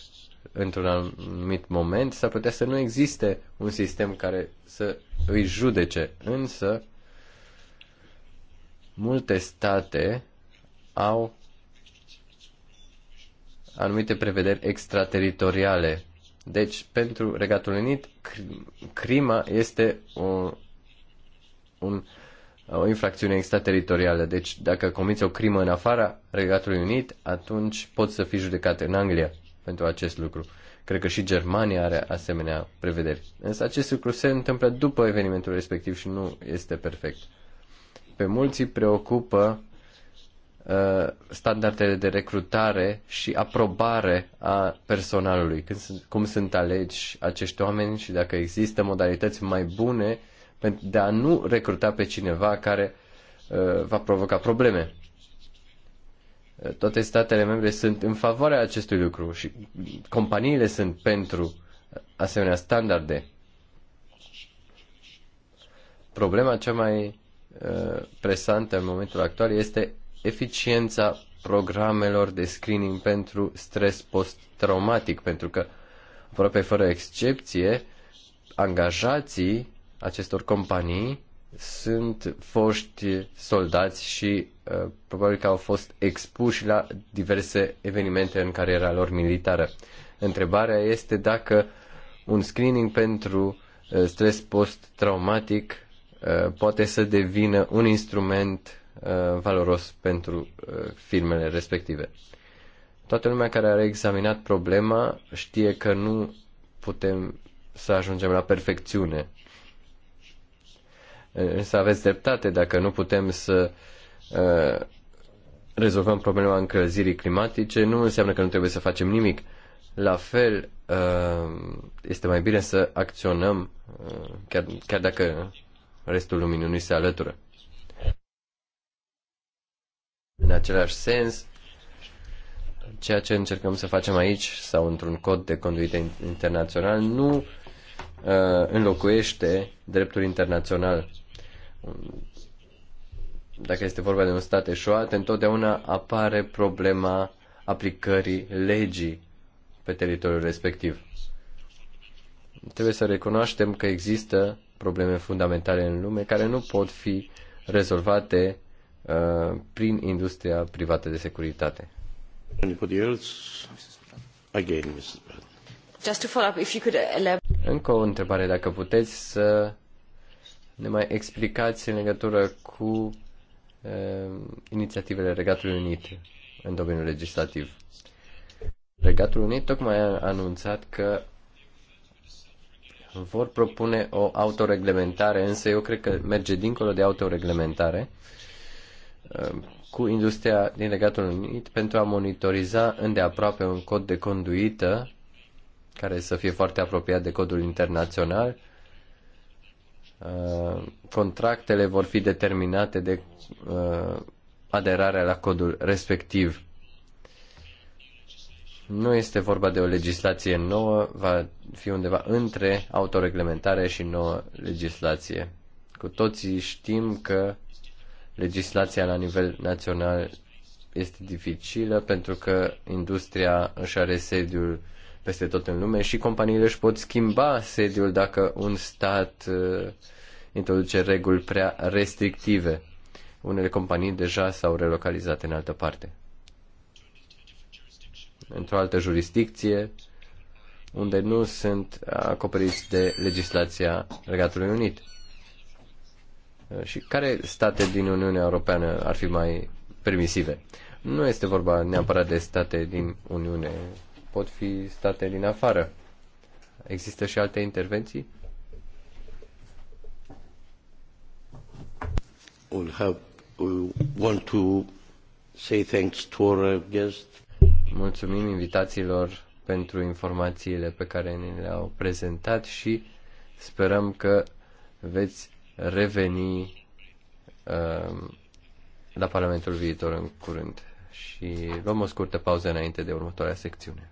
într-un anumit moment, s-ar putea să nu existe un sistem care să îi judece. Însă, multe state au anumite prevederi extrateritoriale. Deci, pentru Regatul Unit, crima este o, un o infracțiune extrateritorială. Deci dacă comiți o crimă în afara Regatului Unit, atunci poți să fii judecat în Anglia pentru acest lucru. Cred că și Germania are asemenea prevederi. Însă acest lucru se întâmplă după evenimentul respectiv și nu este perfect. Pe mulți îi preocupă uh, standardele de recrutare și aprobare a personalului, când, cum sunt aleși acești oameni și dacă există modalități mai bune uh, de a nu recruta pe cineva care uh, va provoca probleme. Toate statele membre sunt în favoarea acestui lucru și companiile sunt pentru asemenea standarde. Problema cea mai uh, presantă în momentul actual este eficiența programelor de screening pentru stres post-traumatic, pentru că aproape fără excepție, angajații acestor companii sunt foști soldați și uh, probabil că au fost expuși la diverse evenimente în cariera lor militară. Întrebarea este dacă un screening pentru uh, stres post-traumatic uh, poate să devină un instrument uh, valoros pentru uh, firmele respective. Toată lumea care a examinat problema știe că nu putem să ajungem la perfecțiune Însă aveți dreptate, dacă nu putem să uh, rezolvăm problema încălzirii climatice, nu înseamnă că nu trebuie să facem nimic. La fel, uh, este mai bine să acționăm, uh, chiar, chiar dacă restul lumii nu se alătură. În același sens, ceea ce încercăm să facem aici sau într-un cod de conduită internațional nu uh, înlocuiește dreptul internațional dacă este vorba de un stat eșuat, întotdeauna apare problema aplicării legii pe teritoriul respectiv. Trebuie să recunoaștem că există probleme fundamentale în lume care nu pot fi rezolvate uh, prin industria privată de securitate. Again, Just to follow up, if you could elaborate... Încă o întrebare, dacă puteți să ne mai explicați în legătură cu uh, inițiativele Regatului Unit în domeniul legislativ. Regatul Unit tocmai a anunțat că vor propune o autoreglementare, însă eu cred că merge dincolo de autoreglementare cu industria din Regatul Unit pentru a monitoriza îndeaproape un cod de conduită care să fie foarte apropiat de codul internațional Uh, contractele vor fi determinate de uh, aderarea la codul respectiv. Nu este vorba de o legislație nouă, va fi undeva între autoreglementare și nouă legislație. Cu toții știm că legislația la nivel național este dificilă pentru că industria își are sediul uh, peste tot în lume și companiile își pot schimba sediul dacă un stat uh, introduce reguli prea restrictive. Unele companii deja s-au relocalizat în altă parte. Într-o altă jurisdicție, unde nu sunt acoperiți de legislația Regatului Unit. Uh, și care state din Uniunea Europeană ar fi mai permisive? Nu este vorba neapărat de state din Uniune pot fi state din afară. Există și alte intervenții? We'll have, we want to say thanks to our guests. Mulțumim invitațiilor pentru informațiile pe care ne le-au prezentat și sperăm că veți reveni uh, la Parlamentul viitor în curând. Și luăm o scurtă pauză înainte de următoarea secțiune.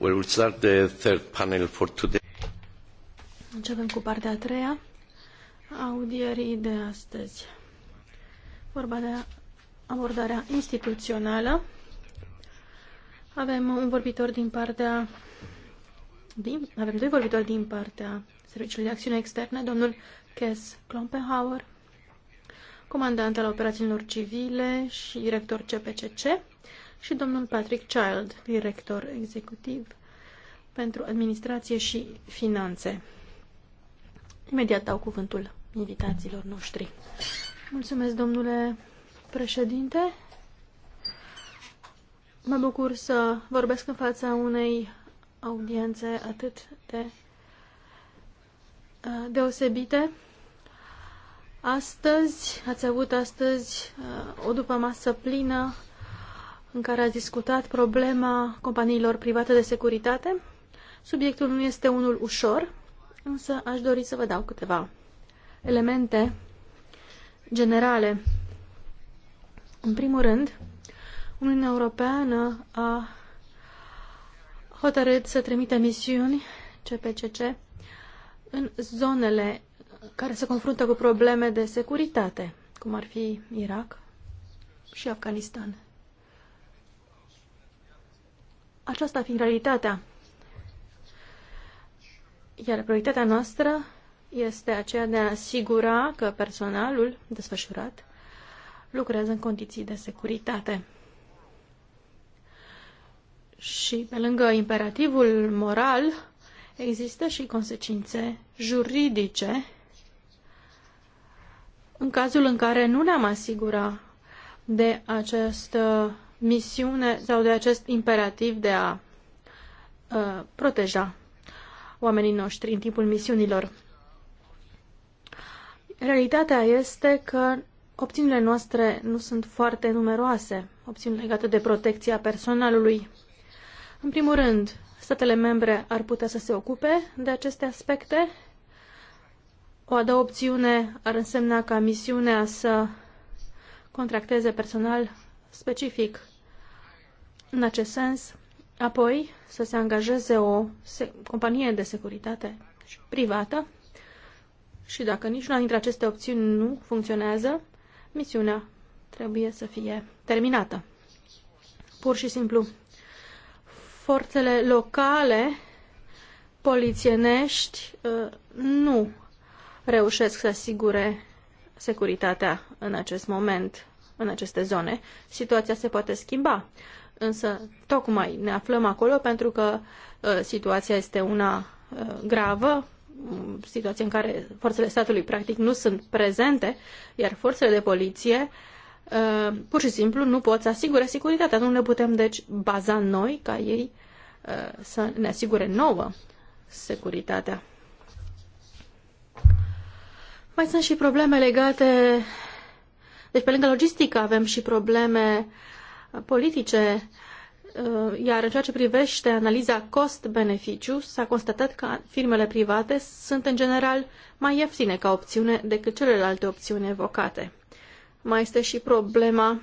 We will start the third panel for today. Începem cu partea a treia, audierii de astăzi. Vorba de abordarea instituțională. Avem un vorbitor din partea din, avem doi vorbitori din partea Serviciului de Acțiune Externă, domnul Kes Klompenhauer, comandant al operațiunilor civile și director CPCC, și domnul Patrick Child, director executiv pentru administrație și finanțe. Imediat dau cuvântul invitațiilor noștri. Mulțumesc, domnule președinte. Mă bucur să vorbesc în fața unei audiențe atât de uh, deosebite. Astăzi, ați avut astăzi uh, o după masă plină în care ați discutat problema companiilor private de securitate. Subiectul nu este unul ușor, însă aș dori să vă dau câteva elemente generale. În primul rând, Uniunea Europeană a hotărât să trimite misiuni CPCC în zonele care se confruntă cu probleme de securitate, cum ar fi Irak și Afganistan. Aceasta fiind realitatea. Iar prioritatea noastră este aceea de a asigura că personalul desfășurat lucrează în condiții de securitate. Și pe lângă imperativul moral, există și consecințe juridice în cazul în care nu ne-am asigura de această misiune sau de acest imperativ de a uh, proteja oamenii noștri în timpul misiunilor. Realitatea este că opțiunile noastre nu sunt foarte numeroase, opțiuni legate de protecția personalului. În primul rând, statele membre ar putea să se ocupe de aceste aspecte. O a doua opțiune ar însemna ca misiunea să contracteze personal specific în acest sens, apoi să se angajeze o companie de securitate privată și dacă niciuna dintre aceste opțiuni nu funcționează, misiunea trebuie să fie terminată. Pur și simplu, forțele locale polițienești uh, nu reușesc să asigure securitatea în acest moment în aceste zone, situația se poate schimba. Însă, tocmai ne aflăm acolo pentru că uh, situația este una uh, gravă, mm, situație în care forțele statului practic nu sunt prezente, iar forțele de poliție uh, pur și simplu nu pot să asigure securitatea. Nu ne putem, deci, baza noi ca ei să ne asigure nouă securitatea. Mai sunt și probleme legate deci, pe lângă logistică, avem și probleme uh, politice, uh, iar în ceea ce privește analiza cost-beneficiu, s-a constatat că firmele private sunt în general mai ieftine ca opțiune decât celelalte opțiuni evocate. Mai este și problema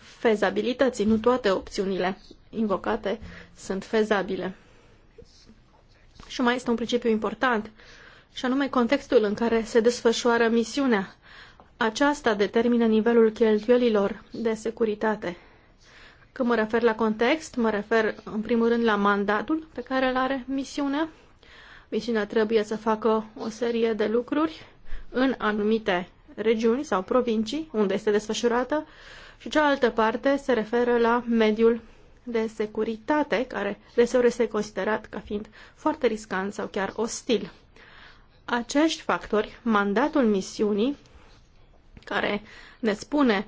fezabilității. Nu toate opțiunile invocate sunt fezabile. Și mai este un principiu important, și anume contextul în care se desfășoară misiunea. Aceasta determină nivelul cheltuielilor de securitate. Când mă refer la context, mă refer în primul rând la mandatul pe care îl are misiunea. Misiunea trebuie să facă o serie de lucruri în anumite regiuni sau provincii unde este desfășurată și cealaltă parte se referă la mediul de securitate, care deseori este considerat ca fiind foarte riscant sau chiar ostil. Acești factori, mandatul misiunii care ne spune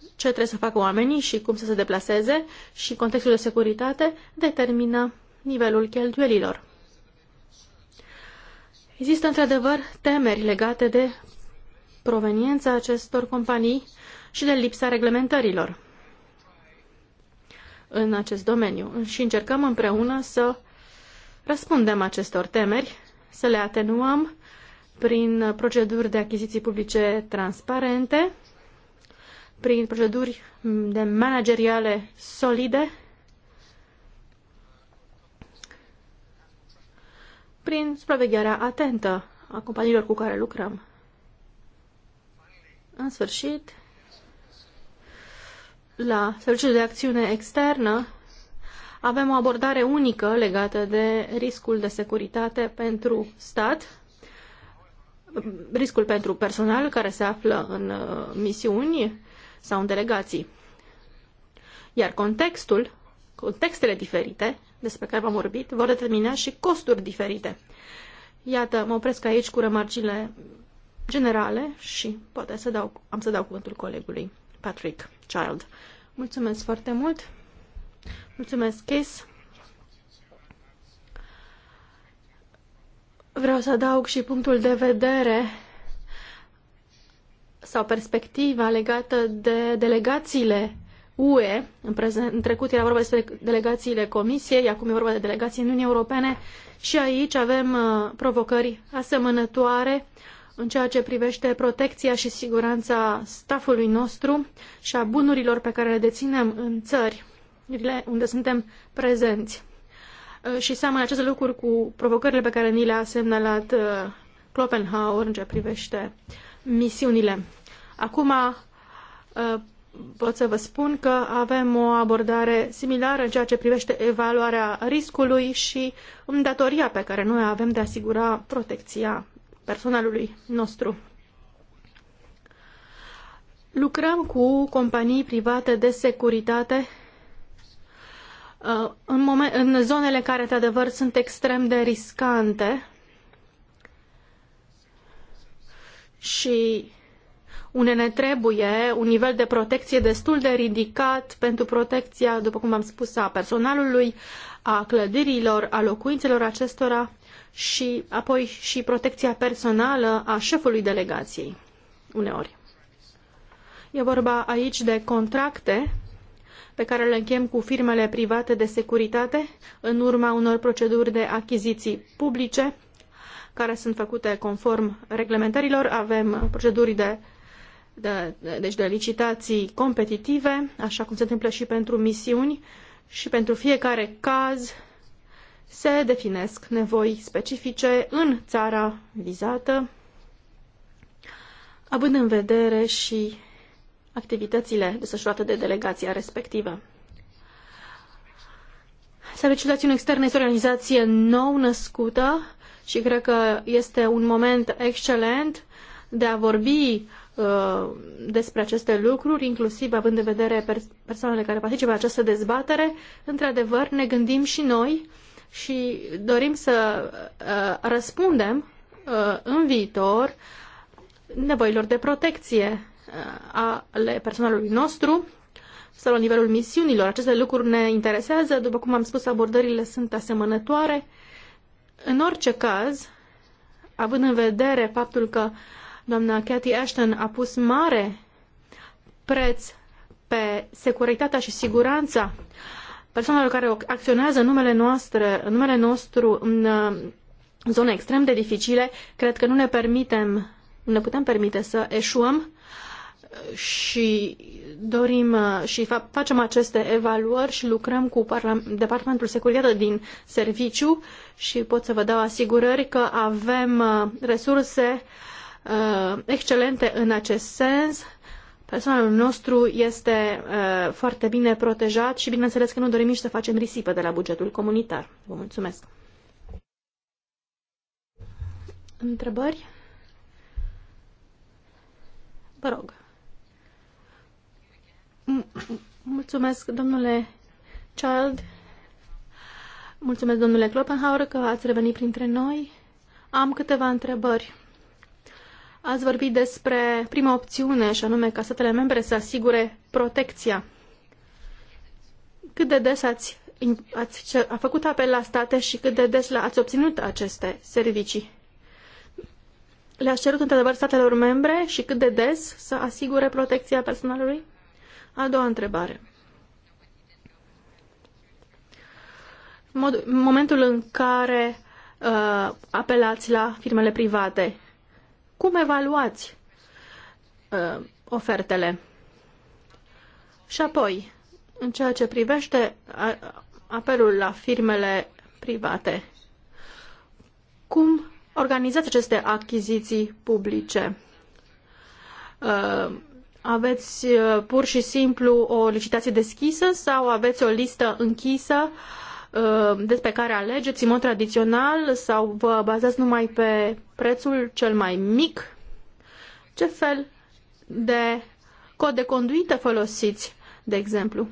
ce trebuie să facă oamenii și cum să se deplaseze și contextul de securitate determină nivelul cheltuielilor. Există într-adevăr temeri legate de proveniența acestor companii și de lipsa reglementărilor în acest domeniu și încercăm împreună să răspundem acestor temeri, să le atenuăm prin proceduri de achiziții publice transparente, prin proceduri de manageriale solide, prin supravegherea atentă a companiilor cu care lucrăm. În sfârșit, la serviciul de acțiune externă avem o abordare unică legată de riscul de securitate pentru stat, riscul pentru personal care se află în uh, misiuni sau în delegații. Iar contextul, contextele diferite despre care v-am vorbit, vor determina și costuri diferite. Iată, mă opresc aici cu remarcile generale și poate să dau, am să dau cuvântul colegului Patrick Child. Mulțumesc foarte mult! Mulțumesc, Case! Vreau să adaug și punctul de vedere sau perspectiva legată de delegațiile UE. În, prezent, în trecut era vorba despre delegațiile Comisiei, acum e vorba de delegații Uniunii Europene și aici avem uh, provocări asemănătoare în ceea ce privește protecția și siguranța stafului nostru și a bunurilor pe care le deținem în țările unde suntem prezenți. Uh, și seamănă aceste lucruri cu provocările pe care ni le-a semnalat uh, Kloppenhauer în ce privește misiunile. Acum uh, pot să vă spun că avem o abordare similară în ceea ce privește evaluarea riscului și îndatoria um, pe care noi avem de a asigura protecția personalului nostru. Lucrăm cu companii private de securitate Uh, în, moment, în zonele care, într-adevăr, sunt extrem de riscante și unde ne trebuie un nivel de protecție destul de ridicat pentru protecția, după cum am spus, a personalului, a clădirilor, a locuințelor acestora și apoi și protecția personală a șefului delegației uneori. E vorba aici de contracte pe care le închem cu firmele private de securitate în urma unor proceduri de achiziții publice care sunt făcute conform reglementărilor. Avem proceduri de, de, de, deci de licitații competitive, așa cum se întâmplă și pentru misiuni și pentru fiecare caz se definesc nevoi specifice în țara vizată, având în vedere și activitățile desfășurate de delegația respectivă. Serviciul de Acțiune Externă este o organizație nou născută și cred că este un moment excelent de a vorbi uh, despre aceste lucruri, inclusiv având în vedere pers persoanele care participă la această dezbatere. Într-adevăr, ne gândim și noi și dorim să uh, răspundem uh, în viitor nevoilor de protecție ale personalului nostru sau la nivelul misiunilor. Aceste lucruri ne interesează. După cum am spus, abordările sunt asemănătoare. În orice caz, având în vedere faptul că doamna Cathy Ashton a pus mare preț pe securitatea și siguranța persoanelor care acționează în numele, noastre, în numele nostru în uh, zone extrem de dificile, cred că nu ne permitem, nu ne putem permite să eșuăm și dorim uh, și facem aceste evaluări și lucrăm cu Departamentul Securitate din serviciu și pot să vă dau asigurări că avem uh, resurse uh, excelente în acest sens. Personalul nostru este foarte bine protejat și bineînțeles că nu dorim nici să facem risipă de la bugetul comunitar. Vă mulțumesc! Întrebări? Vă rog! Mulțumesc, domnule Child. Mulțumesc, domnule Kloppenhauer, că ați revenit printre noi. Am câteva întrebări. Ați vorbit despre prima opțiune, și anume ca statele membre să asigure protecția. Cât de des ați, ați a făcut apel la state și cât de des ați obținut aceste servicii? Le-ați cerut într-adevăr statelor membre și cât de des să asigure protecția personalului? A doua întrebare. Mod, momentul în care uh, apelați la firmele private, cum evaluați uh, ofertele? Și apoi, în ceea ce privește apelul la firmele private, cum organizați aceste achiziții publice? Uh, aveți uh, pur și simplu o licitație deschisă sau aveți o listă închisă uh, despre care alegeți în mod tradițional sau vă bazați numai pe prețul cel mai mic? Ce fel de cod de conduită folosiți, de exemplu?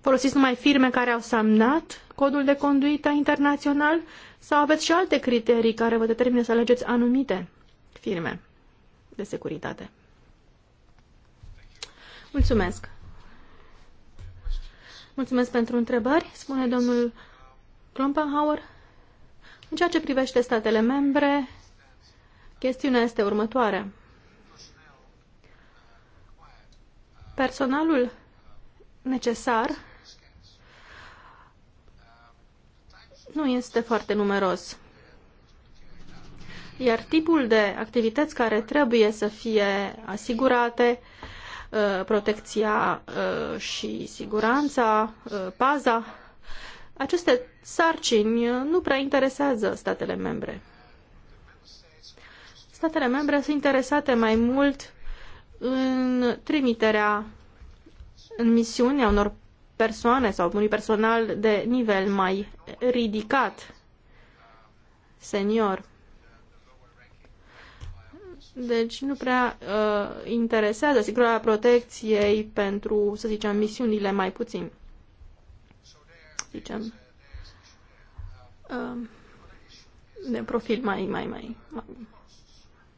Folosiți numai firme care au semnat codul de conduită internațional sau aveți și alte criterii care vă determină să alegeți anumite firme de securitate? Mulțumesc. Mulțumesc pentru întrebări, spune domnul Klompenhauer. În ceea ce privește statele membre, chestiunea este următoare. Personalul necesar nu este foarte numeros. Iar tipul de activități care trebuie să fie asigurate uh, Uh, protecția uh, și siguranța, uh, paza. Aceste sarcini nu prea interesează statele membre. Statele membre sunt interesate mai mult în trimiterea în misiunea unor persoane sau unui personal de nivel mai ridicat, senior. Deci nu prea uh, interesează asigurarea protecției pentru, să zicem, misiunile mai puțin. Zicem. Uh, de profil mai, mai, mai, mai,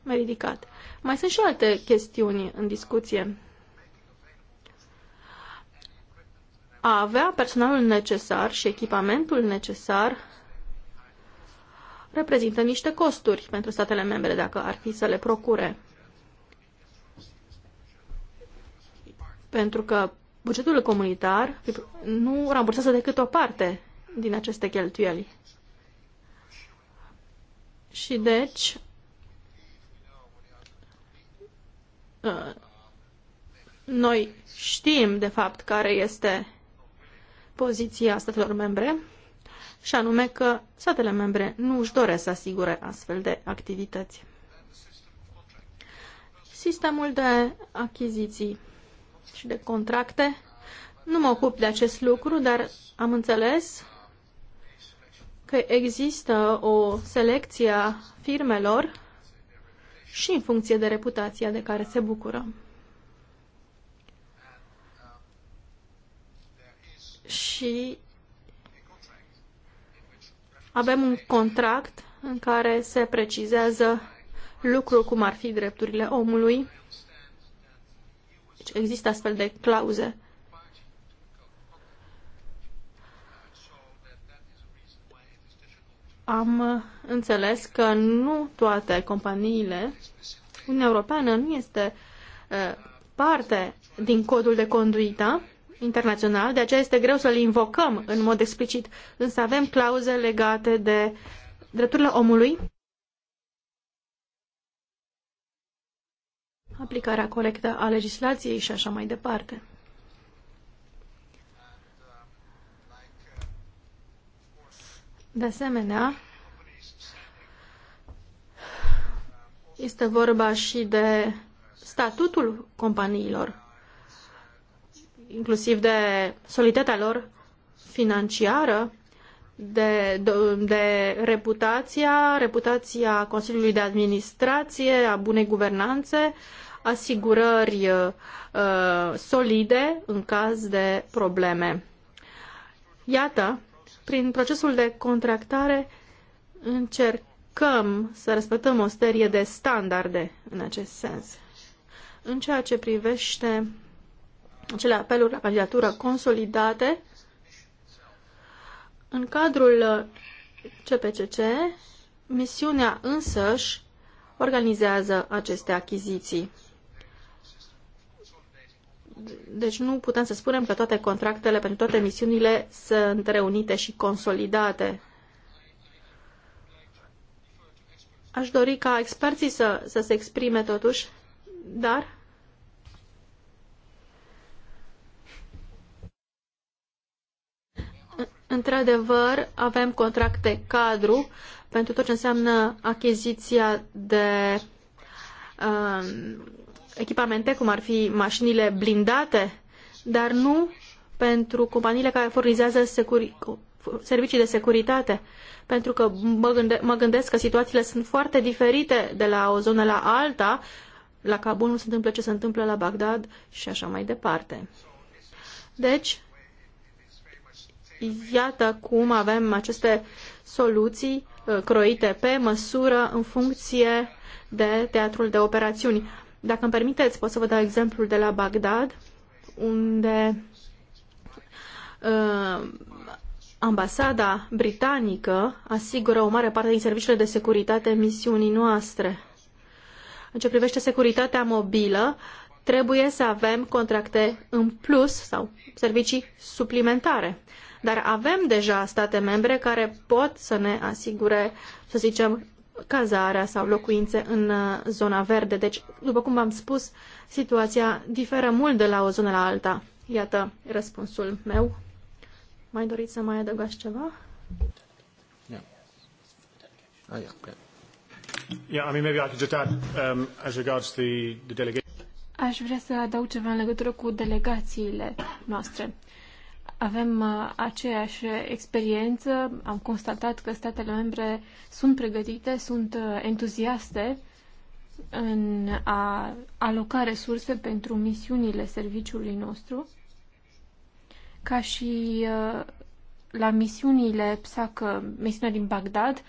mai ridicat. Mai sunt și alte chestiuni în discuție. A avea personalul necesar și echipamentul necesar reprezintă niște costuri pentru statele membre dacă ar fi să le procure. Pentru că bugetul comunitar nu rambursează decât o parte din aceste cheltuieli. Și deci, uh, noi știm de fapt care este poziția statelor membre și anume că statele membre nu își doresc să asigure astfel de activități. Sistemul de achiziții și de contracte. Nu mă ocup de acest lucru, dar am înțeles că există o selecție a firmelor și în funcție de reputația de care se bucură. Și avem un contract în care se precizează lucruri cum ar fi drepturile omului. Deci există astfel de clauze. Am înțeles că nu toate companiile, Uniunea Europeană nu este eh, parte din codul de conduită, internațional, de aceea este greu să-l invocăm în mod explicit, însă avem clauze legate de drepturile omului, aplicarea corectă a legislației și așa mai departe. De asemenea, este vorba și de statutul companiilor inclusiv de soliditatea lor financiară, de, de, de reputația, reputația Consiliului de Administrație, a bunei guvernanțe, asigurări uh, solide în caz de probleme. Iată, prin procesul de contractare încercăm să respectăm o serie de standarde în acest sens. În ceea ce privește acele apeluri la candidatură consolidate în cadrul CPCC, misiunea însăși organizează aceste achiziții. Deci nu putem să spunem că toate contractele pentru toate misiunile sunt reunite și consolidate. Aș dori ca experții să, să se exprime totuși, dar Într-adevăr, avem contracte cadru pentru tot ce înseamnă achiziția de uh, echipamente, cum ar fi mașinile blindate, dar nu pentru companiile care furnizează servicii de securitate. Pentru că mă, gânde- mă gândesc că situațiile sunt foarte diferite de la o zonă la alta. La Kabul nu se întâmplă ce se întâmplă la Bagdad și așa mai departe. Deci, iată cum avem aceste soluții uh, croite pe măsură în funcție de teatrul de operațiuni. Dacă îmi permiteți, pot să vă dau exemplul de la Bagdad, unde uh, ambasada britanică asigură o mare parte din serviciile de securitate misiunii noastre. În ce privește securitatea mobilă, trebuie să avem contracte în plus sau servicii suplimentare. Uh, dar avem deja state membre care pot să ne asigure, să zicem, cazarea sau locuințe în uh, zona verde. Deci, după cum v-am spus, situația diferă mult de la o zonă la alta. Iată răspunsul meu. Mai doriți să mai adăugați ceva? Yeah. Ah, yeah, yeah, I mean, maybe I could just add um, as regards the, the delegation. Aș vrea să adaug ceva în legătură cu delegațiile noastre avem uh, aceeași experiență. Am constatat că statele membre sunt pregătite, sunt uh, entuziaste în a aloca resurse pentru misiunile serviciului nostru, ca și uh, la misiunile PSAC, misiunea din Bagdad,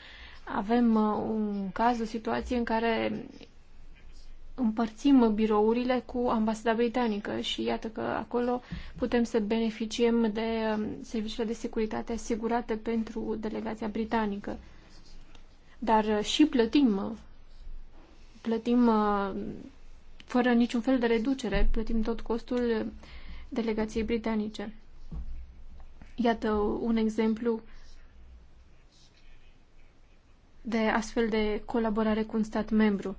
avem un caz, o situație în care împărțim birourile cu ambasada britanică și iată că acolo putem să beneficiem de um, serviciile de securitate asigurate pentru delegația britanică. Dar uh, și plătim, uh, plătim uh, fără niciun fel de reducere, plătim tot costul delegației britanice. Iată un exemplu de astfel de colaborare cu un stat membru.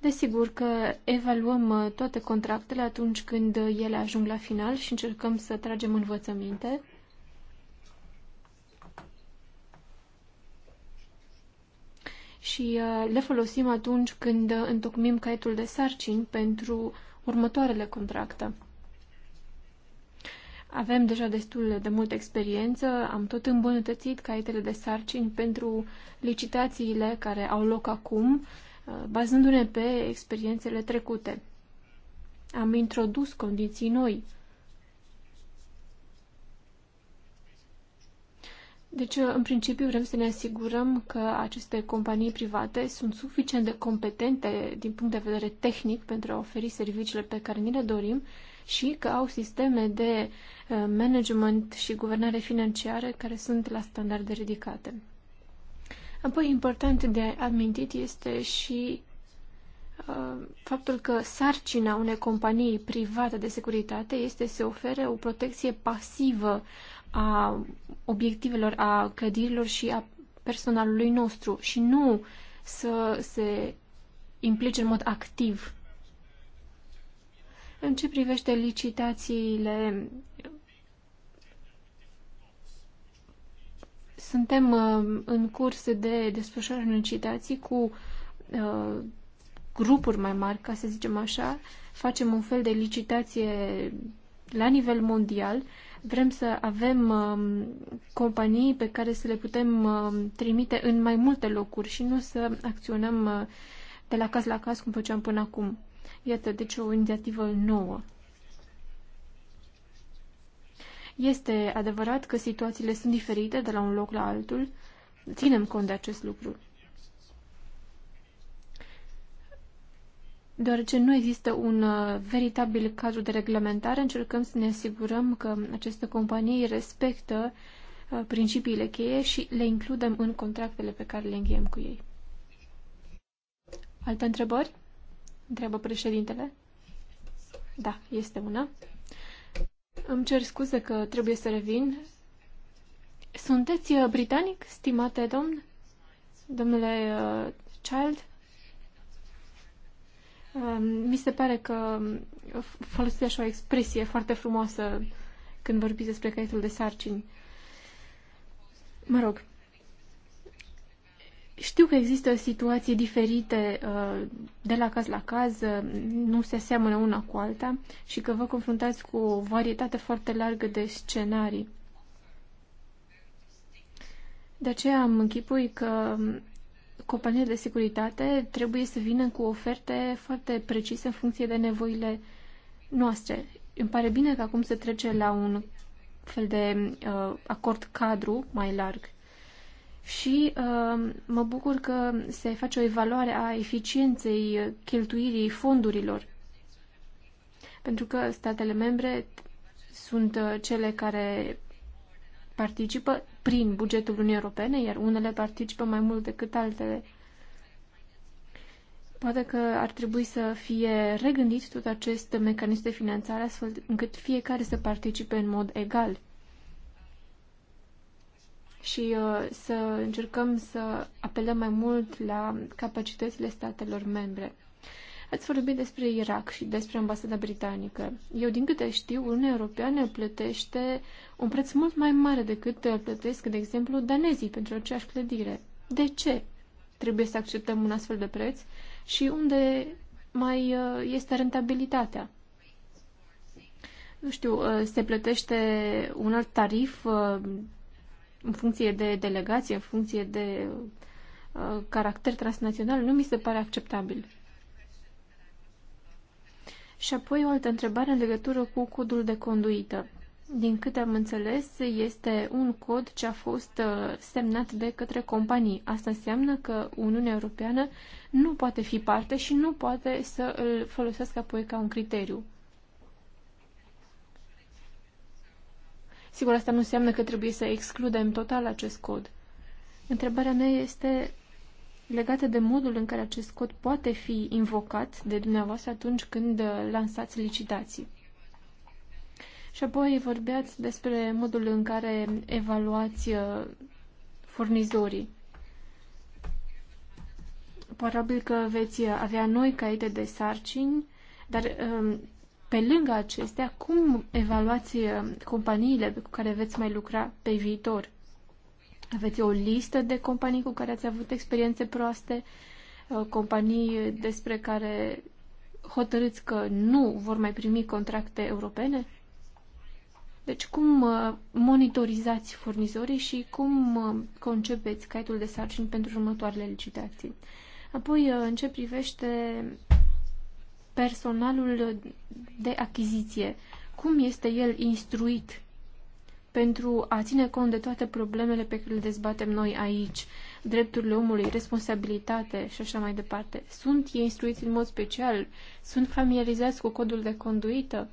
Desigur că evaluăm uh, toate contractele atunci când uh, ele ajung la final și încercăm să tragem învățăminte. Și uh, le folosim atunci când întocmim caietul de sarcini pentru următoarele contracte. Avem deja destul de multă experiență, am tot îmbunătățit caietele de sarcini pentru licitațiile care au loc acum bazându-ne pe experiențele trecute. Am introdus condiții noi. Deci, în principiu, vrem să ne asigurăm că aceste companii private sunt suficient de competente din punct de vedere tehnic pentru a oferi serviciile pe care ni le dorim și că au sisteme de eh, management și guvernare financiară care sunt la standarde ridicate. Apoi, important de amintit este și uh, faptul că sarcina unei companii private de securitate este să ofere o protecție pasivă a obiectivelor, a clădirilor și a personalului nostru și nu să se implice în mod activ. În ce privește licitațiile Suntem uh, în curs de desfășurare în licitații cu uh, grupuri mai mari, ca să zicem așa. Facem un fel de licitație la nivel mondial. Vrem să avem uh, companii pe care să le putem trimite în mai multe locuri și nu să acționăm de la caz la caz cum făceam până acum. Iată, deci o inițiativă nouă. Este adevărat că situațiile sunt diferite de la un loc la altul. Ținem cont de acest lucru. Deoarece nu există un uh, veritabil cadru de reglementare, încercăm să ne asigurăm că aceste companii respectă uh, principiile cheie și le includem în contractele pe care le încheiem cu ei. Alte întrebări? Întreabă președintele. Da, este una. Îmi cer scuze că trebuie să revin. Sunteți uh, britanic, stimate domn? Domnule uh, Child? Uh, mi se pare că um, folosiți așa o expresie foarte frumoasă când vorbiți despre caietul de sarcini. Mă rog, știu că există situații diferite uh, de la caz la caz, uh, nu se seamănă una cu alta și că vă confruntați cu o varietate foarte largă de scenarii. De aceea am închipui că um, companiile de securitate trebuie să vină cu oferte foarte precise în funcție de nevoile noastre. Îmi pare bine că acum se trece la un fel de uh, acord cadru mai larg și uh, mă bucur că se face o evaluare a eficienței cheltuirii fondurilor. Pentru că statele membre sunt uh, cele care participă prin bugetul Uniunii Europene, iar unele participă mai mult decât altele. Poate că ar trebui să fie regândit tot acest mecanism de finanțare astfel încât fiecare să participe în mod egal și uh, să încercăm să apelăm mai mult la capacitățile statelor membre. Ați vorbit despre Irak și despre ambasada britanică. Eu, din câte știu, Uniunea Europeană plătește un preț mult mai mare decât plătesc, de exemplu, danezii pentru aceeași clădire. De ce trebuie să acceptăm un astfel de preț și unde mai uh, este rentabilitatea? Nu știu, uh, se plătește un alt tarif în funcție de delegație, în funcție de uh, caracter transnațional, nu mi se pare acceptabil. Și apoi o altă întrebare în legătură cu codul de conduită. Din câte am înțeles, este un cod ce a fost uh, semnat de către companii. Asta înseamnă că Uniunea Europeană nu poate fi parte și nu poate să îl folosească apoi ca un criteriu. Sigur, asta nu înseamnă că trebuie să excludem total acest cod. Întrebarea mea este legată de modul în care acest cod poate fi invocat de dumneavoastră atunci când uh, lansați licitații. Și apoi vorbeați despre modul în care evaluați uh, furnizorii. Probabil că veți avea noi caite de sarcini, dar um, pe lângă acestea, cum evaluați uh, companiile cu care veți mai lucra pe viitor? Aveți o listă de companii cu care ați avut experiențe proaste, uh, companii despre care hotărâți că nu vor mai primi contracte europene? Deci cum uh, monitorizați furnizorii și cum concepeți caietul de sarcini pentru următoarele licitații? Apoi, în ce privește personalul de achiziție, cum este el instruit pentru a ține cont de toate problemele pe care le dezbatem noi aici, drepturile omului, responsabilitate și așa mai departe. Sunt ei instruiți în mod special? Sunt familiarizați cu codul de conduită?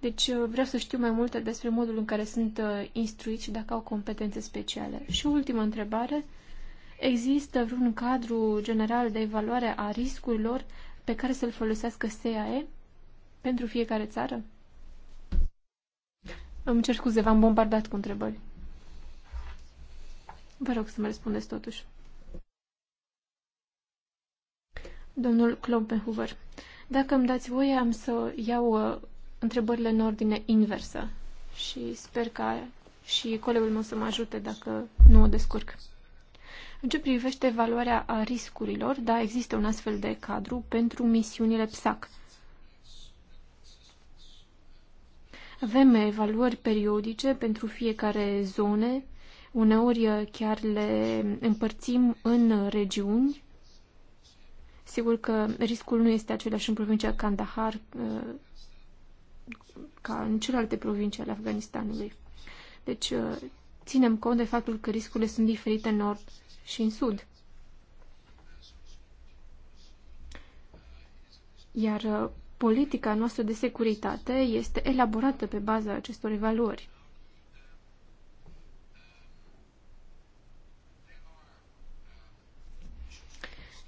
Deci uh, vreau să știu mai multe despre modul în care sunt uh, instruiți și dacă au competențe speciale. Și o ultimă întrebare. Există vreun cadru general de evaluare a riscurilor pe care să-l folosească SEAE pentru fiecare țară? Îmi cer scuze, v-am bombardat cu întrebări. Vă rog să mă răspundeți totuși. Domnul Klompenhuber, dacă îmi dați voie, am să iau uh, întrebările în ordine inversă și sper ca și colegul meu să mă ajute dacă nu o descurc. În ce privește valoarea a riscurilor, da, există un astfel de cadru pentru misiunile PSAC. Avem evaluări periodice pentru fiecare zone, uneori eh, chiar le împărțim în regiuni. Sigur că riscul nu este același în provincia Kandahar eh, ca în celelalte provincii ale Afganistanului. Deci, eh, ținem cont de faptul că riscurile sunt diferite în nord și în sud. Iar uh, politica noastră de securitate este elaborată pe baza acestor evaluări.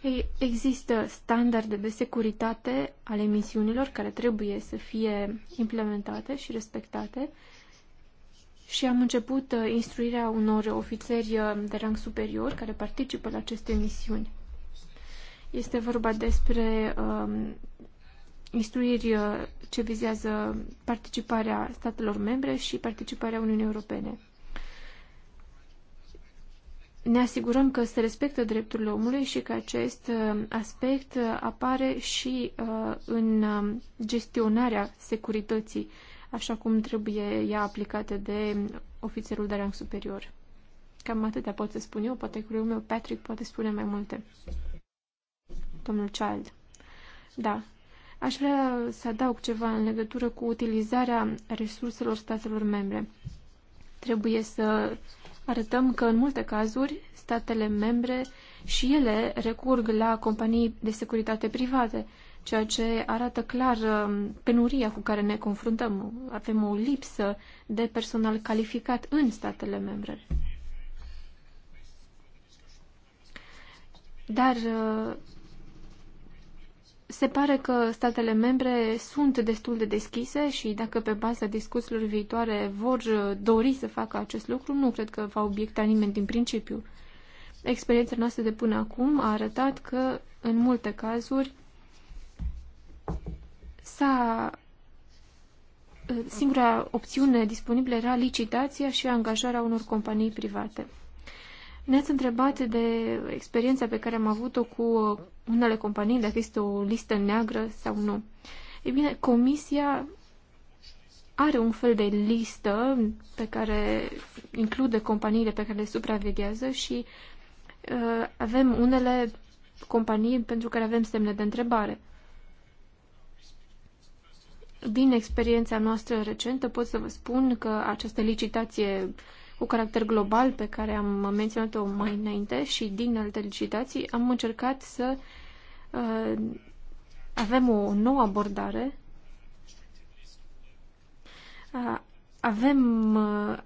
Ei, există standarde de securitate ale misiunilor care trebuie să fie implementate și respectate și am început uh, instruirea unor ofițeri uh, de rang superior care participă la aceste misiuni. Este vorba despre um, uh, instruiri ce vizează participarea statelor membre și participarea Uniunii Europene. Ne asigurăm că se respectă drepturile omului și că acest uh, aspect apare și în um, gestionarea securității așa cum trebuie ea aplicată de ofițerul de rang superior. Cam atâtea pot să spun eu, poate că meu Patrick poate spune mai multe. Domnul Child. Da. Aș vrea să adaug ceva în legătură cu utilizarea resurselor statelor membre. Trebuie să arătăm că în multe cazuri statele membre și ele recurg la companii de securitate private, ceea ce arată clar um, penuria cu care ne confruntăm. Avem o lipsă de personal calificat în statele membre. Dar uh, se pare că statele membre sunt destul de deschise și dacă pe baza discuțiilor viitoare vor uh, dori să facă acest lucru, nu cred că va obiecta nimeni din principiu. Experiența noastră de până acum a arătat că, în multe cazuri, s-a eh, singura opțiune disponibilă era licitația și angajarea unor companii private. Ne-ați întrebat de experiența pe care am avut-o cu eh, unele companii, dacă este o listă neagră sau nu. Ei bine, comisia are un fel de listă pe care include companiile pe care le supraveghează și uh, avem unele companii pentru care avem semne de întrebare din experiența noastră recentă pot să vă spun că această licitație cu caracter global pe care am menționat-o mai înainte și din alte licitații am încercat să uh, avem o nouă abordare. Uh, avem uh,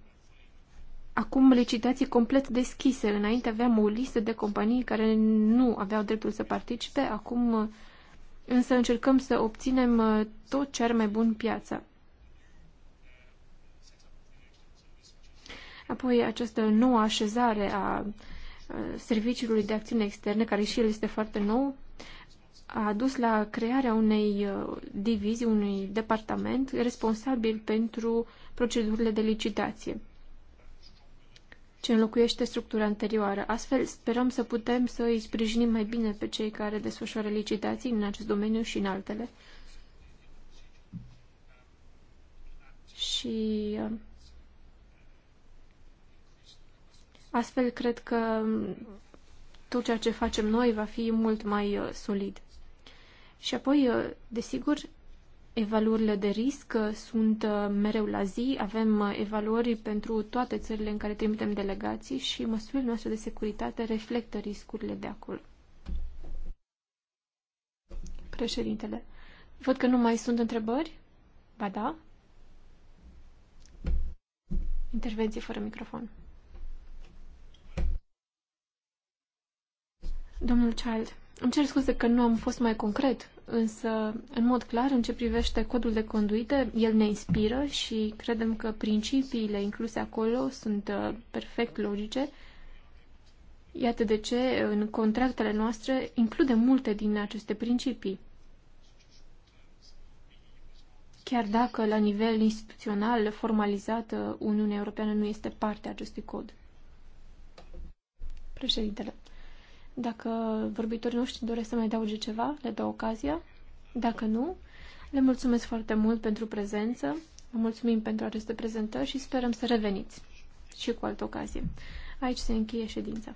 acum licitații complet deschise. Înainte aveam o listă de companii care nu aveau dreptul să participe. Acum uh, însă încercăm să obținem uh, tot ce ar mai bun piața. Apoi această nouă așezare a uh, serviciului de acțiune externe, care și el este foarte nou, a dus la crearea unei uh, divizii, unui departament responsabil pentru procedurile de licitație ce înlocuiește structura anterioară. Astfel, sperăm să putem să îi sprijinim mai bine pe cei care desfășoară licitații în acest domeniu și în altele. Și uh, astfel cred că tot ceea ce facem noi va fi mult mai uh, solid. Și apoi, uh, desigur, evaluările de risc uh, sunt uh, mereu la zi, avem uh, evaluări pentru toate țările în care trimitem delegații și măsurile noastre de securitate reflectă riscurile de acolo. Președintele, văd că nu mai sunt întrebări? Ba da. Intervenție fără microfon. Domnul Child, îmi cer scuze că nu am fost mai concret însă, în mod clar, în ce privește codul de conduită, el ne inspiră și credem că principiile incluse acolo sunt uh, perfect logice. Iată de ce, în contractele noastre, includem multe din aceste principii. Chiar dacă, la nivel instituțional, formalizat, uh, Uniunea Europeană nu este parte a acestui cod. Președintele, dacă vorbitorii noștri doresc să mai adauge ceva, le dau ocazia. Dacă nu, le mulțumesc foarte mult pentru prezență, vă mulțumim pentru aceste prezentări și sperăm să reveniți și cu altă ocazie. Aici se încheie ședința.